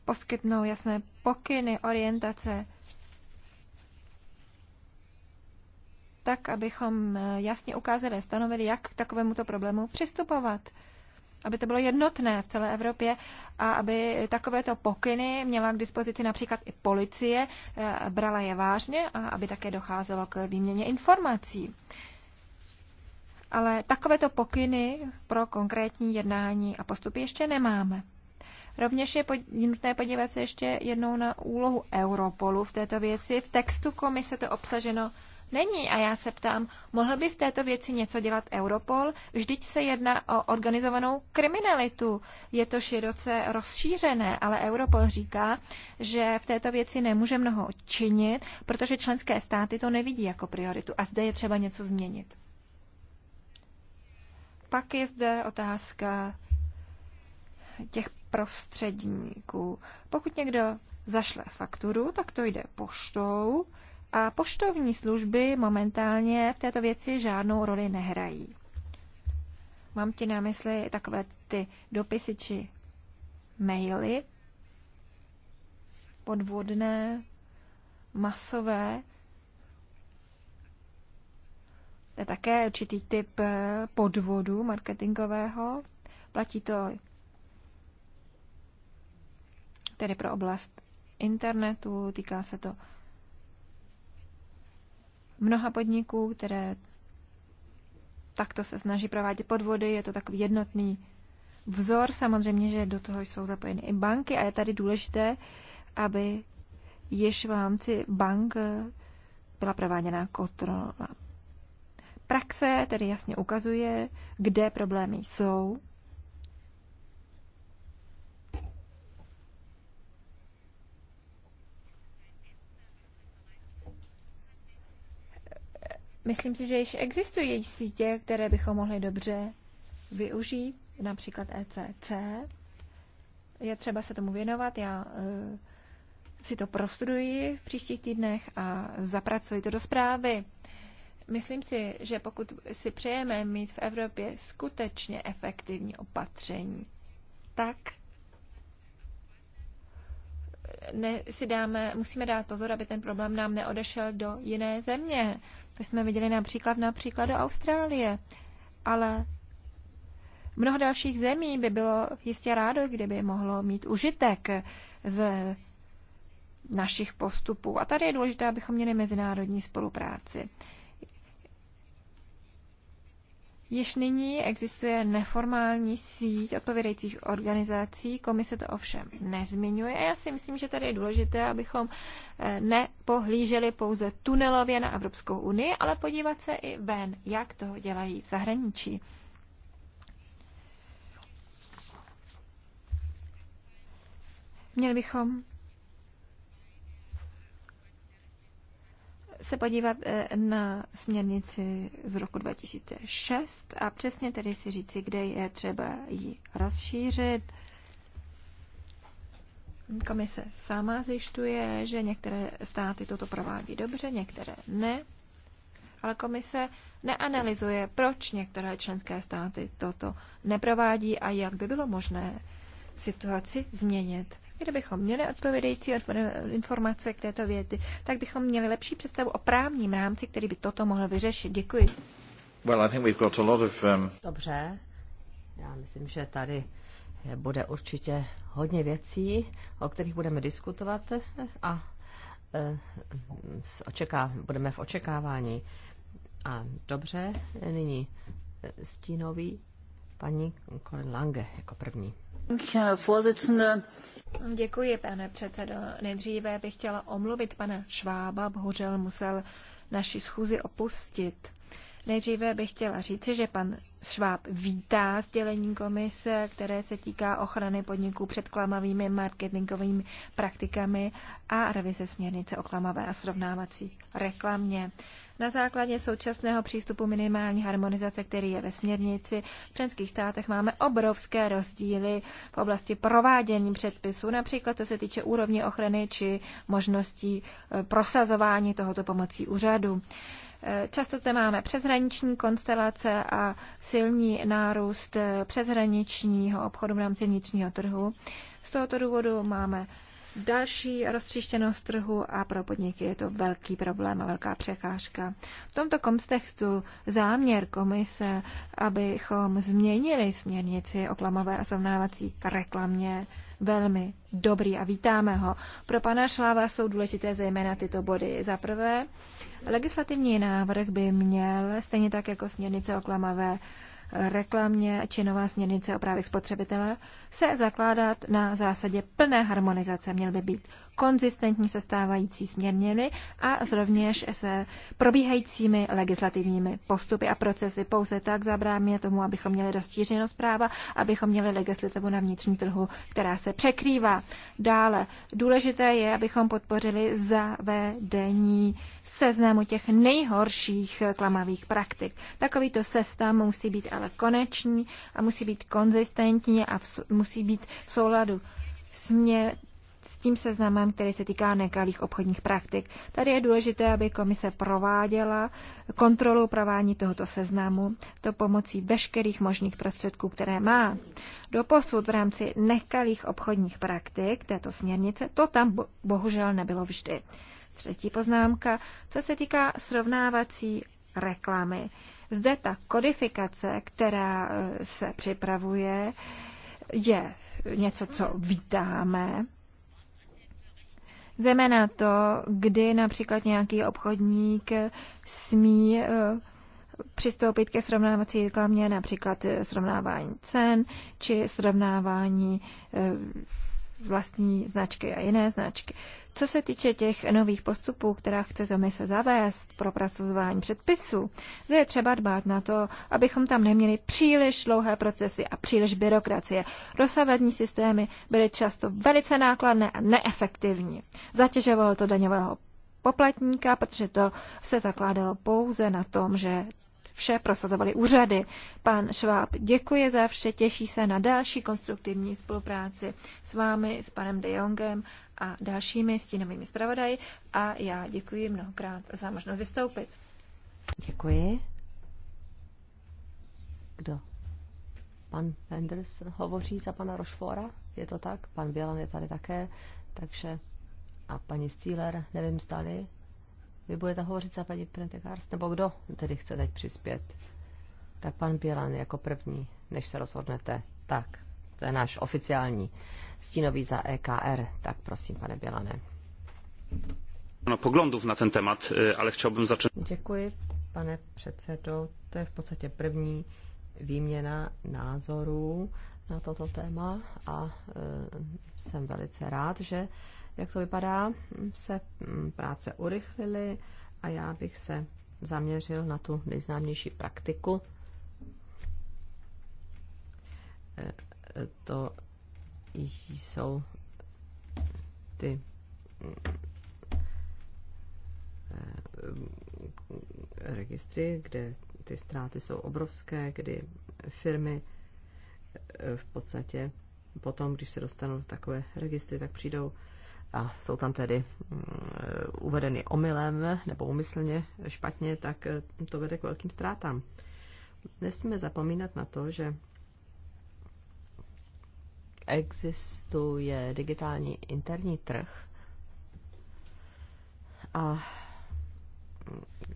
poskytnou jasné pokyny, orientace, tak, abychom jasně ukázali, stanovili, jak k takovémuto problému přistupovat aby to bylo jednotné v celé Evropě a aby takovéto pokyny měla k dispozici například i policie, eh, brala je vážně a aby také docházelo k výměně informací. Ale takovéto pokyny pro konkrétní jednání a postupy ještě nemáme. Rovněž je nutné podívat se ještě jednou na úlohu Europolu v této věci. V textu komise to obsaženo není. A já se ptám, mohl by v této věci něco dělat Europol? Vždyť se jedná o organizovanou kriminalitu. Je to široce rozšířené, ale Europol říká, že v této věci nemůže mnoho činit, protože členské státy to nevidí jako prioritu. A zde je třeba něco změnit. Pak je zde otázka těch prostředníků. Pokud někdo zašle fakturu, tak to jde poštou a poštovní služby momentálně v této věci žádnou roli nehrají. Mám ti na mysli takové ty dopisy či maily, podvodné, masové, to je také určitý typ eh, podvodu marketingového. Platí to tedy pro oblast internetu, týká se to mnoha podniků, které takto se snaží provádět podvody, je to takový jednotný vzor. Samozřejmě, že do toho jsou zapojeny i banky a je tady důležité, aby již v rámci bank eh, byla prováděna kontrola. Praxe tedy jasně ukazuje, kde problémy jsou Myslím si, že již existují sítě, které bychom mohli dobře využít, například ECC. Je třeba se tomu věnovat. Já e, si to prostuduji v příštích týdnech a zapracuji to do zprávy. Myslím si, že pokud si přejeme mít v Evropě skutečně efektivní opatření, tak ne, si dáme, musíme dát pozor, aby ten problém nám neodešel do jiné země. To jsme viděli například například do Austrálie. Ale mnoho dalších zemí by bylo jistě rádo, kdyby mohlo mít užitek z našich postupů. A tady je důležité, abychom měli mezinárodní spolupráci. Již nyní existuje neformální síť odpovědejících organizací, komise to ovšem nezmiňuje já si myslím, že tady je důležité, abychom eh, nepohlíželi pouze tunelově na Evropskou unii, ale podívat se i ven, jak to dělají v zahraničí. Měli bychom se podívat eh, na směrnici z roku 2006 a přesně tedy si říci, kde je třeba ji rozšířit. Komise sama zjišťuje, že některé státy toto provádí dobře, některé ne. Ale komise neanalyzuje, proč některé členské státy toto neprovádí a jak by bylo možné situaci změnit. Kdybychom měli odpovědející informace k této věci, tak bychom měli lepší představu o právním rámci, který by toto mohl vyřešit. Děkuji. Well, I think we've got a lot of, um... Dobře, já myslím, že tady bude určitě hodně věcí, o kterých budeme diskutovat a uh, očeká, budeme v očekávání. A dobře, nyní stínový paní Colin Lange jako první. Děkuji, pane předsedo. Nejdříve bych chtěla omluvit pana Švába, bohužel musel naši schůzi opustit. Nejdříve bych chtěla říci, že pan Šváb vítá sdělení komise, které se týká ochrany podniků před klamavými marketingovými praktikami a revize směrnice o klamavé a srovnávací reklamě. Na základě současného přístupu minimální harmonizace, který je ve směrnici, v členských státech máme obrovské rozdíly v oblasti provádění předpisů, například co se týče úrovně ochrany či možností e, prosazování tohoto pomocí úřadu. E, často zde máme přeshraniční konstelace a silný nárůst e, přeshraničního obchodu v rámci vnitřního trhu. Z tohoto důvodu máme další roztříštěnost trhu a pro podniky je to velký problém a velká překážka. V tomto kontextu záměr komise, abychom změnili směrnici o klamové a srovnávací reklamě, velmi dobrý a vítáme ho. Pro pana Šláva jsou důležité zejména tyto body. Za prvé, legislativní návrh by měl, stejně tak jako směrnice o klamavé reklamě či nová směrnice o právě spotřebitele se zakládat na zásadě plné harmonizace. Měl by být konzistentní se stávající směrněmi a rovněž se probíhajícími legislativními postupy a procesy. Pouze tak zabráníme tomu, abychom měli rozšířenost práva, abychom měli legislativu na vnitřní trhu, která se překrývá. Dále důležité je, abychom podpořili zavedení seznamu těch nejhorších klamavých praktik. Takovýto seznam musí být ale konečný a musí být konzistentní a v, musí být v souladu směr tím seznamem, který se týká nekalých obchodních praktik. Tady je důležité, aby komise prováděla kontrolu provádění tohoto seznamu, to pomocí veškerých možných prostředků, které má. Doposud v rámci nekalých obchodních praktik této směrnice to tam bohužel nebylo vždy. Třetí poznámka, co se týká srovnávací reklamy. Zde ta kodifikace, která e, se připravuje, je něco, co vítáme. Zejména to, kdy například nějaký obchodník smí eh, přistoupit ke srovnávací reklamě, například eh, srovnávání cen či srovnávání eh, vlastní značky a jiné značky. Co se týče těch nových postupů, která chce komise zavést pro prosazování předpisů, to je třeba dbát na to, abychom tam neměli příliš dlouhé procesy a příliš byrokracie. Dosavadní systémy byly často velice nákladné a neefektivní. Zatěžovalo to daňového poplatníka, protože to se zakládalo pouze na tom, že vše prosazovaly úřady. Pan Šváb děkuje za vše, těší se na další konstruktivní spolupráci s vámi, s panem De Jongem a dalšími stínovými zpravodaji a já děkuji mnohokrát za možnost vystoupit. Děkuji. Kdo? Pan Penders hovoří za pana Rošfora, je to tak? Pan Bělan je tady také, takže a paní Stíler, nevím, stále. Vy budete hovořit za paní Pentekárs, nebo kdo tedy chce teď přispět? Tak pan Bělan jako první, než se rozhodnete. Tak, to je náš oficiální stínový za EKR. Tak prosím, pane Bělane. No, poglądów na ten temat, e, ale chciałbym začít. Děkuji, pane předsedo. To je v podstatě první výměna názorů na toto téma a e, jsem velice rád, že jak to vypadá, se mm, práce urychlily a já bych se zaměřil na tu nejznámější praktiku. E, e, to jsou ty mm, e, registry, kde ty ztráty jsou obrovské, kdy firmy v podstatě potom, když se dostanou do takové registry, tak přijdou a jsou tam tedy mm, uvedeny omylem nebo umyslně špatně, tak eh, to vede k velkým ztrátám. Nesmíme zapomínat na to, že existuje digitální interní trh a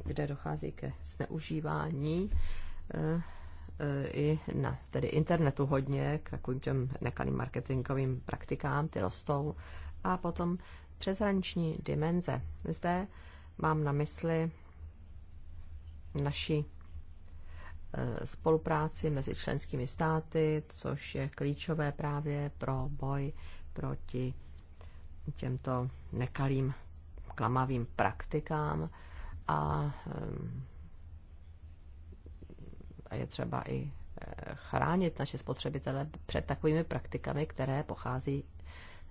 kde dochází ke zneužívání eh, i na tedy internetu hodně k takovým těm nekalým marketingovým praktikám, ty rostou a potom přeshraniční dimenze. Zde mám na mysli naši e, spolupráci mezi členskými státy, což je klíčové právě pro boj proti těmto nekalým klamavým praktikám a e, je třeba i e, chránit naše spotřebitele před takovými praktikami, které pochází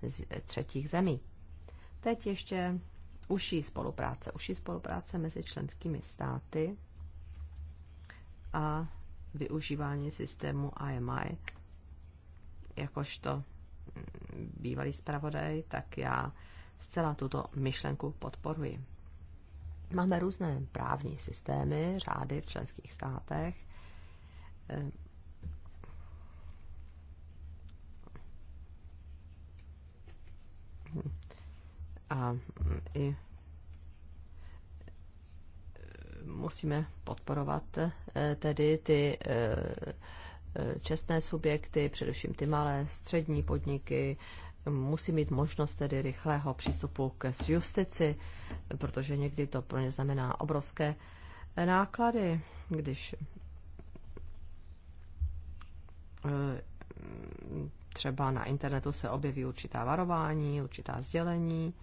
z třetích zemí. Teď ještě užší spolupráce, užší spolupráce mezi členskými státy a využívání systému IMI. Jakožto bývalý zpravodaj, tak já zcela tuto myšlenku podporuji. Máme různé právní systémy, řády v členských státech. a i musíme podporovat eh, tedy ty eh, eh, čestné subjekty, především ty malé, střední podniky, musí mít možnost tedy rychlého přístupu k justici, protože někdy to pro ně znamená obrovské náklady, když třeba na internetu se objeví určitá varování, určitá sdělení,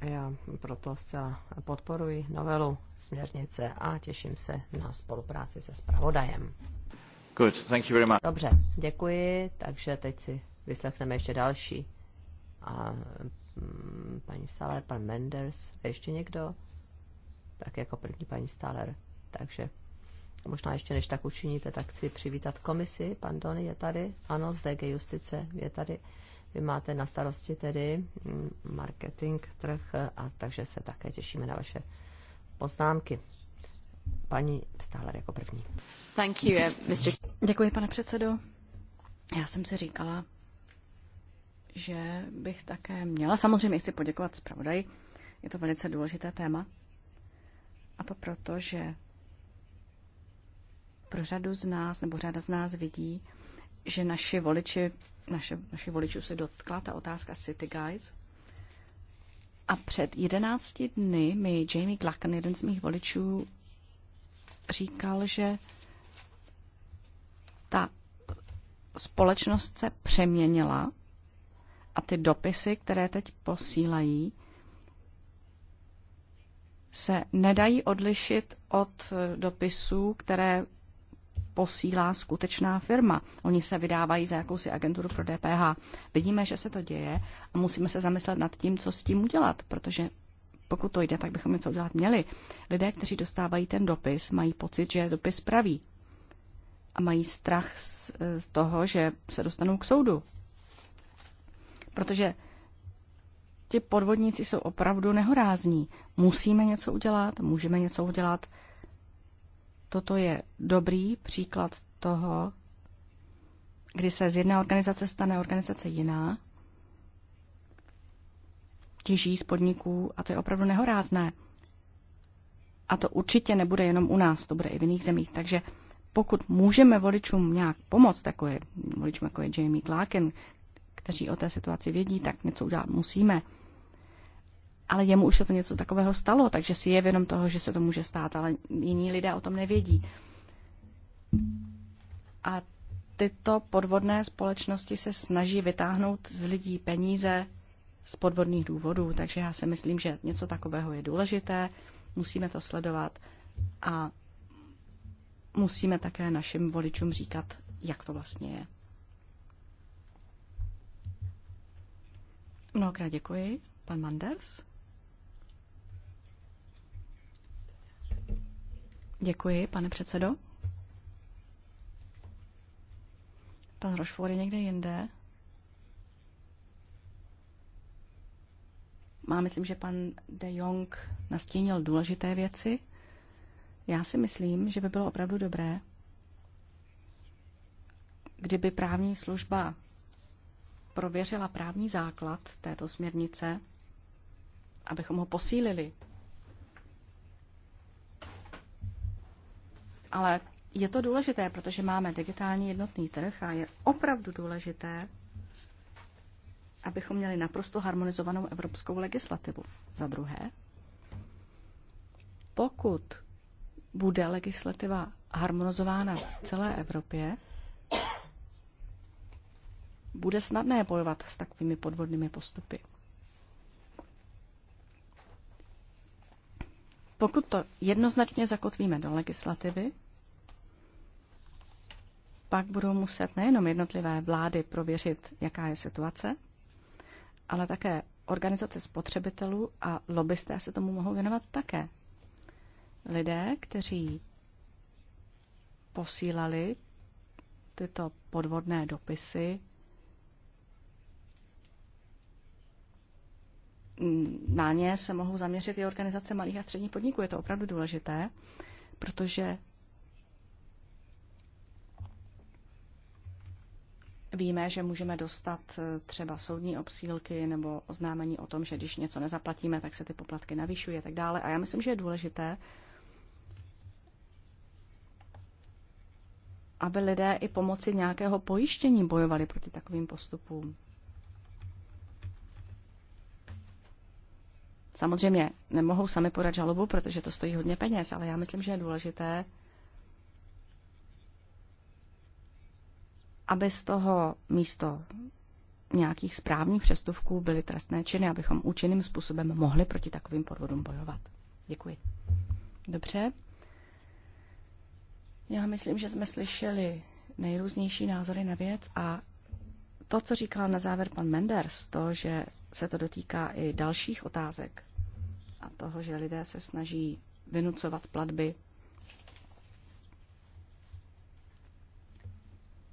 Já proto zcela podporuji novelu směrnice a těším se na spolupráci se spravodajem. Good, thank you very much. Dobře, děkuji, takže teď si vyslechneme ještě další. A mm, paní Staler, pan Menders, ještě někdo? Tak jako první paní Staler. Takže možná ještě než tak učiníte, tak chci přivítat komisi. Pan Dony je tady, ano, z DG Justice je tady. Vy máte na starosti tedy mm, marketing, trh, eh, a takže se také těšíme na vaše poznámky. Paní Stáler jako první. Thank you, eh, Mr. Děkuji, pane předsedo. Já jsem si říkala, že bych také měla. Samozřejmě chci poděkovat zpravodaji. Je to velice důležité téma. A to proto, že pro řadu z nás, nebo řada z nás vidí, že naši voliči naše, našich voličů se dotkla ta otázka City Guides. A před 11 dny mi Jamie Glacken, jeden z mých voličů, říkal, že ta společnost se přeměnila a ty dopisy, které teď posílají, se nedají odlišit od dopisů, které posílá skutečná firma. Oni se vydávají za jakousi agenturu pro DPH. Vidíme, že se to děje a musíme se zamyslet nad tím, co s tím udělat, protože pokud to jde, tak bychom něco udělat měli. Lidé, kteří dostávají ten dopis, mají pocit, že je dopis pravý a mají strach z, z toho, že se dostanou k soudu. Protože ti podvodníci jsou opravdu nehorázní. Musíme něco udělat, můžeme něco udělat, Toto je dobrý příklad toho, kdy se z jedné organizace stane organizace jiná, těží z podniků a to je opravdu nehorázné. A to určitě nebude jenom u nás, to bude i v jiných zemích. Takže pokud můžeme voličům nějak pomoct, jako je voličům jako je Jamie Clarken, kteří o té situaci vědí, tak něco udělat musíme ale jemu už se to něco takového stalo, takže si je vědom toho, že se to může stát, ale jiní lidé o tom nevědí. A tyto podvodné společnosti se snaží vytáhnout z lidí peníze z podvodných důvodů, takže já si myslím, že něco takového je důležité, musíme to sledovat a musíme také našim voličům říkat, jak to vlastně je. Mnohokrát děkuji. Pan Manders? Děkuji, pane předsedo. Pan Rošfor je někde jinde. Má, myslím, že pan De Jong nastínil důležité věci. Já si myslím, že by bylo opravdu dobré, kdyby právní služba prověřila právní základ této směrnice, abychom ho posílili ale je to důležité, protože máme digitální jednotný trh a je opravdu důležité, abychom měli naprosto harmonizovanou evropskou legislativu. Za druhé, pokud bude legislativa harmonizována v celé Evropě, bude snadné bojovat s takovými podvodnými postupy. Pokud to jednoznačně zakotvíme do legislativy, pak budou muset nejenom jednotlivé vlády prověřit, jaká je situace, ale také organizace spotřebitelů a lobbysté se tomu mohou věnovat také. Lidé, kteří posílali tyto podvodné dopisy, na ně se mohou zaměřit i organizace malých a středních podniků. Je to opravdu důležité, protože Víme, že můžeme dostat eh, třeba soudní obsílky nebo oznámení o tom, že když něco nezaplatíme, tak se ty poplatky navyšují a tak dále. A já myslím, že je důležité, aby lidé i pomocí nějakého pojištění bojovali proti takovým postupům. Samozřejmě nemohou sami podat žalobu, protože to stojí hodně peněz, ale já myslím, že je důležité, aby z toho místo nějakých správních přestupků byly trestné činy, abychom účinným způsobem mohli proti takovým podvodům bojovat. Děkuji. Dobře. Já myslím, že jsme slyšeli nejrůznější názory na věc a to, co říkal na závěr pan Menders, to, že se to dotýká i dalších otázek a toho, že lidé se snaží vynucovat platby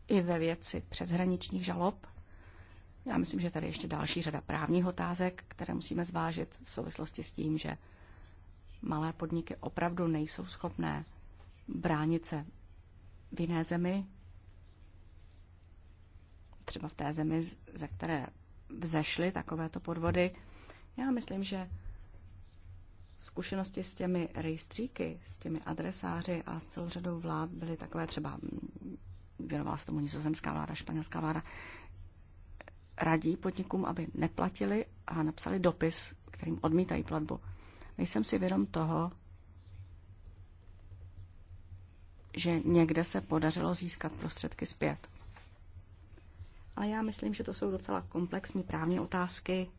i ve věci přeshraničních žalob. Já myslím, že tady ještě další řada právních otázek, které musíme zvážit v souvislosti s tím, že malé podniky opravdu nejsou schopné bránit se v jiné zemi, třeba v té zemi, ze které vzešly takovéto podvody. Já myslím, že zkušenosti s těmi rejstříky, s těmi adresáři a s celou řadou vlád byly takové třeba věnovala se tomu nizozemská vláda, španělská vláda, radí podnikům, aby neplatili a napsali dopis, kterým odmítají platbu. Nejsem si vědom toho, že někde se podařilo získat prostředky zpět. Ale já myslím, že to jsou docela komplexní právní otázky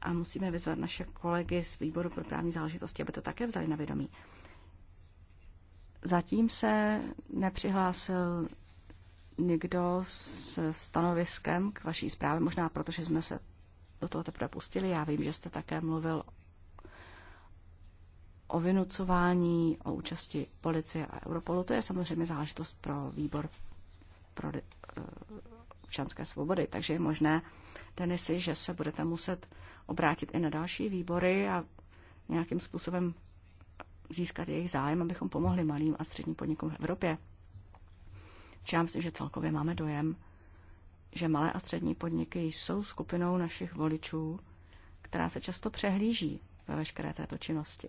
a musíme vyzvat naše kolegy z výboru pro právní záležitosti, aby to také vzali na vědomí. Zatím se nepřihlásil někdo s stanoviskem k vaší zprávě, možná protože jsme se do toho teprve pustili. Já vím, že jste také mluvil o vynucování, o účasti policie a Europolu. To je samozřejmě záležitost pro výbor pro eh, občanské svobody. Takže je možné, Denisy, že se budete muset obrátit i na další výbory a nějakým způsobem získat jejich zájem, abychom pomohli malým a středním podnikům v Evropě. Já myslím, že celkově máme dojem, že malé a střední podniky jsou skupinou našich voličů, která se často přehlíží ve veškeré této činnosti.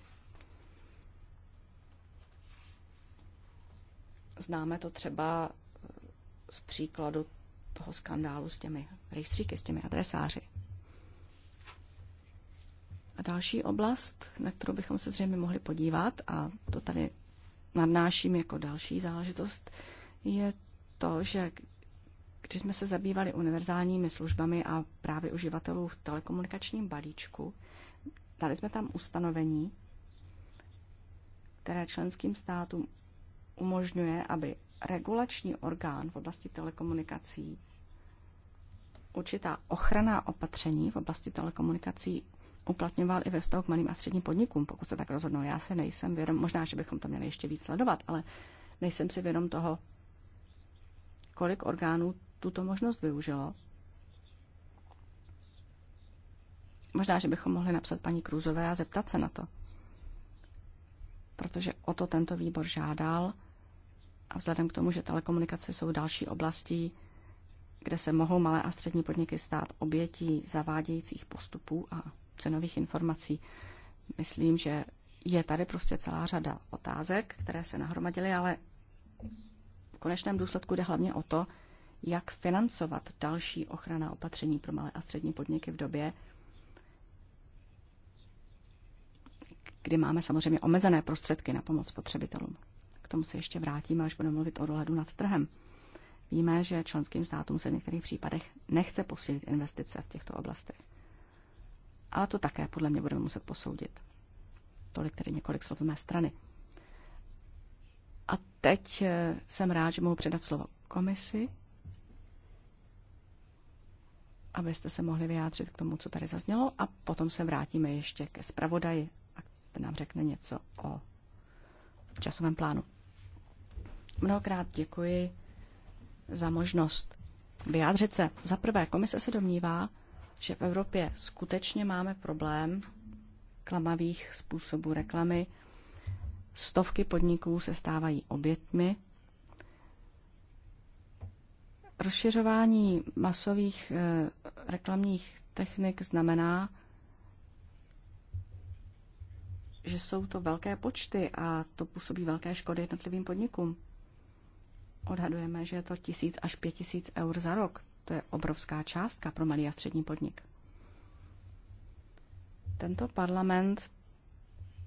Známe to třeba eh, z příkladu toho skandálu s těmi rejstříky, s těmi adresáři. A další oblast, na kterou bychom se zřejmě mohli podívat, a to tady nadnáším jako další záležitost, je to, že když jsme se zabývali univerzálními službami a právě uživatelů v telekomunikačním balíčku, dali jsme tam ustanovení, které členským státům umožňuje, aby regulační orgán v oblasti telekomunikací určitá ochranná opatření v oblasti telekomunikací uplatňoval i ve vztahu k malým a středním podnikům, pokud se tak rozhodnou. Já se nejsem vědom, možná, že bychom to měli ještě víc sledovat, ale nejsem si vědom toho, kolik orgánů tuto možnost využilo. Možná, že bychom mohli napsat paní Krůzové a zeptat se na to. Protože o to tento výbor žádal a vzhledem k tomu, že telekomunikace jsou další oblastí, kde se mohou malé a střední podniky stát obětí zavádějících postupů a cenových informací. Myslím, že je tady prostě celá řada otázek, které se nahromadily, ale v konečném důsledku jde hlavně o to, jak financovat další ochrana opatření pro malé a střední podniky v době, kdy máme samozřejmě omezené prostředky na pomoc spotřebitelům. K tomu se ještě vrátíme, až budeme mluvit o dohledu nad trhem. Víme, že členským státům se v některých případech nechce posílit investice v těchto oblastech. Ale to také podle mě budeme muset posoudit. Tolik tedy několik slov z mé strany. A teď eh, jsem rád, že mohu předat slovo komisi, abyste se mohli vyjádřit k tomu, co tady zaznělo, a potom se vrátíme ještě ke zpravodaji a ten nám řekne něco o časovém plánu. Mnohokrát děkuji za možnost vyjádřit se. Za prvé, komise se domnívá, že v Evropě skutečně máme problém klamavých způsobů reklamy. Stovky podniků se stávají obětmi. Rozšiřování masových eh, reklamních technik znamená, že jsou to velké počty a to působí velké škody jednotlivým podnikům. Odhadujeme, že je to tisíc až pět tisíc eur za rok. To je obrovská částka pro malý a střední podnik. Tento parlament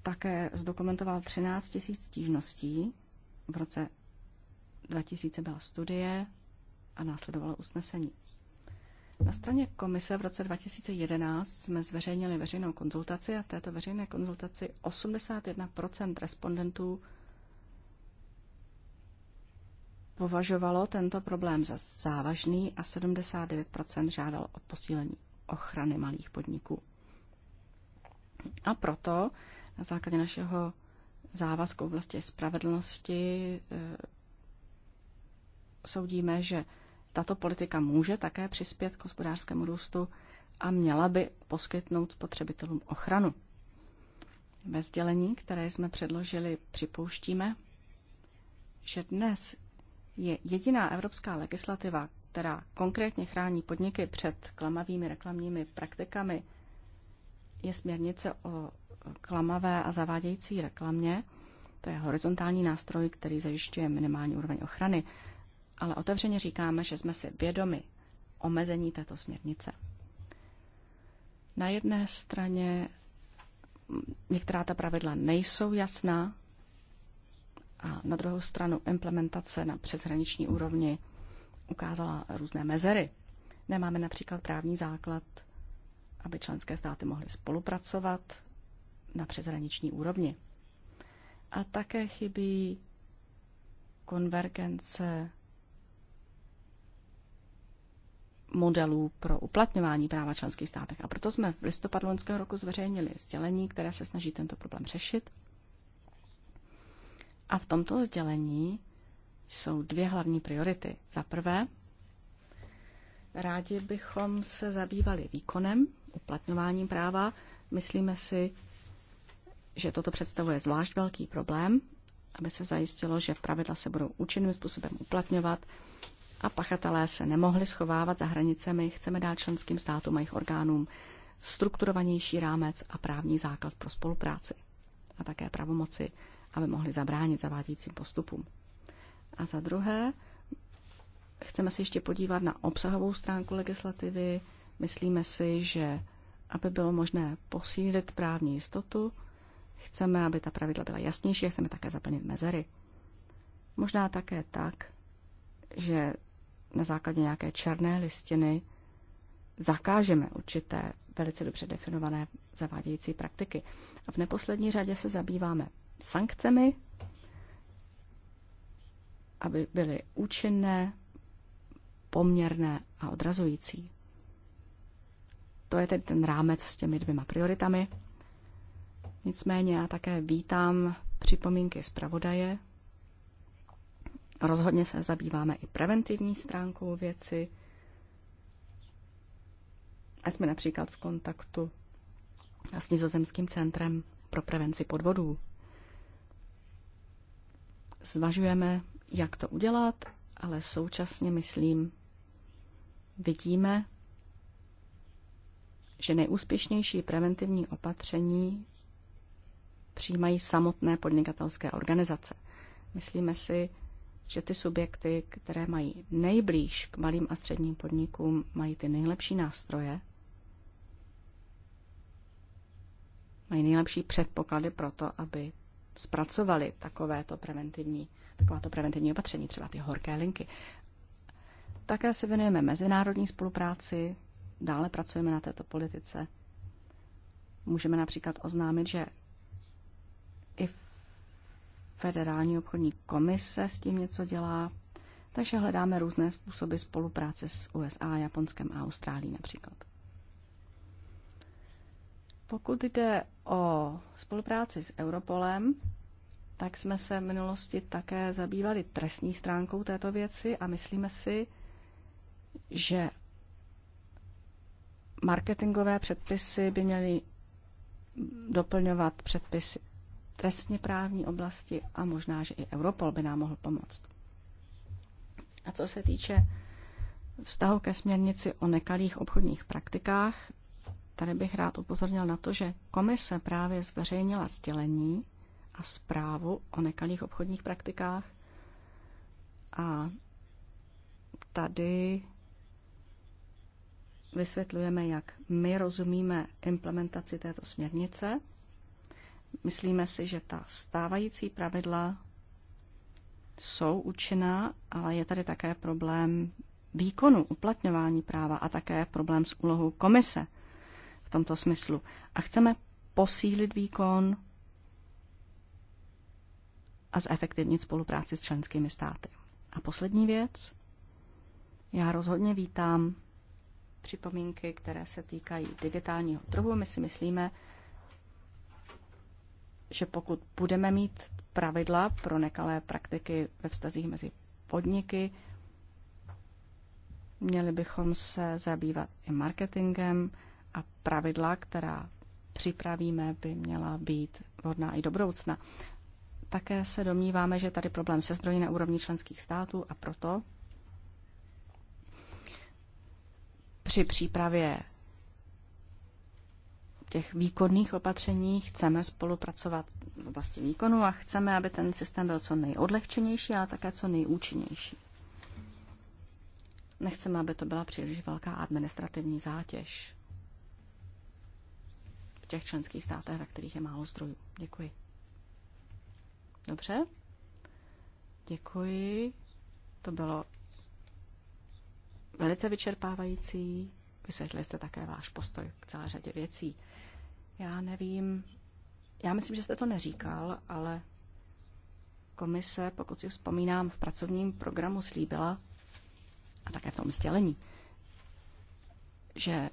také zdokumentoval 13 000 stížností. V roce 2000 byla studie a následovalo usnesení. Na straně komise v roce 2011 jsme zveřejnili veřejnou konzultaci a v této veřejné konzultaci 81 respondentů považovalo tento problém za závažný a 79 žádalo o posílení ochrany malých podniků. A proto na základě našeho závazku v oblasti spravedlnosti eh, soudíme, že tato politika může také přispět k hospodářskému růstu a měla by poskytnout spotřebitelům ochranu. Ve sdělení, které jsme předložili, připouštíme, že dnes, je jediná evropská legislativa, která konkrétně chrání podniky před klamavými reklamními praktikami, je směrnice o klamavé a zavádějící reklamě. To je horizontální nástroj, který zajišťuje minimální úroveň ochrany. Ale otevřeně říkáme, že jsme si vědomi omezení této směrnice. Na jedné straně některá ta pravidla nejsou jasná, a na druhou stranu implementace na přeshraniční úrovni ukázala různé mezery. Nemáme například právní základ, aby členské státy mohly spolupracovat na přeshraniční úrovni. A také chybí konvergence modelů pro uplatňování práva členských státech. A proto jsme v listopadu loňského roku zveřejnili sdělení, které se snaží tento problém řešit a v tomto sdělení jsou dvě hlavní priority. Za prvé, rádi bychom se zabývali výkonem, uplatňováním práva. Myslíme si, že toto představuje zvlášť velký problém, aby se zajistilo, že pravidla se budou účinným způsobem uplatňovat a pachatelé se nemohli schovávat za hranicemi. Chceme dát členským státům a jejich orgánům strukturovanější rámec a právní základ pro spolupráci a také pravomoci aby mohli zabránit zavádějícím postupům. A za druhé, chceme se ještě podívat na obsahovou stránku legislativy. Myslíme si, že aby bylo možné posílit právní jistotu, chceme, aby ta pravidla byla jasnější a chceme také zaplnit mezery. Možná také tak, že na základě nějaké černé listiny zakážeme určité velice dobře definované zavádějící praktiky. A v neposlední řadě se zabýváme sankcemi, aby byly účinné, poměrné a odrazující. To je tedy ten rámec s těmi dvěma prioritami. Nicméně já také vítám připomínky zpravodaje. Rozhodně se zabýváme i preventivní stránkou věci. A jsme například v kontaktu s Nizozemským centrem pro prevenci podvodů. Zvažujeme, jak to udělat, ale současně, myslím, vidíme, že nejúspěšnější preventivní opatření přijímají samotné podnikatelské organizace. Myslíme si, že ty subjekty, které mají nejblíž k malým a středním podnikům, mají ty nejlepší nástroje, mají nejlepší předpoklady pro to, aby zpracovali takovéto preventivní, takováto preventivní opatření, třeba ty horké linky. Také se věnujeme mezinárodní spolupráci, dále pracujeme na této politice. Můžeme například oznámit, že i Federální obchodní komise s tím něco dělá, takže hledáme různé způsoby spolupráce s USA, Japonskem a Austrálií například. Pokud jde o spolupráci s Europolem, tak jsme se v minulosti také zabývali trestní stránkou této věci a myslíme si, že marketingové předpisy by měly doplňovat předpisy trestně právní oblasti a možná, že i Europol by nám mohl pomoct. A co se týče vztahu ke směrnici o nekalých obchodních praktikách, Tady bych rád upozornil na to, že komise právě zveřejnila sdělení a zprávu o nekalých obchodních praktikách a tady vysvětlujeme, jak my rozumíme implementaci této směrnice. Myslíme si, že ta stávající pravidla jsou účinná, ale je tady také problém výkonu, uplatňování práva a také problém s úlohou komise – tomto smyslu. A chceme posílit výkon a zefektivnit spolupráci s členskými státy. A poslední věc. Já rozhodně vítám připomínky, které se týkají digitálního trhu. My si myslíme, že pokud budeme mít pravidla pro nekalé praktiky ve vztazích mezi podniky, měli bychom se zabývat i marketingem, a pravidla, která připravíme, by měla být vhodná i do budoucna. Také se domníváme, že tady problém se zdrojí na úrovni členských států a proto při přípravě těch výkonných opatření chceme spolupracovat v oblasti výkonu a chceme, aby ten systém byl co nejodlehčenější, ale také co nejúčinnější. Nechceme, aby to byla příliš velká administrativní zátěž těch členských státech, ve kterých je málo zdrojů. Děkuji. Dobře. Děkuji. To bylo velice vyčerpávající. Vysvětlili jste také váš postoj k celé řadě věcí. Já nevím, já myslím, že jste to neříkal, ale komise, pokud si vzpomínám, v pracovním programu slíbila, a také v tom sdělení, že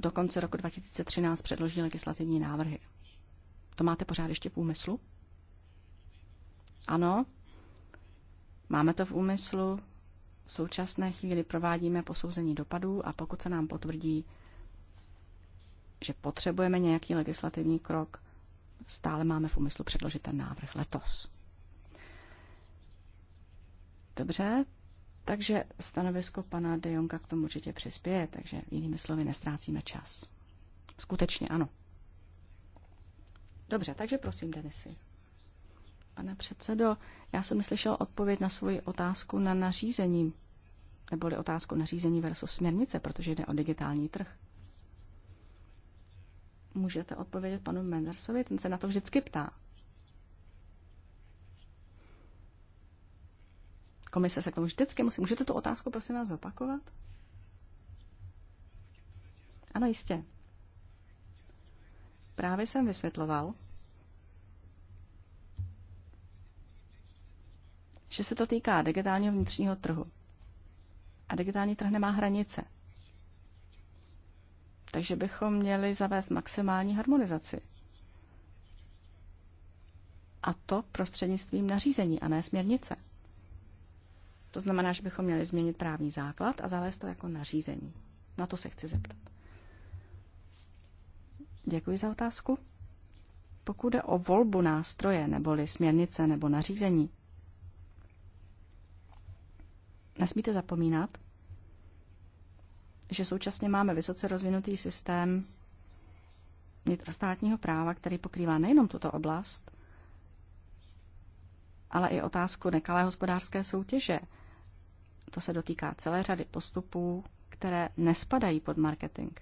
do konce roku 2013 předloží legislativní návrhy. To máte pořád ještě v úmyslu? Ano, máme to v úmyslu. V současné chvíli provádíme posouzení dopadů a pokud se nám potvrdí, že potřebujeme nějaký legislativní krok, stále máme v úmyslu předložit ten návrh letos. Dobře, takže stanovisko pana De Jonga k tomu určitě přispěje, takže jinými slovy nestrácíme čas. Skutečně ano. Dobře, takže prosím, Denisy. Pane předsedo, já jsem slyšel odpověď na svoji otázku na nařízení, neboli otázku nařízení versus směrnice, protože jde o digitální trh. Můžete odpovědět panu Mendersovi, ten se na to vždycky ptá. Komise se k tomu vždycky musí. Můžete tu otázku, prosím vás, zopakovat? Ano, jistě. Právě jsem vysvětloval, že se to týká digitálního vnitřního trhu. A digitální trh nemá hranice. Takže bychom měli zavést maximální harmonizaci. A to prostřednictvím nařízení a ne směrnice. To znamená, že bychom měli změnit právní základ a zavést to jako nařízení. Na to se chci zeptat. Děkuji za otázku. Pokud jde o volbu nástroje, neboli směrnice, nebo nařízení, nesmíte zapomínat, že současně máme vysoce rozvinutý systém vnitrostátního práva, který pokrývá nejenom tuto oblast, ale i otázku nekalé hospodářské soutěže, to se dotýká celé řady postupů, které nespadají pod marketing.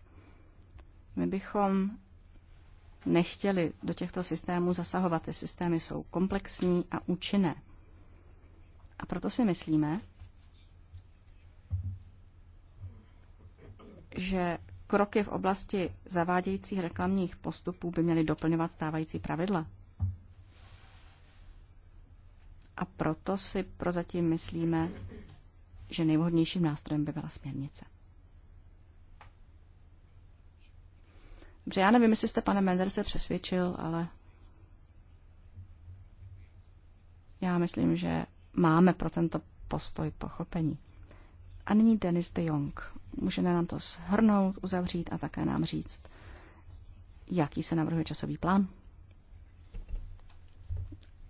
My bychom nechtěli do těchto systémů zasahovat. Ty systémy jsou komplexní a účinné. A proto si myslíme, že kroky v oblasti zavádějících reklamních postupů by měly doplňovat stávající pravidla. A proto si prozatím myslíme, že nejvhodnějším nástrojem by byla směrnice. Dobře, já nevím, jestli jste, pane Mender, se přesvědčil, ale já myslím, že máme pro tento postoj pochopení. A nyní Denis de Jong. Můžete nám to shrnout, uzavřít a také nám říct, jaký se navrhuje časový plán?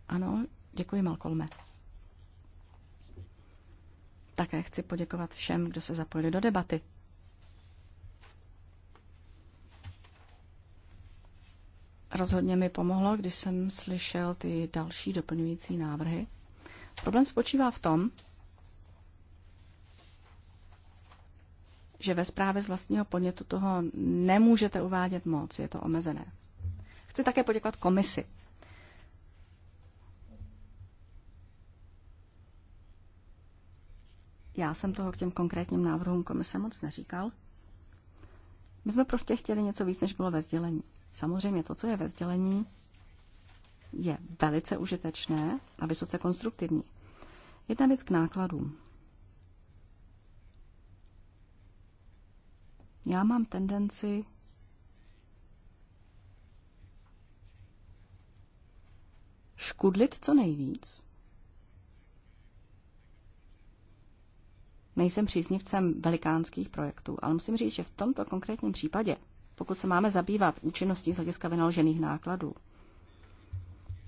Ano, děkuji, Malcolme. Také chci poděkovat všem, kdo se zapojili do debaty. Rozhodně mi pomohlo, když jsem slyšel ty další doplňující návrhy. Problém spočívá v tom, že ve zprávě z vlastního podnětu toho nemůžete uvádět moc, je to omezené. Chci také poděkovat komisi. Já jsem toho k těm konkrétním návrhům komise moc neříkal. My jsme prostě chtěli něco víc, než bylo ve sdělení. Samozřejmě to, co je ve sdělení, je velice užitečné a vysoce konstruktivní. Jedna věc k nákladům. Já mám tendenci škudlit co nejvíc Nejsem příznivcem velikánských projektů, ale musím říct, že v tomto konkrétním případě, pokud se máme zabývat účinností z hlediska vynaložených nákladů,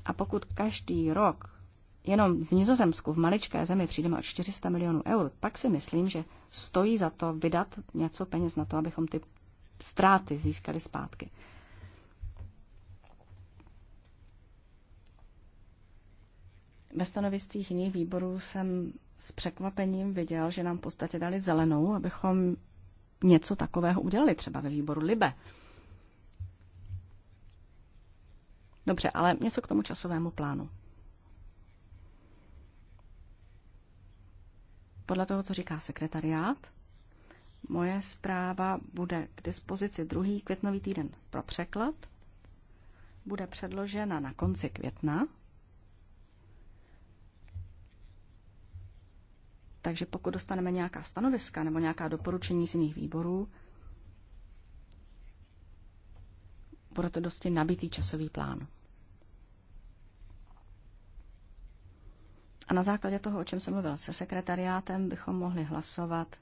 a pokud každý rok jenom v Nizozemsku, v maličké zemi, přijdeme o 400 milionů eur, pak si myslím, že stojí za to vydat něco peněz na to, abychom ty ztráty získali zpátky. Ve stanoviscích jiných výborů jsem s překvapením viděl, že nám v podstatě dali zelenou, abychom něco takového udělali, třeba ve výboru Libe. Dobře, ale něco k tomu časovému plánu. Podle toho, co říká sekretariát, moje zpráva bude k dispozici druhý květnový týden pro překlad, bude předložena na konci května Takže pokud dostaneme nějaká stanoviska nebo nějaká doporučení z jiných výborů, bude to dosti nabitý časový plán. A na základě toho, o čem jsem mluvil se sekretariátem, bychom mohli hlasovat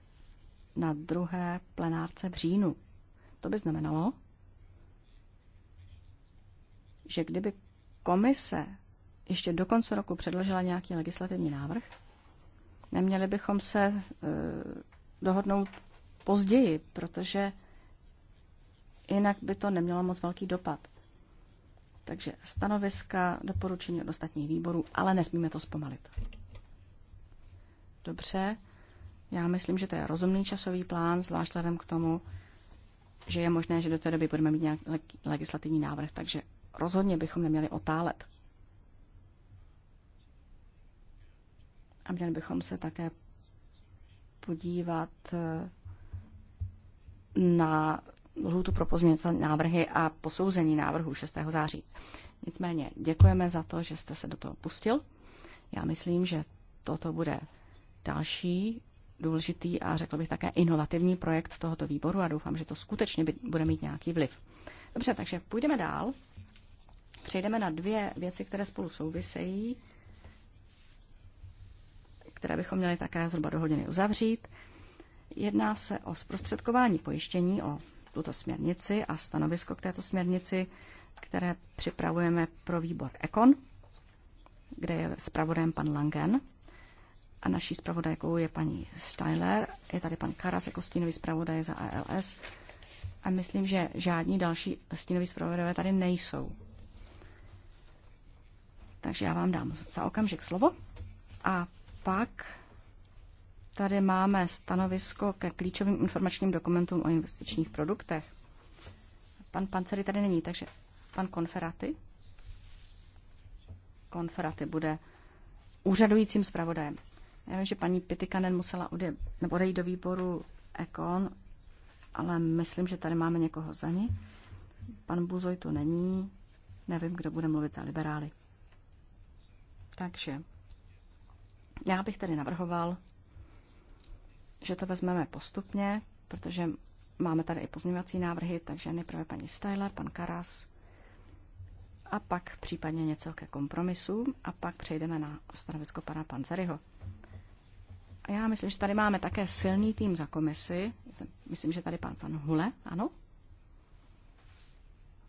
na druhé plenárce v říjnu. To by znamenalo, že kdyby komise ještě do konce roku předložila nějaký legislativní návrh, Neměli bychom se e, dohodnout později, protože jinak by to nemělo moc velký dopad. Takže stanoviska, doporučení od ostatních výborů, ale nesmíme to zpomalit. Dobře, já myslím, že to je rozumný časový plán, zvlášť vzhledem k tomu, že je možné, že do té doby budeme mít nějaký legislativní návrh, takže rozhodně bychom neměli otálet. A měli bychom se také podívat eh, na lhůtu pro pozměnice návrhy a posouzení návrhu 6. září. Nicméně děkujeme za to, že jste se do toho pustil. Já myslím, že toto bude další důležitý a řekl bych také inovativní projekt tohoto výboru a doufám, že to skutečně bude mít nějaký vliv. Dobře, takže půjdeme dál. Přejdeme na dvě věci, které spolu souvisejí které bychom měli také zhruba do hodiny uzavřít. Jedná se o zprostředkování pojištění, o tuto směrnici a stanovisko k této směrnici, které připravujeme pro výbor Ekon, kde je zpravodajem pan Langen. A naší zpravodajkou je paní Steiler, je tady pan Karas jako stínový zpravodaj za ALS. A myslím, že žádní další stínoví zpravodajové tady nejsou. Takže já vám dám za okamžik slovo a pak tady máme stanovisko ke klíčovým informačním dokumentům o investičních produktech. Pan Pancery tady není, takže pan Konferaty. Konferaty bude úřadujícím zpravodajem. Já vím, že paní Pitikanen musela ode, nebo odejít do výboru Ekon, ale myslím, že tady máme někoho za ní. Pan Buzoj tu není, nevím, kdo bude mluvit za liberály. Takže já bych tedy navrhoval, že to vezmeme postupně, protože máme tady i pozměňovací návrhy, takže nejprve paní Styler, pan Karas a pak případně něco ke kompromisu, a pak přejdeme na stanovisko pana Panzeryho. A já myslím, že tady máme také silný tým za komisi. Myslím, že tady pan, pan Hule, ano?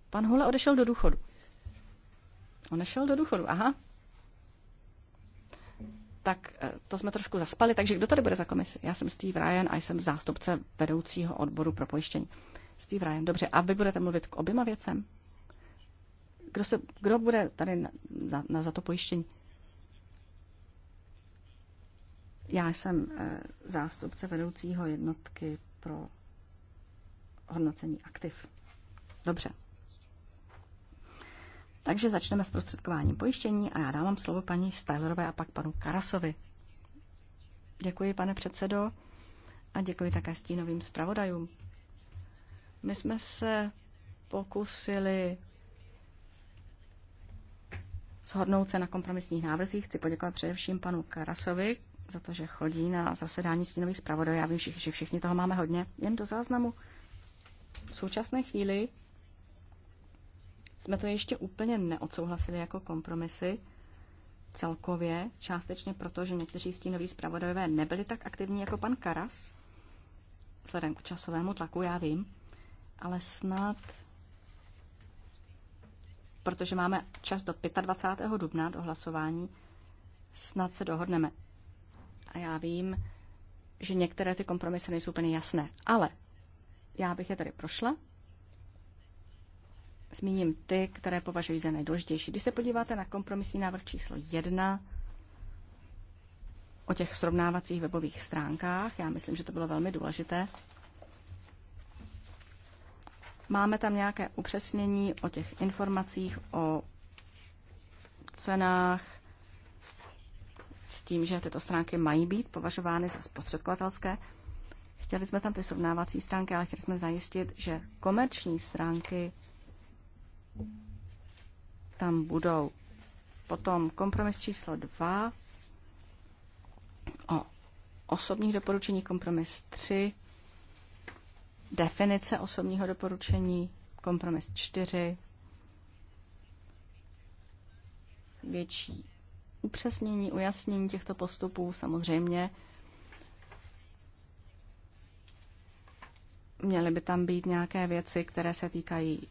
Pan Hule odešel do důchodu. Odešel do důchodu, aha, tak eh, to jsme trošku zaspali. Takže kdo tady bude za komisi? Já jsem Steve Ryan a jsem zástupce vedoucího odboru pro pojištění. Steve Ryan, dobře. A vy budete mluvit k oběma věcem? Kdo, se, kdo bude tady na, na, na, za to pojištění? Já jsem eh, zástupce vedoucího jednotky pro hodnocení aktiv. Dobře. Takže začneme s prostředkováním pojištění a já dávám slovo paní Stylerové a pak panu Karasovi. Děkuji, pane předsedo, a děkuji také stínovým zpravodajům. My jsme se pokusili shodnout se na kompromisních návrzích. Chci poděkovat především panu Karasovi za to, že chodí na zasedání stínových zpravodajů. Já vím, že všichni toho máme hodně. Jen do záznamu. V současné chvíli jsme to ještě úplně neodsouhlasili jako kompromisy celkově, částečně proto, že někteří stínoví zpravodajové nebyli tak aktivní jako pan Karas, vzhledem k časovému tlaku, já vím, ale snad, protože máme čas do 25. dubna do hlasování, snad se dohodneme. A já vím, že některé ty kompromisy nejsou úplně jasné, ale já bych je tady prošla Zmíním ty, které považuji za nejdůležitější. Když se podíváte na kompromisní návrh číslo 1 o těch srovnávacích webových stránkách, já myslím, že to bylo velmi důležité. Máme tam nějaké upřesnění o těch informacích, o cenách, s tím, že tyto stránky mají být považovány za spotřebovatelské. Chtěli jsme tam ty srovnávací stránky, ale chtěli jsme zajistit, že komerční stránky tam budou potom kompromis číslo 2 o osobních doporučení, kompromis 3, definice osobního doporučení, kompromis 4, větší upřesnění, ujasnění těchto postupů samozřejmě. Měly by tam být nějaké věci, které se týkají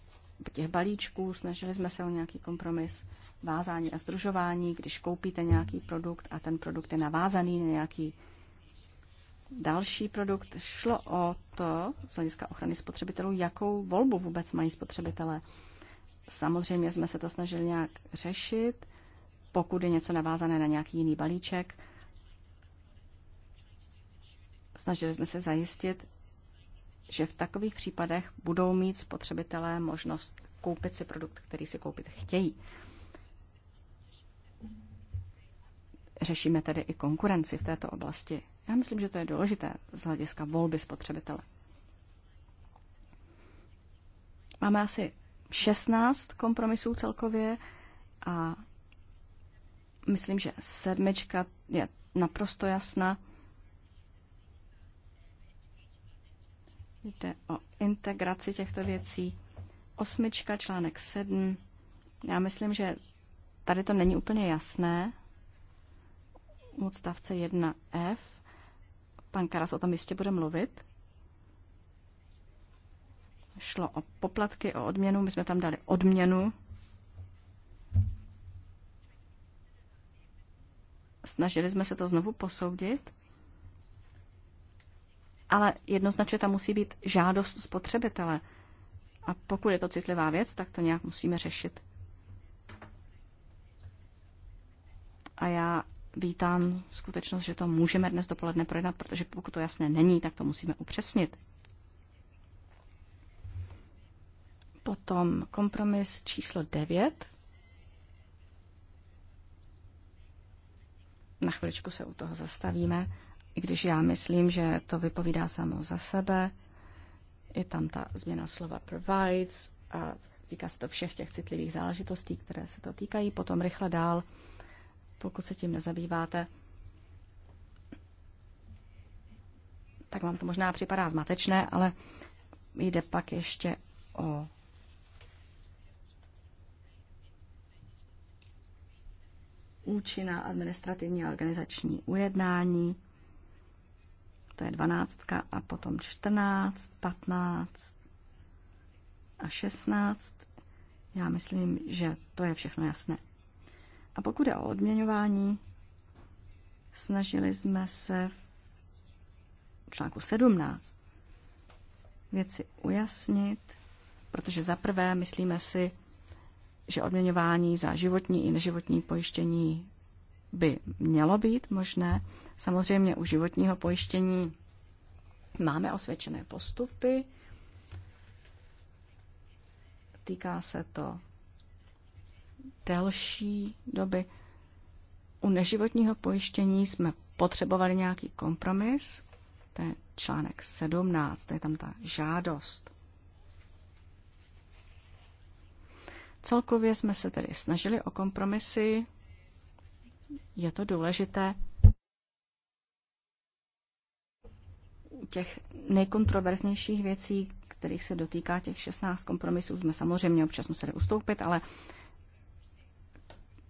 těch balíčků, snažili jsme se o nějaký kompromis vázání a združování, když koupíte nějaký produkt a ten produkt je navázaný na nějaký další produkt. Šlo o to, z hlediska ochrany spotřebitelů, jakou volbu vůbec mají spotřebitelé. Samozřejmě jsme se to snažili nějak řešit, pokud je něco navázané na nějaký jiný balíček. Snažili jsme se zajistit, že v takových případech budou mít spotřebitelé možnost koupit si produkt, který si koupit chtějí. Řešíme tedy i konkurenci v této oblasti. Já myslím, že to je důležité z hlediska volby spotřebitele. Máme asi 16 kompromisů celkově a myslím, že sedmička je naprosto jasná. Jde o integraci těchto věcí. Osmička, článek sedm. Já myslím, že tady to není úplně jasné. U odstavce 1F. Pan Karas o tom jistě bude mluvit. Šlo o poplatky, o odměnu. My jsme tam dali odměnu. Snažili jsme se to znovu posoudit ale jednoznačně tam musí být žádost spotřebitele. A pokud je to citlivá věc, tak to nějak musíme řešit. A já vítám skutečnost, že to můžeme dnes dopoledne projednat, protože pokud to jasné není, tak to musíme upřesnit. Potom kompromis číslo 9. Na chviličku se u toho zastavíme i když já myslím, že to vypovídá samo za sebe, je tam ta změna slova provides a týká se to všech těch citlivých záležitostí, které se to týkají. Potom rychle dál, pokud se tím nezabýváte, tak vám to možná připadá zmatečné, ale jde pak ještě o účinná administrativní a organizační ujednání, to je dvanáctka a potom 14, 15 a 16. Já myslím, že to je všechno jasné. A pokud je o odměňování, snažili jsme se v článku 17 věci ujasnit, protože za prvé myslíme si, že odměňování za životní i neživotní pojištění by mělo být možné. Samozřejmě u životního pojištění máme osvědčené postupy. Týká se to delší doby. U neživotního pojištění jsme potřebovali nějaký kompromis. To je článek 17, to je tam ta žádost. Celkově jsme se tedy snažili o kompromisy, je to důležité těch nejkontroverznějších věcí, kterých se dotýká těch 16 kompromisů, jsme samozřejmě občas museli ustoupit, ale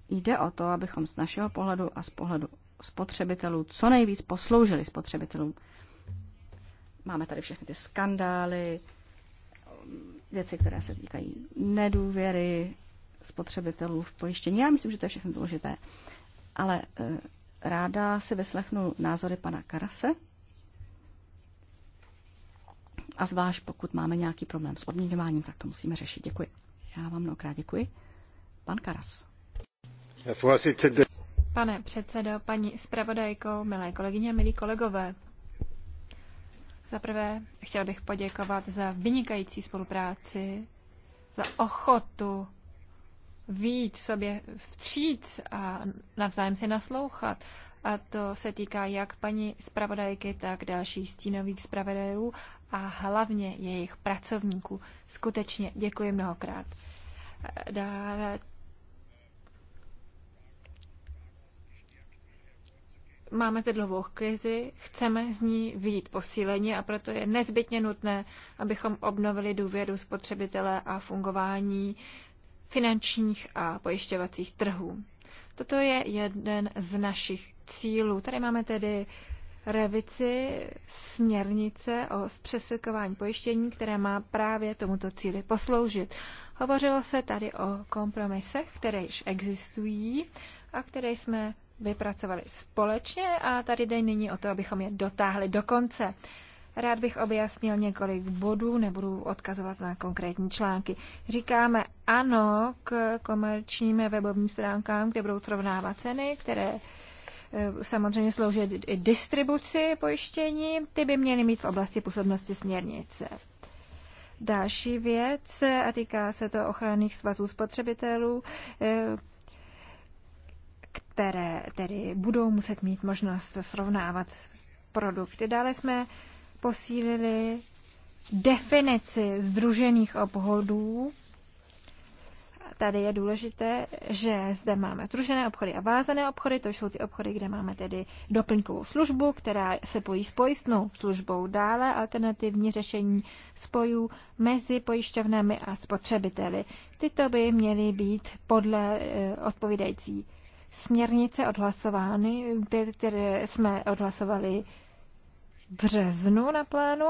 jde o to, abychom z našeho pohledu a z pohledu spotřebitelů co nejvíc posloužili spotřebitelům. Máme tady všechny ty skandály, věci, které se týkají nedůvěry spotřebitelů v pojištění. Já myslím, že to je všechno důležité. Ale e, ráda si vyslechnu názory pana Karase. A zvlášť pokud máme nějaký problém s odměňováním, tak to musíme řešit. Děkuji. Já vám mnohokrát děkuji. Pan Karas. Pane předsedo, paní zpravodajko, milé kolegyně, milí kolegové. zaprvé chtěl bych poděkovat za vynikající spolupráci, za ochotu víc sobě vstříc a navzájem si naslouchat. A to se týká jak paní zpravodajky, tak dalších stínových zpravodajů a hlavně jejich pracovníků. Skutečně děkuji mnohokrát. Dále máme zde dlouhou krizi, chceme z ní vyjít posíleně a proto je nezbytně nutné, abychom obnovili důvěru spotřebitele a fungování finančních a pojišťovacích trhů. Toto je jeden z našich cílů. Tady máme tedy revici směrnice o zpřesilkování pojištění, které má právě tomuto cíli posloužit. Hovořilo se tady o kompromisech, které již existují a které jsme vypracovali společně a tady jde nyní o to, abychom je dotáhli do konce. Rád bych objasnil několik bodů, nebudu odkazovat na konkrétní články. Říkáme ano k komerčním webovým stránkám, kde budou srovnávat ceny, které e, samozřejmě slouží i distribuci pojištění, ty by měly mít v oblasti působnosti směrnice. Další věc, a týká se to ochranných svazů spotřebitelů, e, které tedy budou muset mít možnost srovnávat produkty. Dále jsme posílili definici združených obchodů. Tady je důležité, že zde máme združené obchody a vázané obchody. To jsou ty obchody, kde máme tedy doplňkovou službu, která se pojí s pojistnou službou. Dále alternativní řešení spojů mezi pojišťovnami a spotřebiteli. Tyto by měly být podle eh, odpovídající směrnice odhlasovány, které jsme odhlasovali březnu na plénu.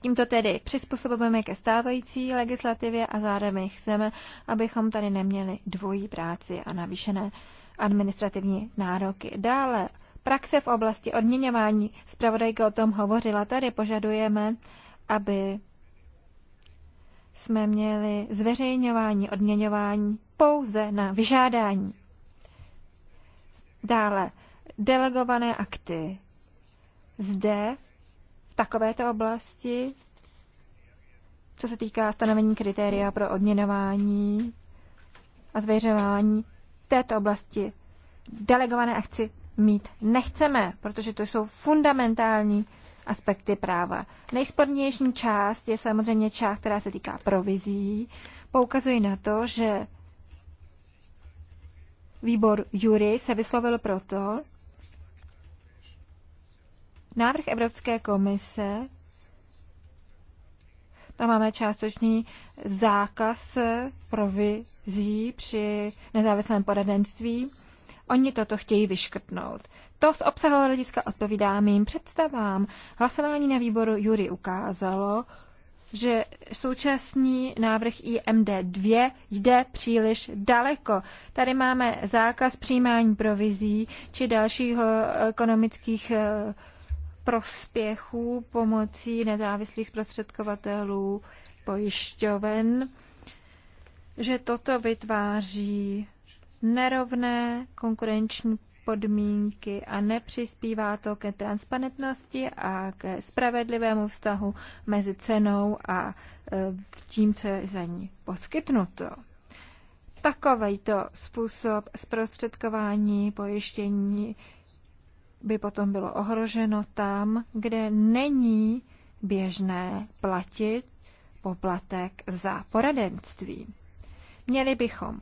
Tímto tedy přizpůsobujeme ke stávající legislativě a zároveň chceme, abychom tady neměli dvojí práci a navýšené administrativní nároky. Dále praxe v oblasti odměňování. Spravodajka o tom hovořila. Tady požadujeme, aby jsme měli zveřejňování odměňování pouze na vyžádání. Dále delegované akty zde, v takovéto oblasti, co se týká stanovení kritéria pro odměnování a zveřejňování v této oblasti delegované akci mít nechceme, protože to jsou fundamentální aspekty práva. Nejspornější část je samozřejmě část, která se týká provizí. Poukazuji na to, že výbor jury se vyslovil proto, Návrh Evropské komise, tam máme částečný zákaz provizí při nezávislém poradenství. Oni toto chtějí vyškrtnout. To z obsahového hlediska odpovídá mým představám. Hlasování na výboru Jury ukázalo, že současný návrh IMD2 jde příliš daleko. Tady máme zákaz přijímání provizí či dalších eh, ekonomických eh, prospěchů pomocí nezávislých zprostředkovatelů pojišťoven, že toto vytváří nerovné konkurenční podmínky a nepřispívá to ke transparentnosti a ke spravedlivému vztahu mezi cenou a e, tím, co je za ní poskytnuto. Takovýto způsob zprostředkování pojištění by potom bylo ohroženo tam, kde není běžné platit poplatek za poradenství. Měli bychom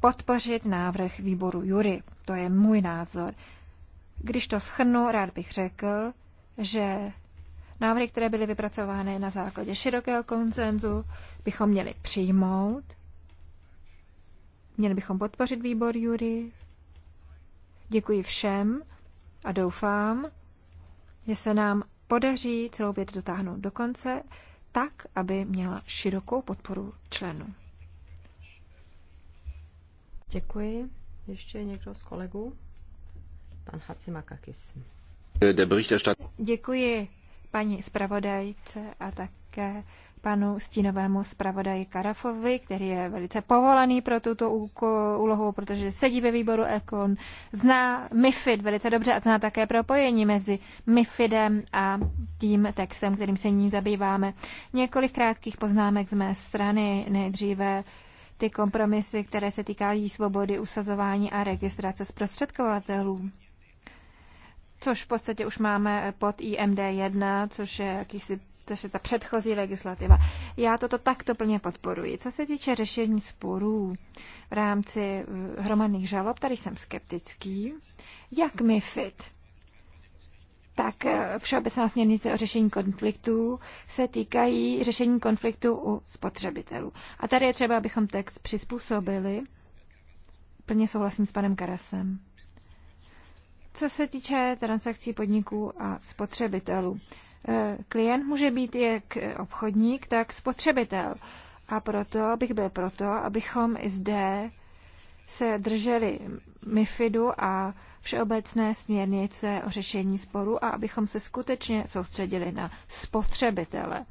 podpořit návrh výboru Jury. To je můj názor. Když to schrnu, rád bych řekl, že návrhy, které byly vypracovány na základě širokého koncenzu, bychom měli přijmout. Měli bychom podpořit výbor Jury. Děkuji všem, a doufám, že se nám podaří celou věc dotáhnout do konce, tak, aby měla širokou podporu členů. Děkuji. Ještě někdo z kolegů? Pan Hacimakakis. Děkuji paní zpravodajce a také panu stínovému zpravodaji Karafovi, který je velice povolaný pro tuto úlohu, protože sedí ve výboru Ekon, zná MIFID velice dobře a zná také propojení mezi MIFIDem a tím textem, kterým se ní zabýváme. Několik krátkých poznámek z mé strany nejdříve ty kompromisy, které se týkají svobody usazování a registrace zprostředkovatelů což v podstatě už máme pod IMD1, což je jakýsi což je ta předchozí legislativa. Já toto takto plně podporuji. Co se týče řešení sporů v rámci eh, hromadných žalob, tady jsem skeptický. Jak fit? tak eh, Všeobecná směrnice o řešení konfliktů se týkají řešení konfliktů u spotřebitelů. A tady je třeba, abychom text přizpůsobili. Plně souhlasím s panem Karasem. Co se týče transakcí podniků a spotřebitelů, Eh, klient může být jak obchodník, tak spotřebitel. A proto bych byl proto, abychom i zde se drželi MIFIDu a Všeobecné směrnice o řešení sporu a abychom se skutečně soustředili na spotřebitele.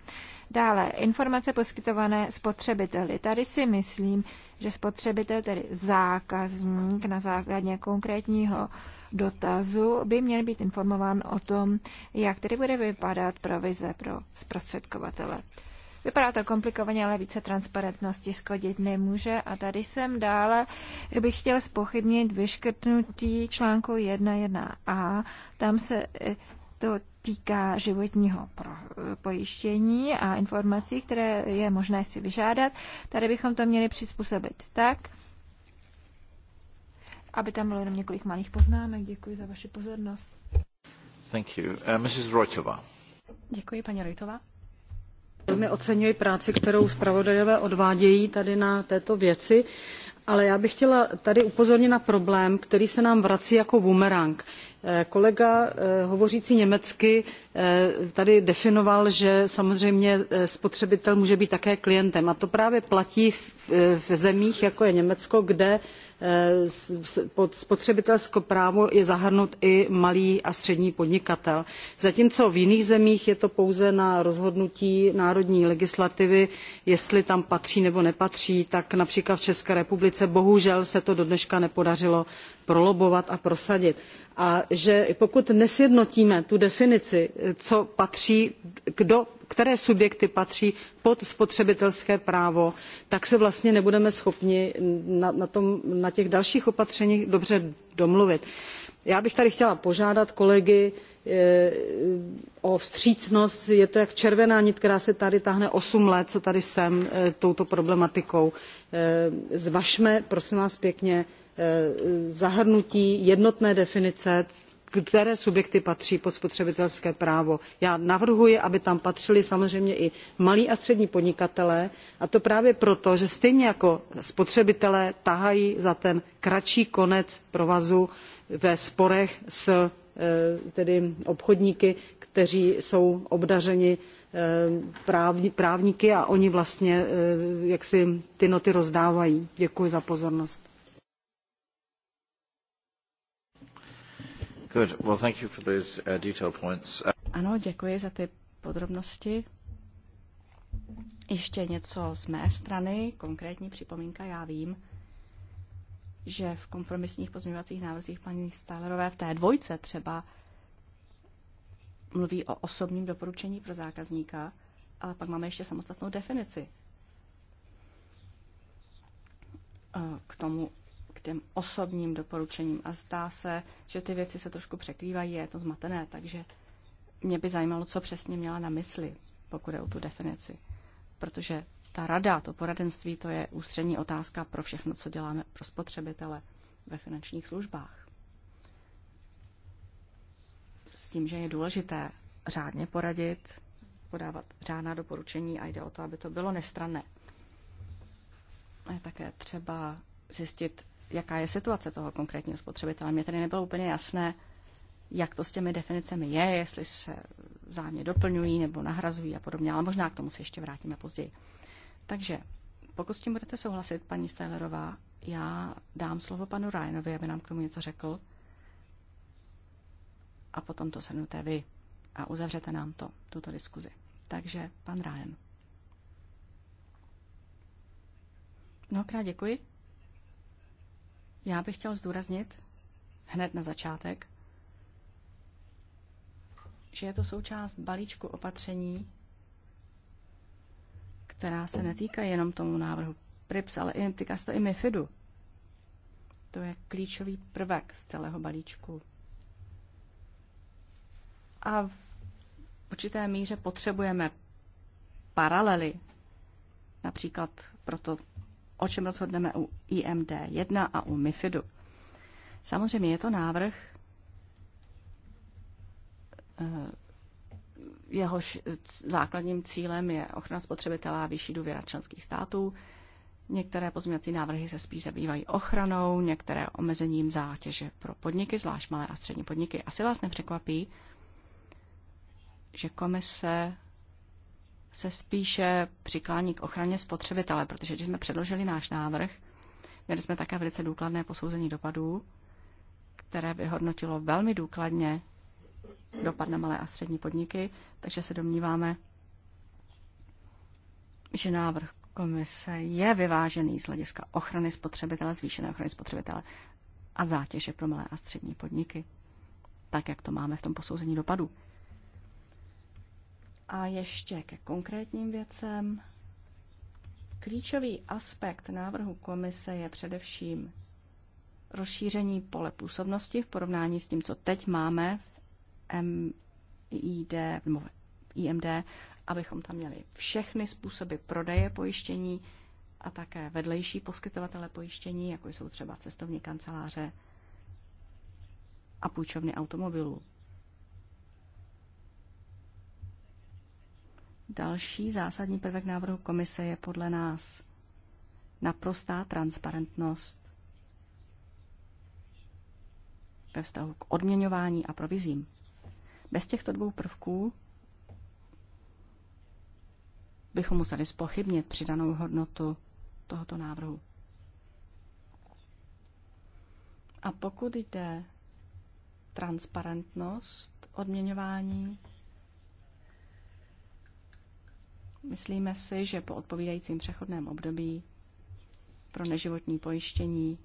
Dále, informace poskytované spotřebiteli. Tady si myslím, že spotřebitel, tedy zákazník na základě konkrétního dotazu by měl být informován o tom, jak tedy bude vypadat provize pro zprostředkovatele. Vypadá to komplikovaně, ale více transparentnosti skodit nemůže. A tady jsem dále bych chtěl spochybnit vyškrtnutí článku 1.1a. Tam se eh, to týká životního pojištění a informací, které je možné si vyžádat. Tady bychom to měli přizpůsobit tak, aby tam bylo jenom několik malých poznámek. Děkuji za vaši pozornost. Thank you. Uh, Mrs. Reutová. Děkuji, paní Reutová. Velmi oceňuji práci, kterou zpravodajové odvádějí tady na této věci ale já bych chtěla tady upozornit na problém, který se nám vrací jako bumerang. Eh, kolega eh, hovořící německy eh, tady definoval, že samozřejmě spotřebitel může být také klientem. A to právě platí v zemích, jako je Německo, kde pod spotřebitelské právo je zahrnut i malý a střední podnikatel. Zatímco v jiných zemích je to pouze na rozhodnutí národní legislativy, jestli tam patří nebo nepatří, tak například v České republice bohužel se to do dneška nepodařilo prolobovat a prosadit. A že pokud nesjednotíme tu definici, co patří, kdo které subjekty patří pod spotřebitelské právo tak se vlastně nebudeme schopni na, na, tom, na těch dalších opatřeních dobře domluvit já bych tady chtěla požádat kolegy eh, o vstřícnost je to jak červená nit která se tady táhne osm let co tady jsem eh, touto problematikou eh, zvažme prosím vás pěkně zahrnutí jednotné definice které subjekty patří pod spotřebitelské právo. já navrhuji aby tam patřili samozřejmě i malí a střední podnikatelé a to právě proto že stejně jako spotřebitelé tahají za ten kratší konec provazu ve sporech s e, tedy obchodníky kteří jsou obdařeni e, právníky a oni vlastně e, jaksi ty noty rozdávají. děkuji za pozornost. Good. Well, thank you for those uh, points. Uh, ano, děkuji za ty podrobnosti. Ještě něco z mé strany, konkrétní připomínka, já vím, že v kompromisních pozměňovacích návrzích paní Stálerové v té dvojce třeba mluví o osobním doporučení pro zákazníka, ale pak máme ještě samostatnou definici eh, k tomu těm osobním doporučením a zdá se, že ty věci se trošku překrývají, je to zmatené, takže mě by zajímalo, co přesně měla na mysli, pokud je o tu definici. Protože ta rada, to poradenství, to je ústřední otázka pro všechno, co děláme pro spotřebitele ve finančních službách. S tím, že je důležité řádně poradit, podávat řádná doporučení a jde o to, aby to bylo nestranné. A je také třeba zjistit, jaká je situace toho konkrétního spotřebitele. Mně tedy nebylo úplně jasné, jak to s těmi definicemi je, jestli se vzájemně doplňují nebo nahrazují a podobně, ale možná k tomu se ještě vrátíme později. Takže pokud s tím budete souhlasit, paní Stylerová, já dám slovo panu Ryanovi, aby nám k tomu něco řekl a potom to shrnuté vy a uzavřete nám to, tuto diskuzi. Takže pan Ryan. Mnohokrát děkuji. Já bych chtěl zdůraznit hned na začátek, že je to součást balíčku opatření, která se netýká jenom tomu návrhu PRIPS, ale i, týká se to i MIFIDu. To je klíčový prvek z celého balíčku. A v určité míře potřebujeme paralely, například proto o čem rozhodneme u IMD 1 a u MIFIDu. Samozřejmě je to návrh, eh, jehož základním cílem je ochrana spotřebitela a vyšší důvěra členských států. Některé pozměňovací návrhy se spíš zabývají ochranou, některé omezením zátěže pro podniky, zvlášť malé a střední podniky. Asi vás nepřekvapí, že komise se spíše přiklání k ochraně spotřebitele, protože když jsme předložili náš návrh, měli jsme také velice důkladné posouzení dopadů, které vyhodnotilo velmi důkladně dopad na malé a střední podniky, takže se domníváme, že návrh komise je vyvážený z hlediska ochrany spotřebitele, zvýšené ochrany spotřebitele a zátěže pro malé a střední podniky, tak jak to máme v tom posouzení dopadů. A ještě ke konkrétním věcem. Klíčový aspekt návrhu komise je především rozšíření pole působnosti v porovnání s tím, co teď máme v MID, nebo IMD, abychom tam měli všechny způsoby prodeje pojištění a také vedlejší poskytovatele pojištění, jako jsou třeba cestovní kanceláře a půjčovny automobilů. Další zásadní prvek návrhu komise je podle nás naprostá transparentnost ve vztahu k odměňování a provizím. Bez těchto dvou prvků bychom museli spochybnit přidanou hodnotu tohoto návrhu. A pokud jde transparentnost odměňování, Myslíme si, že po odpovídajícím přechodném období pro neživotní pojištění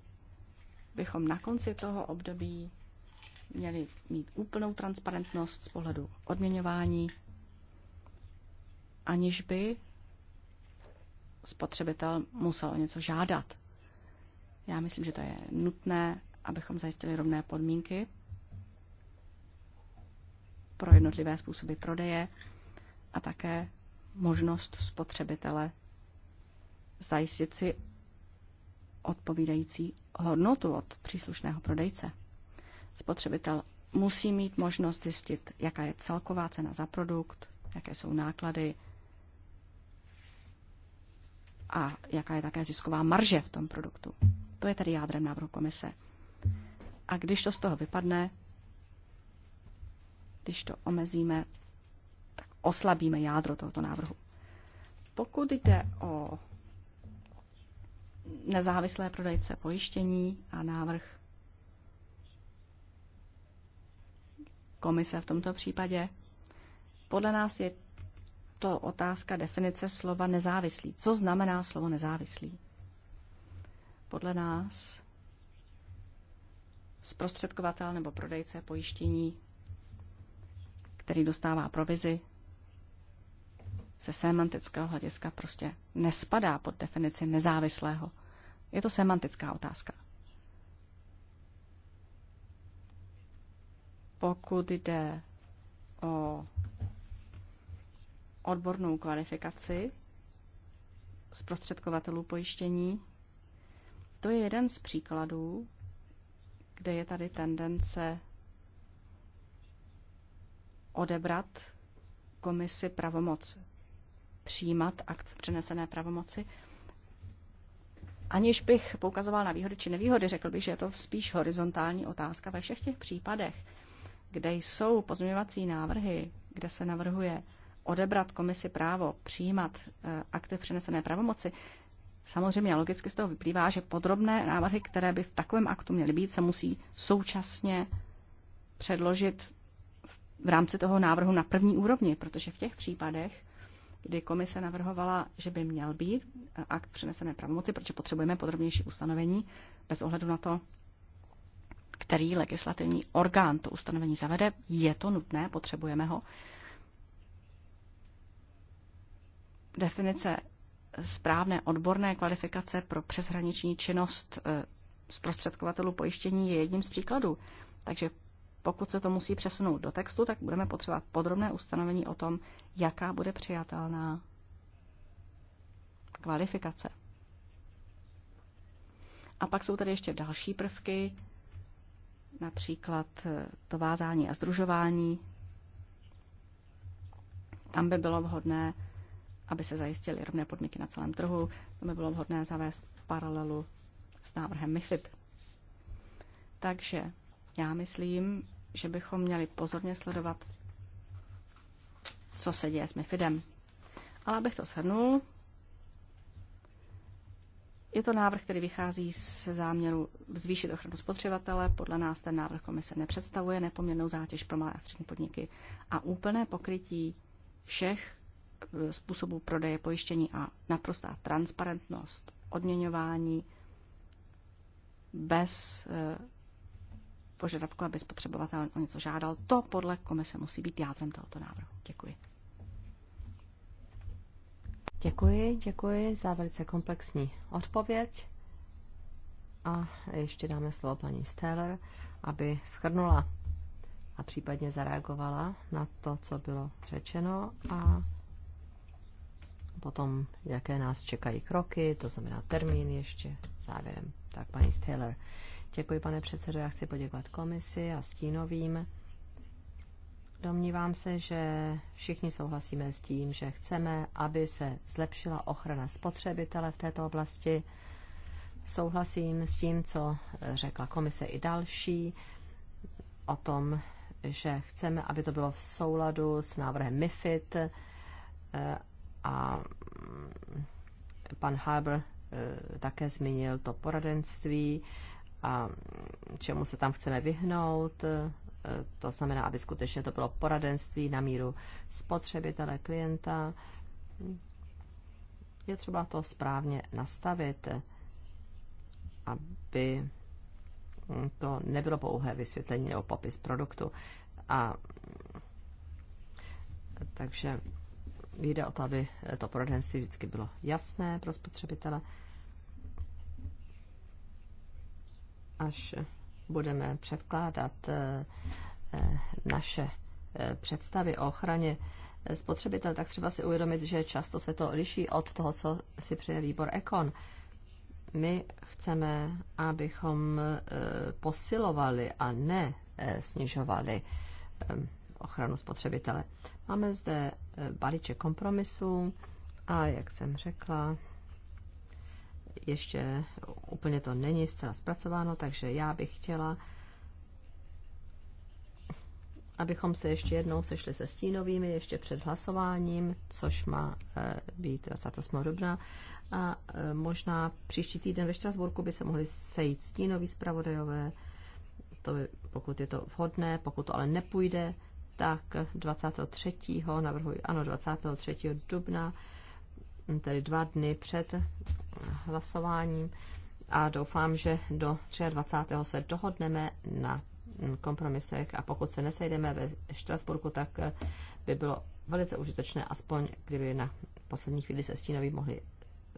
bychom na konci toho období měli mít úplnou transparentnost z pohledu odměňování, aniž by spotřebitel musel o něco žádat. Já myslím, že to je nutné, abychom zajistili rovné podmínky pro jednotlivé způsoby prodeje a také možnost spotřebitele zajistit si odpovídající hodnotu od příslušného prodejce. Spotřebitel musí mít možnost zjistit, jaká je celková cena za produkt, jaké jsou náklady a jaká je také zisková marže v tom produktu. To je tedy jádrem návrhu komise. A když to z toho vypadne, když to omezíme oslabíme jádro tohoto návrhu. Pokud jde o nezávislé prodejce pojištění a návrh komise v tomto případě, podle nás je to otázka definice slova nezávislý. Co znamená slovo nezávislý? Podle nás zprostředkovatel nebo prodejce pojištění, který dostává provizi, ze semantického hlediska prostě nespadá pod definici nezávislého. Je to semantická otázka. Pokud jde o odbornou kvalifikaci zprostředkovatelů pojištění, to je jeden z příkladů, kde je tady tendence odebrat komisi pravomoc přijímat akt přenesené pravomoci. Aniž bych poukazoval na výhody či nevýhody, řekl bych, že je to spíš horizontální otázka ve všech těch případech, kde jsou pozměňovací návrhy, kde se navrhuje odebrat komisi právo přijímat eh, akty přenesené pravomoci, Samozřejmě logicky z toho vyplývá, že podrobné návrhy, které by v takovém aktu měly být, se musí současně předložit v rámci toho návrhu na první úrovni, protože v těch případech, kdy komise navrhovala, že by měl být eh, akt přenesené pravomoci, protože potřebujeme podrobnější ustanovení bez ohledu na to, který legislativní orgán to ustanovení zavede. Je to nutné, potřebujeme ho. Definice správné odborné kvalifikace pro přeshraniční činnost eh, zprostředkovatelů pojištění je jedním z příkladů. Takže pokud se to musí přesunout do textu, tak budeme potřebovat podrobné ustanovení o tom, jaká bude přijatelná kvalifikace. A pak jsou tady ještě další prvky, například eh, to vázání a združování. Tam by bylo vhodné, aby se zajistily rovné podmínky na celém trhu, tam by bylo vhodné zavést paralelu s návrhem MIFID. Takže já myslím, že bychom měli pozorně sledovat, co se děje s MIFIDem. Ale abych to shrnul, je to návrh, který vychází z záměru zvýšit ochranu spotřebitele. Podle nás ten návrh komise nepředstavuje nepoměrnou zátěž pro malé a střední podniky a úplné pokrytí všech e, způsobů prodeje pojištění a naprostá transparentnost odměňování bez e, požadavku, aby spotřebovatel o něco žádal. To podle komise musí být jádrem tohoto návrhu. Děkuji. Děkuji, děkuji za velice komplexní odpověď. A ještě dáme slovo paní Steller, aby schrnula a případně zareagovala na to, co bylo řečeno a potom, jaké nás čekají kroky, to znamená termín ještě závěrem. Tak paní Steller, Děkuji, pane předsedo. Já chci poděkovat komisi a stínovým. Domnívám se, že všichni souhlasíme s tím, že chceme, aby se zlepšila ochrana spotřebitele v této oblasti. Souhlasím s tím, co řekla komise i další o tom, že chceme, aby to bylo v souladu s návrhem MIFID eh, a pan Haber eh, také zmínil to poradenství a čemu se tam chceme vyhnout. E, to znamená, aby skutečně to bylo poradenství na míru spotřebitele, klienta. Je třeba to správně nastavit, aby to nebylo pouhé vysvětlení nebo popis produktu. A takže jde o to, aby to poradenství vždycky bylo jasné pro spotřebitele. až budeme předkládat eh, eh, naše eh, představy o ochraně spotřebitel, tak třeba si uvědomit, že často se to liší od toho, co si přeje výbor Ekon. My chceme, abychom posilovali a ne snižovali ochranu spotřebitele. Máme zde balíček kompromisů a, jak jsem řekla, ještě úplně to není zcela zpracováno, takže já bych chtěla, abychom se ještě jednou sešli se stínovými, ještě před hlasováním, což má eh, být 28. dubna. A eh, možná příští týden ve Štrasburku by se mohli sejít stínoví zpravodajové, to by, pokud je to vhodné, pokud to ale nepůjde, tak 23. navrhuji, ano, 23. dubna tedy dva dny před hlasováním a doufám, že do 23. se dohodneme na kompromisech a pokud se nesejdeme ve Štrasburku, tak by bylo velice užitečné, aspoň kdyby na poslední chvíli se Stínoví mohli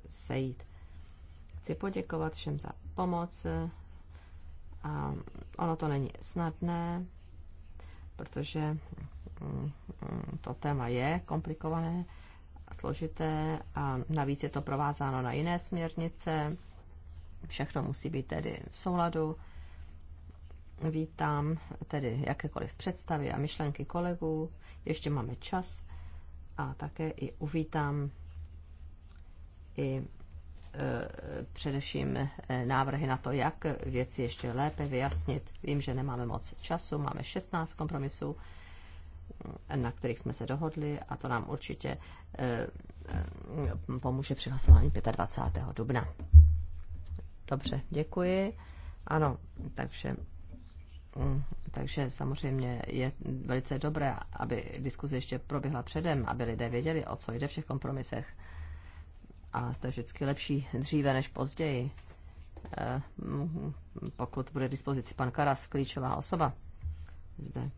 sejít. Chci poděkovat všem za pomoc a ono to není snadné, protože to téma je komplikované složité a navíc je to provázáno na jiné směrnice. Všechno musí být tedy v souladu. Vítám tedy jakékoliv představy a myšlenky kolegů. Ještě máme čas a také i uvítám i e, především e, návrhy na to, jak věci ještě lépe vyjasnit. Vím, že nemáme moc času, máme 16 kompromisů na kterých jsme se dohodli a to nám určitě eh, pomůže při hlasování 25. dubna. Dobře, děkuji. Ano, takže mm, takže samozřejmě je velice dobré, aby diskuze ještě proběhla předem, aby lidé věděli, o co jde v těch kompromisech. A to je vždycky lepší dříve než později, eh, mm, pokud bude dispozici pan Karas, klíčová osoba zde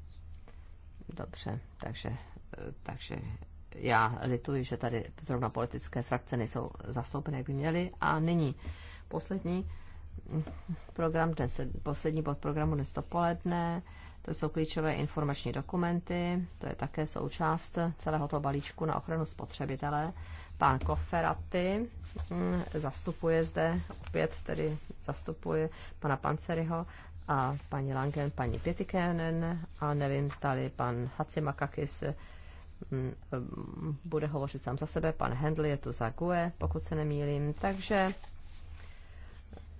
Dobře, takže, takže já lituji, že tady zrovna politické frakce nejsou zastoupené, jak by měly. A nyní poslední program dnes, poslední bod programu dnes dopoledne. To jsou klíčové informační dokumenty, to je také součást celého toho balíčku na ochranu spotřebitele. Pán Koferaty mm, zastupuje zde, opět tedy zastupuje pana Panceryho a paní Langen, paní Pietikénen a nevím, stali pan Hacimakakis mm, eh, bude hovořit sám za sebe, pan Hendl je tu za GUE, pokud se nemýlím, takže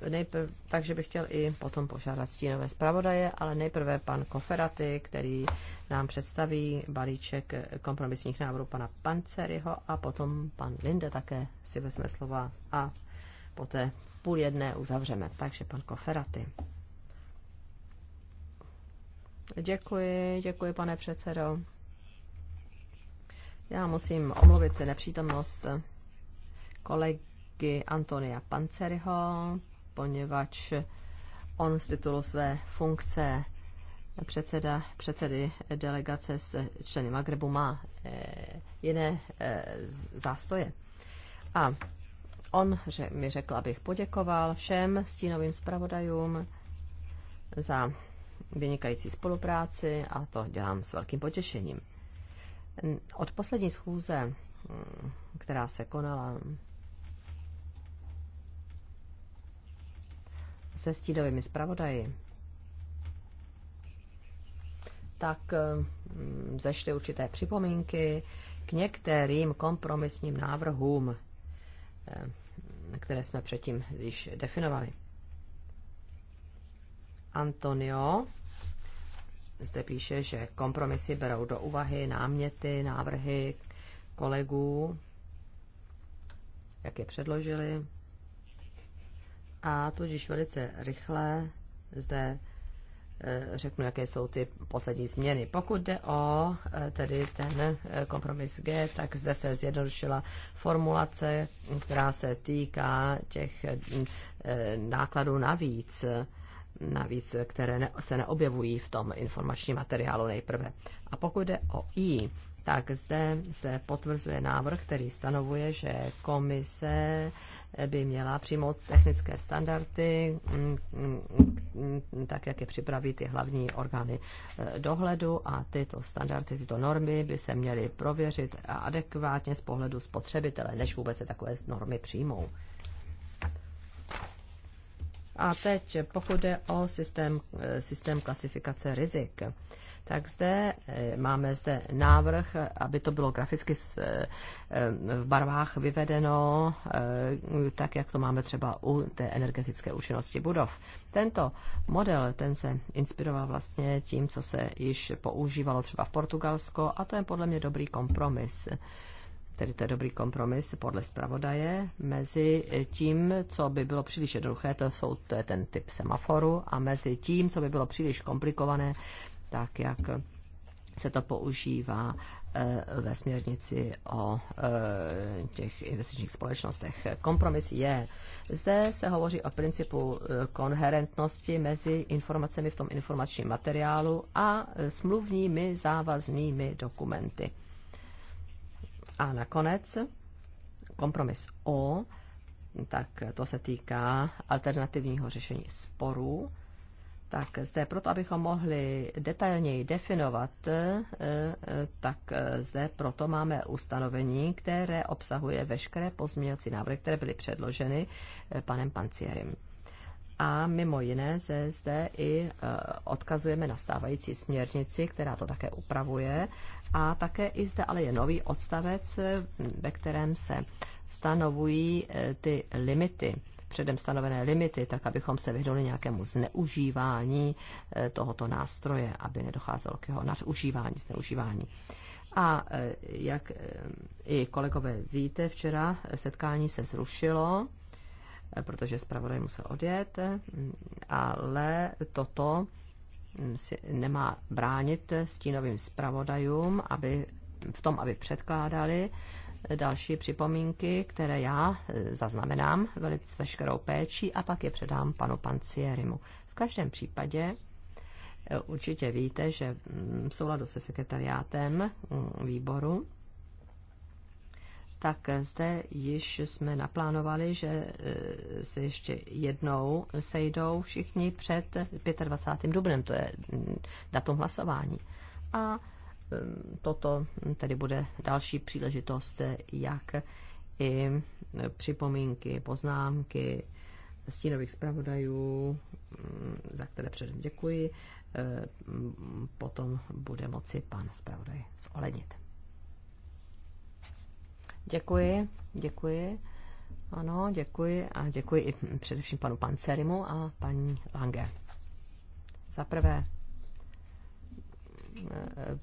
nejprve, takže bych chtěl i potom požádat stínové zpravodaje, ale nejprve pan Koferaty, který nám představí balíček kompromisních návrhů pana Panceryho a potom pan Linde také si vezme slova a poté půl jedné uzavřeme. Takže pan Koferaty. Děkuji, děkuji, pane předsedo. Já musím omluvit nepřítomnost kolegy Antonia Panceriho, poněvadž on z titulu své funkce předseda, předsedy delegace s členy Magrebu má e, jiné e, zástoje. A on že mi řekl, abych poděkoval všem stínovým zpravodajům za vynikající spolupráci a to dělám s velkým potěšením. Od poslední schůze, mm, která se konala se stídovými zpravodaji, tak mm, zešly určité připomínky k některým kompromisním návrhům, eh, které jsme předtím již definovali. Antonio zde píše, že kompromisy berou do úvahy náměty, návrhy kolegů, jak je předložili. A tudíž velice rychle zde eh, řeknu, jaké jsou ty poslední změny. Pokud jde o eh, tedy ten eh, kompromis G, tak zde se zjednodušila formulace, která se týká těch mm, nákladů navíc navíc, které ne, se neobjevují v tom informačním materiálu nejprve. A pokud jde o I, tak zde se potvrzuje návrh, který stanovuje, že komise by měla přijmout technické standardy, mm, mm, tak jak je připraví ty hlavní orgány eh, dohledu a tyto standardy, tyto normy by se měly prověřit adekvátně z pohledu spotřebitele, než vůbec se takové normy přijmou. A teď, pokud jde o systém, eh, systém klasifikace rizik, tak zde eh, máme zde návrh, aby to bylo graficky eh, v barvách vyvedeno, tak jak to máme třeba u té energetické účinnosti budov. Tento model, ten se inspiroval vlastně tím, co se již používalo třeba v Portugalsko a to je podle mě dobrý kompromis tedy to je dobrý kompromis podle zpravodaje, mezi tím, co by bylo příliš jednoduché, to, jsou, to je ten typ semaforu, a mezi tím, co by bylo příliš komplikované, tak jak se to používá eh, ve směrnici o eh, těch investičních společnostech. Kompromis je. Zde se hovoří o principu eh, konherentnosti mezi informacemi v tom informačním materiálu a smluvními závaznými dokumenty. A nakonec kompromis O, tak to se týká alternativního řešení sporů. Tak zde proto, abychom mohli detailněji definovat, e, e, tak zde proto máme ustanovení, které obsahuje veškeré pozměňovací návrhy, které byly předloženy e, panem Pancierim. A mimo jiné se zde i odkazujeme na stávající směrnici, která to také upravuje a také i zde ale je nový odstavec, eh, ve kterém se stanovují eh, ty limity, předem stanovené limity, tak abychom se vyhnuli nějakému zneužívání eh, tohoto nástroje, aby nedocházelo k jeho nadužívání, zneužívání. A jak i kolegové víte, včera setkání se zrušilo, protože zpravodaj musel odjet, ale toto Mm, si nemá bránit stínovým zpravodajům, aby v tom, aby předkládali další připomínky, které já e, zaznamenám velice veškerou péčí a pak je předám panu Pancierimu. V každém případě e, určitě víte, že mm, v souladu se sekretariátem mm, výboru tak zde již jsme naplánovali, že eh, se ještě jednou sejdou všichni před 25. dubnem, to je mm, datum hlasování. A mm, toto tedy bude další příležitost, jak i připomínky, poznámky stínových zpravodajů, mm, za které předem děkuji, eh, potom bude moci pan zpravodaj zolenit. Děkuji, děkuji. Ano, děkuji a děkuji i především panu Pancerimu a paní Lange. Za prvé, eh,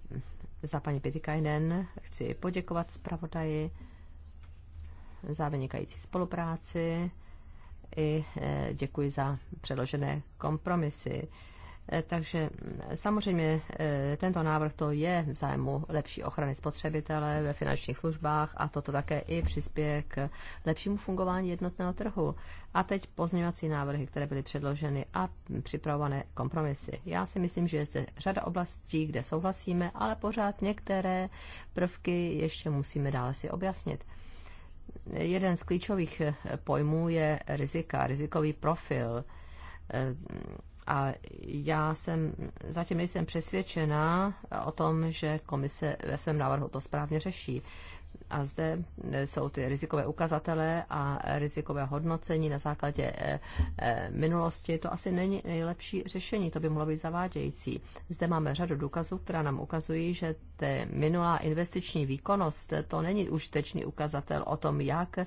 za paní Pitikainen chci poděkovat zpravodaji za vynikající spolupráci i eh, děkuji za předložené kompromisy. Eh, takže mm, samozřejmě eh, tento návrh to je v zájmu lepší ochrany spotřebitele ve finančních službách a toto také i přispěje k lepšímu fungování jednotného trhu. A teď pozměňovací návrhy, které byly předloženy a připravované kompromisy. Já si myslím, že je zde řada oblastí, kde souhlasíme, ale pořád některé prvky ještě musíme dále si objasnit. Jeden z klíčových pojmů je rizika, rizikový profil eh, a já jsem zatím nejsem přesvědčená o tom, že komise ve svém návrhu to správně řeší a zde e, jsou ty rizikové ukazatele a rizikové hodnocení na základě e, e, minulosti. To asi není nejlepší řešení, to by mohlo být zavádějící. Zde máme řadu důkazů, která nám ukazují, že minulá investiční výkonnost to není užitečný ukazatel o tom, jak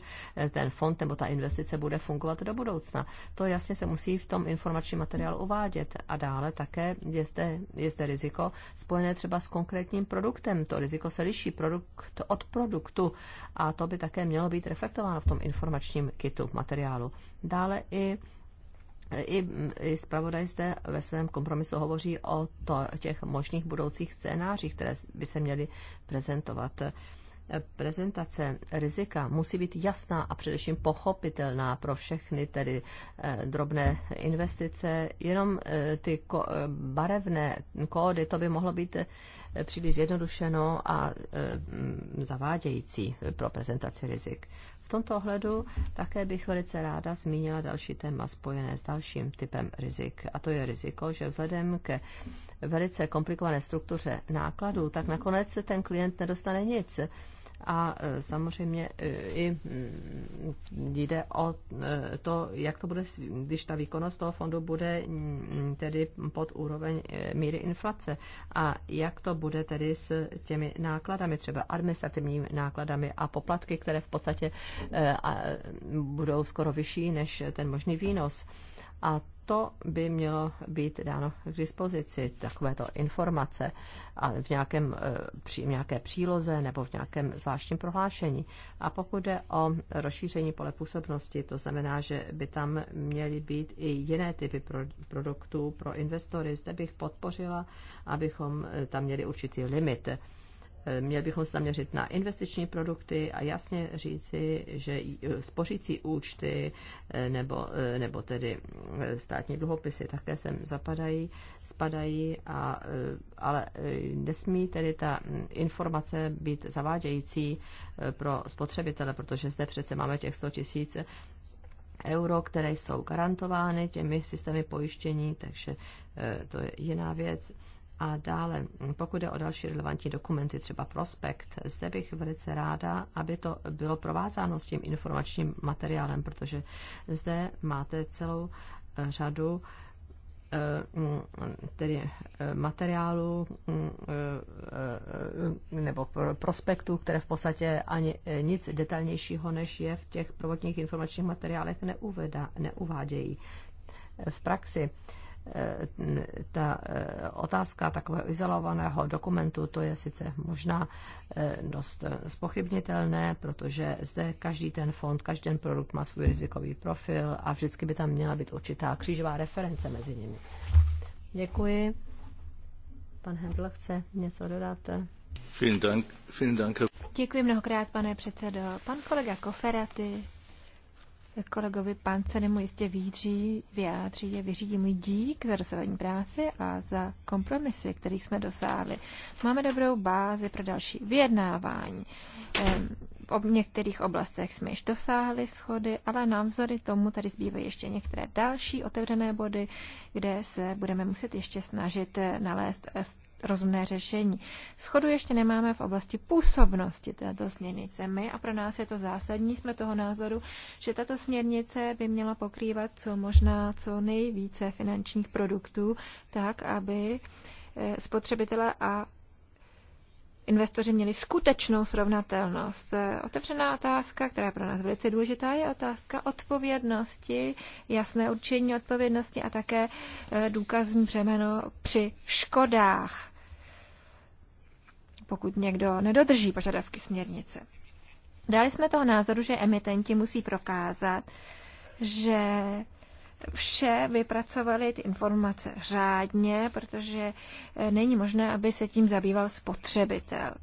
ten fond nebo ta investice bude fungovat do budoucna. To jasně se musí v tom informačním materiálu uvádět. A dále také je zde, je zde riziko spojené třeba s konkrétním produktem. To riziko se liší produkt od produktu sportu a to by také mělo být reflektováno v tom informačním kitu materiálu. Dále i i, i zpravodaj zde ve svém kompromisu hovoří o to, těch možných budoucích scénářích, které by se měly prezentovat prezentace rizika musí být jasná a především pochopitelná pro všechny, tedy eh, drobné investice. Jenom eh, ty eh, barevné kódy, to by mohlo být příliš zjednodušeno a zavádějící pro prezentaci rizik. V tomto ohledu také bych velice ráda zmínila další téma spojené s dalším typem rizik. A to je riziko, že vzhledem ke velice komplikované struktuře nákladů, tak nakonec ten klient nedostane nic a e, samozřejmě e, i jde o e, to, jak to bude, když ta výkonnost toho fondu bude tedy pod úroveň míry inflace a jak to bude tedy s těmi nákladami, třeba administrativními nákladami a poplatky, které v podstatě budou skoro vyšší než ten možný výnos a to by mělo být dáno k dispozici, takovéto informace a v nějakém, e, při, nějaké příloze nebo v nějakém zvláštním prohlášení. A pokud jde o rozšíření pole působnosti, to znamená, že by tam měly být i jiné typy pro, produktů pro investory. Zde bych podpořila, abychom e, tam měli určitý limit Eh, měli bychom se zaměřit na investiční produkty a jasně říci, že eh, spořící účty eh, nebo, nebo tedy státní dluhopisy také sem zapadají, spadají, a, ale nesmí tedy ta hm, informace být zavádějící pro spotřebitele, protože zde přece máme těch 100 tisíc euro, které jsou garantovány těmi systémy pojištění, takže to je jiná věc. A dále, mm, pokud jde o další relevantní dokumenty, třeba prospekt, zde bych velice ráda, aby to bylo provázáno s tím informačním materiálem, protože zde máte celou eh, řadu eh, mm, tedy eh, materiálu mm, nebo prospektu, které v podstatě ani nic detailnějšího, než je v těch prvotních informačních materiálech neuvádějí. V praxi ta eh, otázka takového izolovaného dokumentu, to je sice možná eh, dost spochybnitelné, protože zde každý ten fond, každý ten produkt má svůj rizikový profil a vždycky by tam měla být určitá křížová reference mezi nimi. Děkuji. Pan Hendl chce něco dodat? Vielen Dank, vielen Dank. Děkuji mnohokrát, pane předsedo. Pan kolega Koferaty kolegovi Pancerimu jistě výdří, vyjádří je vyřídí můj dík za dosavadní práci a za kompromisy, kterých jsme dosáhli. Máme dobrou bázi pro další vyjednávání. V některých oblastech jsme již dosáhli schody, ale navzory tomu tady zbývají ještě některé další otevřené body, kde se budeme muset ještě snažit nalézt rozumné řešení. Schodu ještě nemáme v oblasti působnosti této směrnice. My a pro nás je to zásadní, jsme toho názoru, že tato směrnice by měla pokrývat co možná co nejvíce finančních produktů, tak aby eh, spotřebitele a investoři měli skutečnou srovnatelnost. Otevřená otázka, která je pro nás velice důležitá, je otázka odpovědnosti, jasné určení odpovědnosti a také eh, důkazní břemeno při škodách, pokud někdo nedodrží požadavky směrnice. Dali jsme toho názoru, že emitenti musí prokázat, že vše vypracovali ty informace řádně, protože eh, není možné, aby se tím zabýval spotřebitel.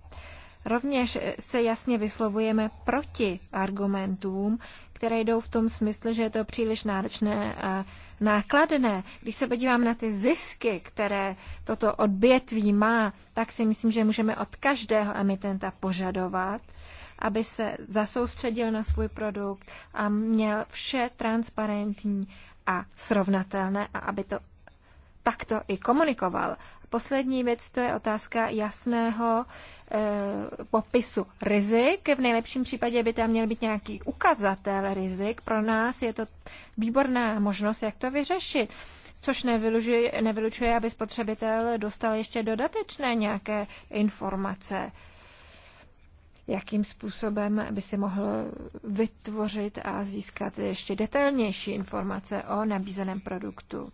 Rovněž eh, se jasně vyslovujeme proti argumentům, které jdou v tom smyslu, že je to příliš náročné a nákladné. Když se podívám na ty zisky, které toto odbětví má, tak si myslím, že můžeme od každého emitenta požadovat, aby se zasoustředil na svůj produkt a měl vše transparentní a srovnatelné a aby to takto i komunikoval. Poslední věc to je otázka jasného e, popisu rizik. V nejlepším případě by tam měl být nějaký ukazatel rizik. Pro nás je to výborná možnost, jak to vyřešit což nevylučuje, nevylučuje, aby spotřebitel dostal ještě dodatečné nějaké informace jakým způsobem by si mohl vytvořit a získat ještě detailnější informace o nabízeném produktu.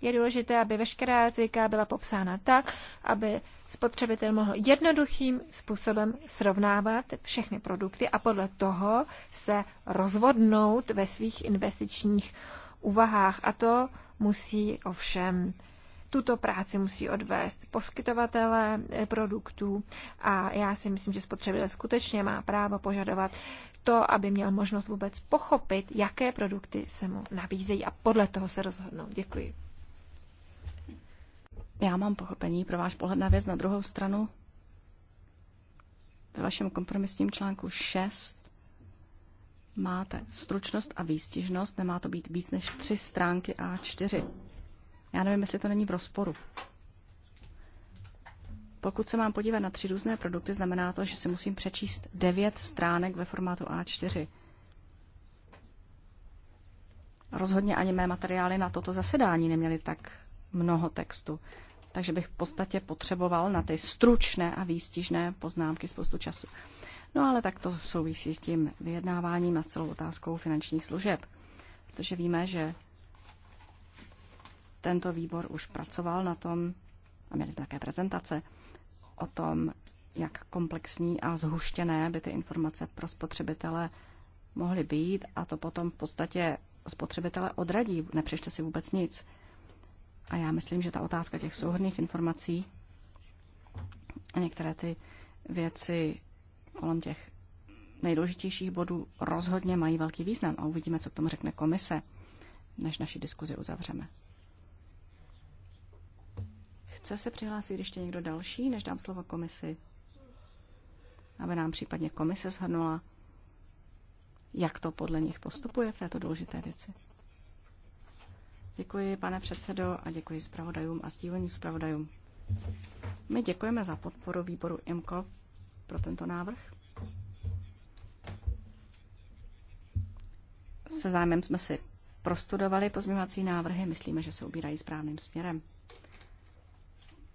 Je důležité, aby veškerá rizika byla popsána tak, aby spotřebitel mohl jednoduchým způsobem srovnávat všechny produkty a podle toho se rozvodnout ve svých investičních úvahách. A to musí ovšem tuto práci musí odvést poskytovatele eh, produktů a já si myslím, že spotřebitel skutečně má právo požadovat to, aby měl možnost vůbec pochopit, jaké produkty se mu nabízejí a podle toho se rozhodnout. Děkuji. Já mám pochopení pro váš pohled na věc. Na druhou stranu, ve vašem kompromisním článku 6 máte stručnost a výstižnost, nemá to být víc než tři stránky A4. Já nevím, jestli to není v rozporu. Pokud se mám podívat na tři různé produkty, znamená to, že si musím přečíst devět stránek ve formátu A4. Rozhodně ani mé materiály na toto zasedání neměly tak mnoho textu, takže bych v podstatě potřeboval na ty stručné a výstižné poznámky spoustu času. No ale tak to souvisí s tím vyjednáváním a s celou otázkou finančních služeb, protože víme, že tento výbor už pracoval na tom, a měli jsme také prezentace, o tom, jak komplexní a zhuštěné by ty informace pro spotřebitele mohly být a to potom v podstatě spotřebitele odradí, nepřešte si vůbec nic. A já myslím, že ta otázka těch souhrných informací a některé ty věci kolem těch nejdůležitějších bodů rozhodně mají velký význam a uvidíme, co k tomu řekne komise, než naši diskuzi uzavřeme. Chce se přihlásit ještě někdo další, než dám slovo komisi? Aby nám případně komise shrnula, jak to podle nich postupuje v této důležité věci. Děkuji, pane předsedo, a děkuji zpravodajům a sdíleným zpravodajům. My děkujeme za podporu výboru IMCO pro tento návrh. Se zájmem jsme si prostudovali pozměňovací návrhy, myslíme, že se ubírají správným směrem.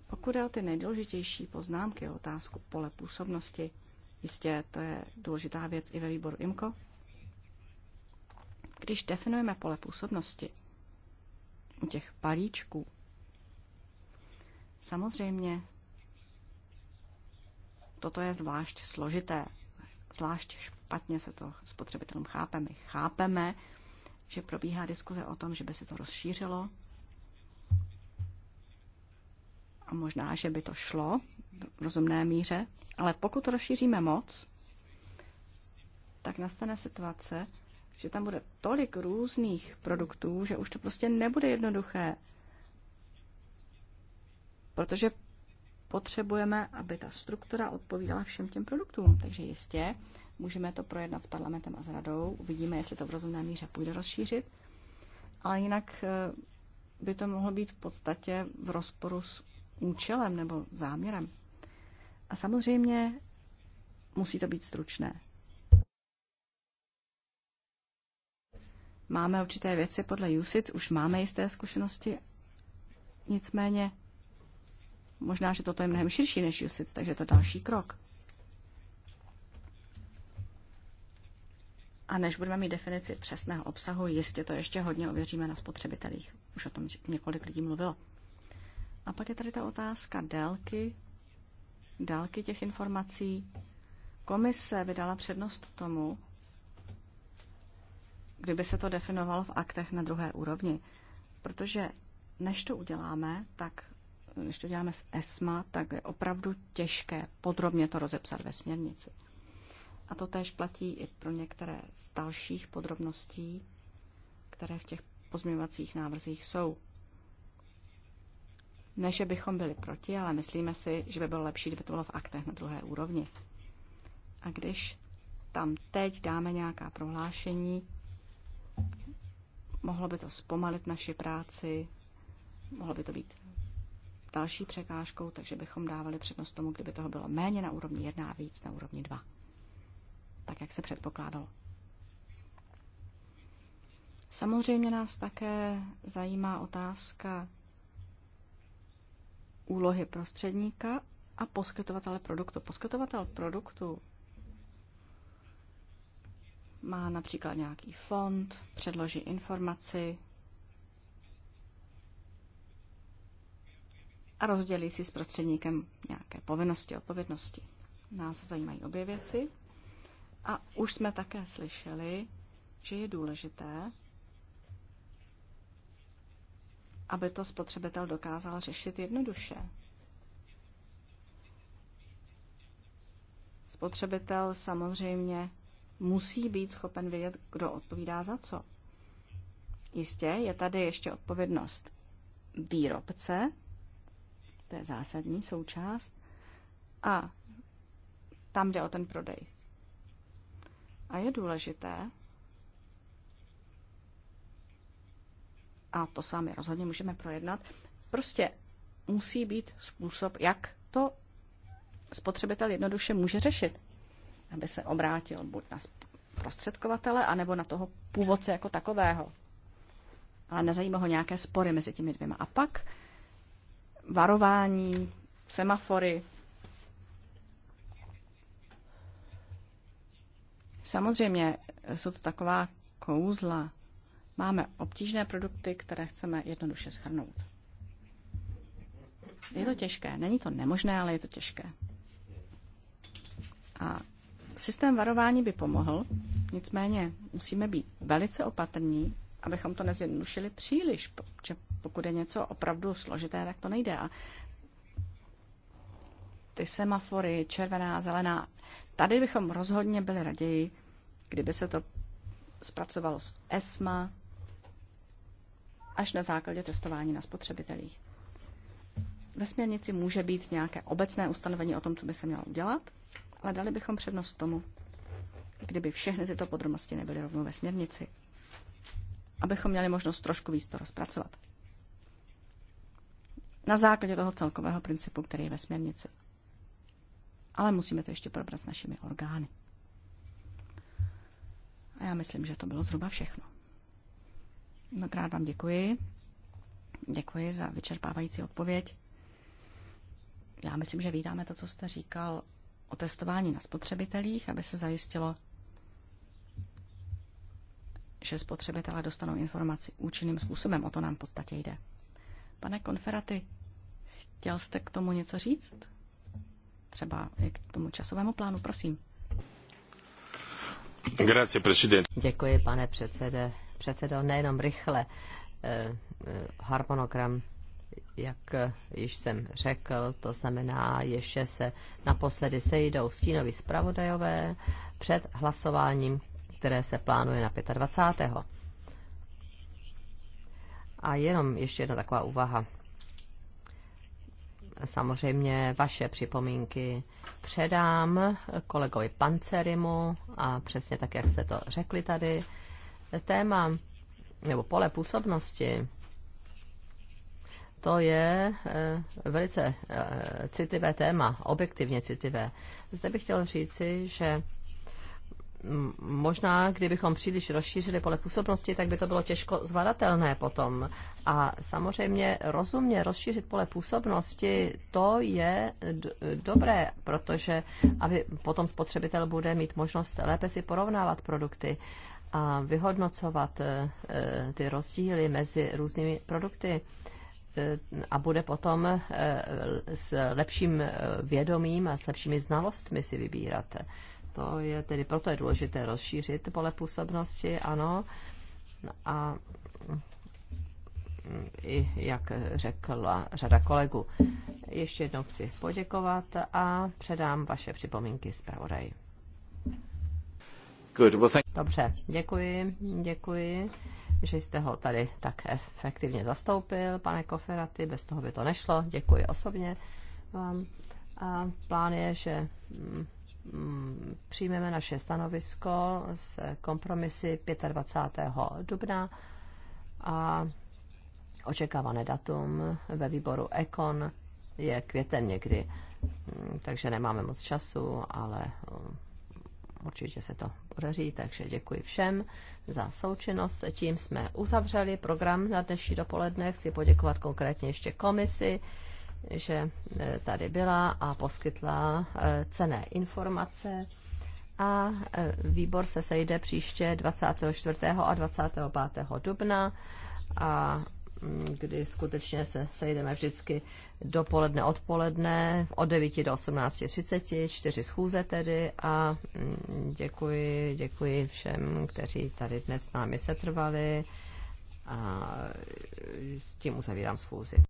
Pokud je o ty nejdůležitější poznámky o otázku pole působnosti, jistě to je důležitá věc i ve výboru IMCO. Když definujeme pole působnosti u těch palíčků, samozřejmě toto je zvlášť složité, zvlášť špatně se to spotřebitelům chápeme. Chápeme, že probíhá diskuze o tom, že by se to rozšířilo a možná, že by to šlo v rozumné míře, ale pokud rozšíříme moc, tak nastane situace, že tam bude tolik různých produktů, že už to prostě nebude jednoduché. Protože potřebujeme, aby ta struktura odpovídala všem těm produktům. Takže jistě můžeme to projednat s parlamentem a s radou. Uvidíme, jestli to v rozumné míře půjde rozšířit. Ale jinak eh, by to mohlo být v podstatě v rozporu s účelem nebo záměrem. A samozřejmě musí to být stručné. Máme určité věci podle USIC, už máme jisté zkušenosti, nicméně možná, že toto je mnohem širší než USIC, takže je to další krok. A než budeme mít definici přesného obsahu, jistě to ještě hodně ověříme na spotřebitelích. Už o tom několik lidí mluvilo. A pak je tady ta otázka délky, délky těch informací. Komise vydala přednost tomu, kdyby se to definovalo v aktech na druhé úrovni. Protože než to uděláme, tak než to děláme s ESMA, tak je opravdu těžké podrobně to rozepsat ve směrnici. A to též platí i pro některé z dalších podrobností, které v těch pozměňovacích návrzích jsou. Ne, že bychom byli proti, ale myslíme si, že by bylo lepší, kdyby to bylo v aktech na druhé úrovni. A když tam teď dáme nějaká prohlášení, mohlo by to zpomalit naši práci, mohlo by to být další překážkou, takže bychom dávali přednost tomu, kdyby toho bylo méně na úrovni 1 a víc na úrovni 2. Tak, jak se předpokládalo. Samozřejmě nás také zajímá otázka úlohy prostředníka a poskytovatele produktu. Poskytovatel produktu má například nějaký fond, předloží informaci a rozdělí si s prostředníkem nějaké povinnosti, odpovědnosti. Nás zajímají obě věci. A už jsme také slyšeli, že je důležité, aby to spotřebitel dokázal řešit jednoduše. Spotřebitel samozřejmě musí být schopen vědět, kdo odpovídá za co. Jistě je tady ještě odpovědnost výrobce, to je zásadní součást, a tam jde o ten prodej. A je důležité, a to s vámi rozhodně můžeme projednat, prostě musí být způsob, jak to spotřebitel jednoduše může řešit, aby se obrátil buď na prostředkovatele, anebo na toho původce jako takového. Ale nezajímá ho nějaké spory mezi těmi dvěma. A pak varování, semafory. Samozřejmě jsou to taková kouzla, Máme obtížné produkty, které chceme jednoduše schrnout. Je to těžké. Není to nemožné, ale je to těžké. A systém varování by pomohl, nicméně musíme být velice opatrní, abychom to nezjednodušili příliš, protože pokud je něco opravdu složité, tak to nejde. A ty semafory, červená, zelená, tady bychom rozhodně byli raději, kdyby se to zpracovalo s ESMA, až na základě testování na spotřebitelích. Ve směrnici může být nějaké obecné ustanovení o tom, co by se mělo udělat, ale dali bychom přednost tomu, kdyby všechny tyto podrobnosti nebyly rovnou ve směrnici, abychom měli možnost trošku víc to rozpracovat. Na základě toho celkového principu, který je ve směrnici. Ale musíme to ještě probrat s našimi orgány. A já myslím, že to bylo zhruba všechno. Mnohokrát vám děkuji. Děkuji za vyčerpávající odpověď. Já myslím, že vítáme to, co jste říkal o testování na spotřebitelích, aby se zajistilo, že spotřebitelé dostanou informaci účinným způsobem. O to nám v podstatě jde. Pane Konferaty, chtěl jste k tomu něco říct? Třeba k tomu časovému plánu, prosím. Grazie, Děkuji, pane předsede předsedal nejenom rychle eh, eh, harmonogram, jak eh, již jsem řekl, to znamená, ještě se naposledy sejdou stínovi zpravodajové před hlasováním, které se plánuje na 25. A jenom ještě jedna taková úvaha. Samozřejmě vaše připomínky předám kolegovi Pancerimu a přesně tak, jak jste to řekli tady, téma nebo pole působnosti, to je eh, velice eh, citivé téma, objektivně citivé. Zde bych chtěl říci, že možná, kdybychom příliš rozšířili pole působnosti, tak by to bylo těžko zvladatelné potom. A samozřejmě rozumně rozšířit pole působnosti, to je dobré, protože aby potom spotřebitel bude mít možnost lépe si porovnávat produkty a vyhodnocovat eh, eh, ty rozdíly mezi různými produkty eh, a bude potom s lepším vědomím a s lepšími znalostmi si vybírat. To je tedy proto je důležité rozšířit pole působnosti, ano. A i jak řekla řada kolegů. Ještě jednou chci poděkovat a předám vaše připomínky zpravodaji. Dobře, děkuji, děkuji, že jste ho tady tak efektivně zastoupil, pane Koferaty, bez toho by to nešlo, děkuji osobně vám. A plán je, že mm, mm, přijmeme naše stanovisko s kompromisy 25. dubna a očekávané datum ve výboru Ekon je květen někdy, mm, takže nemáme moc času, ale určitě se to podaří, takže děkuji všem za součinnost. Tím jsme uzavřeli program na dnešní dopoledne. Chci poděkovat konkrétně ještě komisi, že e, tady byla a poskytla e, cené informace. A e, výbor se sejde příště 24. a 25. dubna a kdy skutečně se sejdeme vždycky dopoledne, odpoledne, od 9 do 18.30, čtyři schůze tedy a mm, děkuji, děkuji všem, kteří tady dnes s námi setrvali a s tím uzavírám schůzi.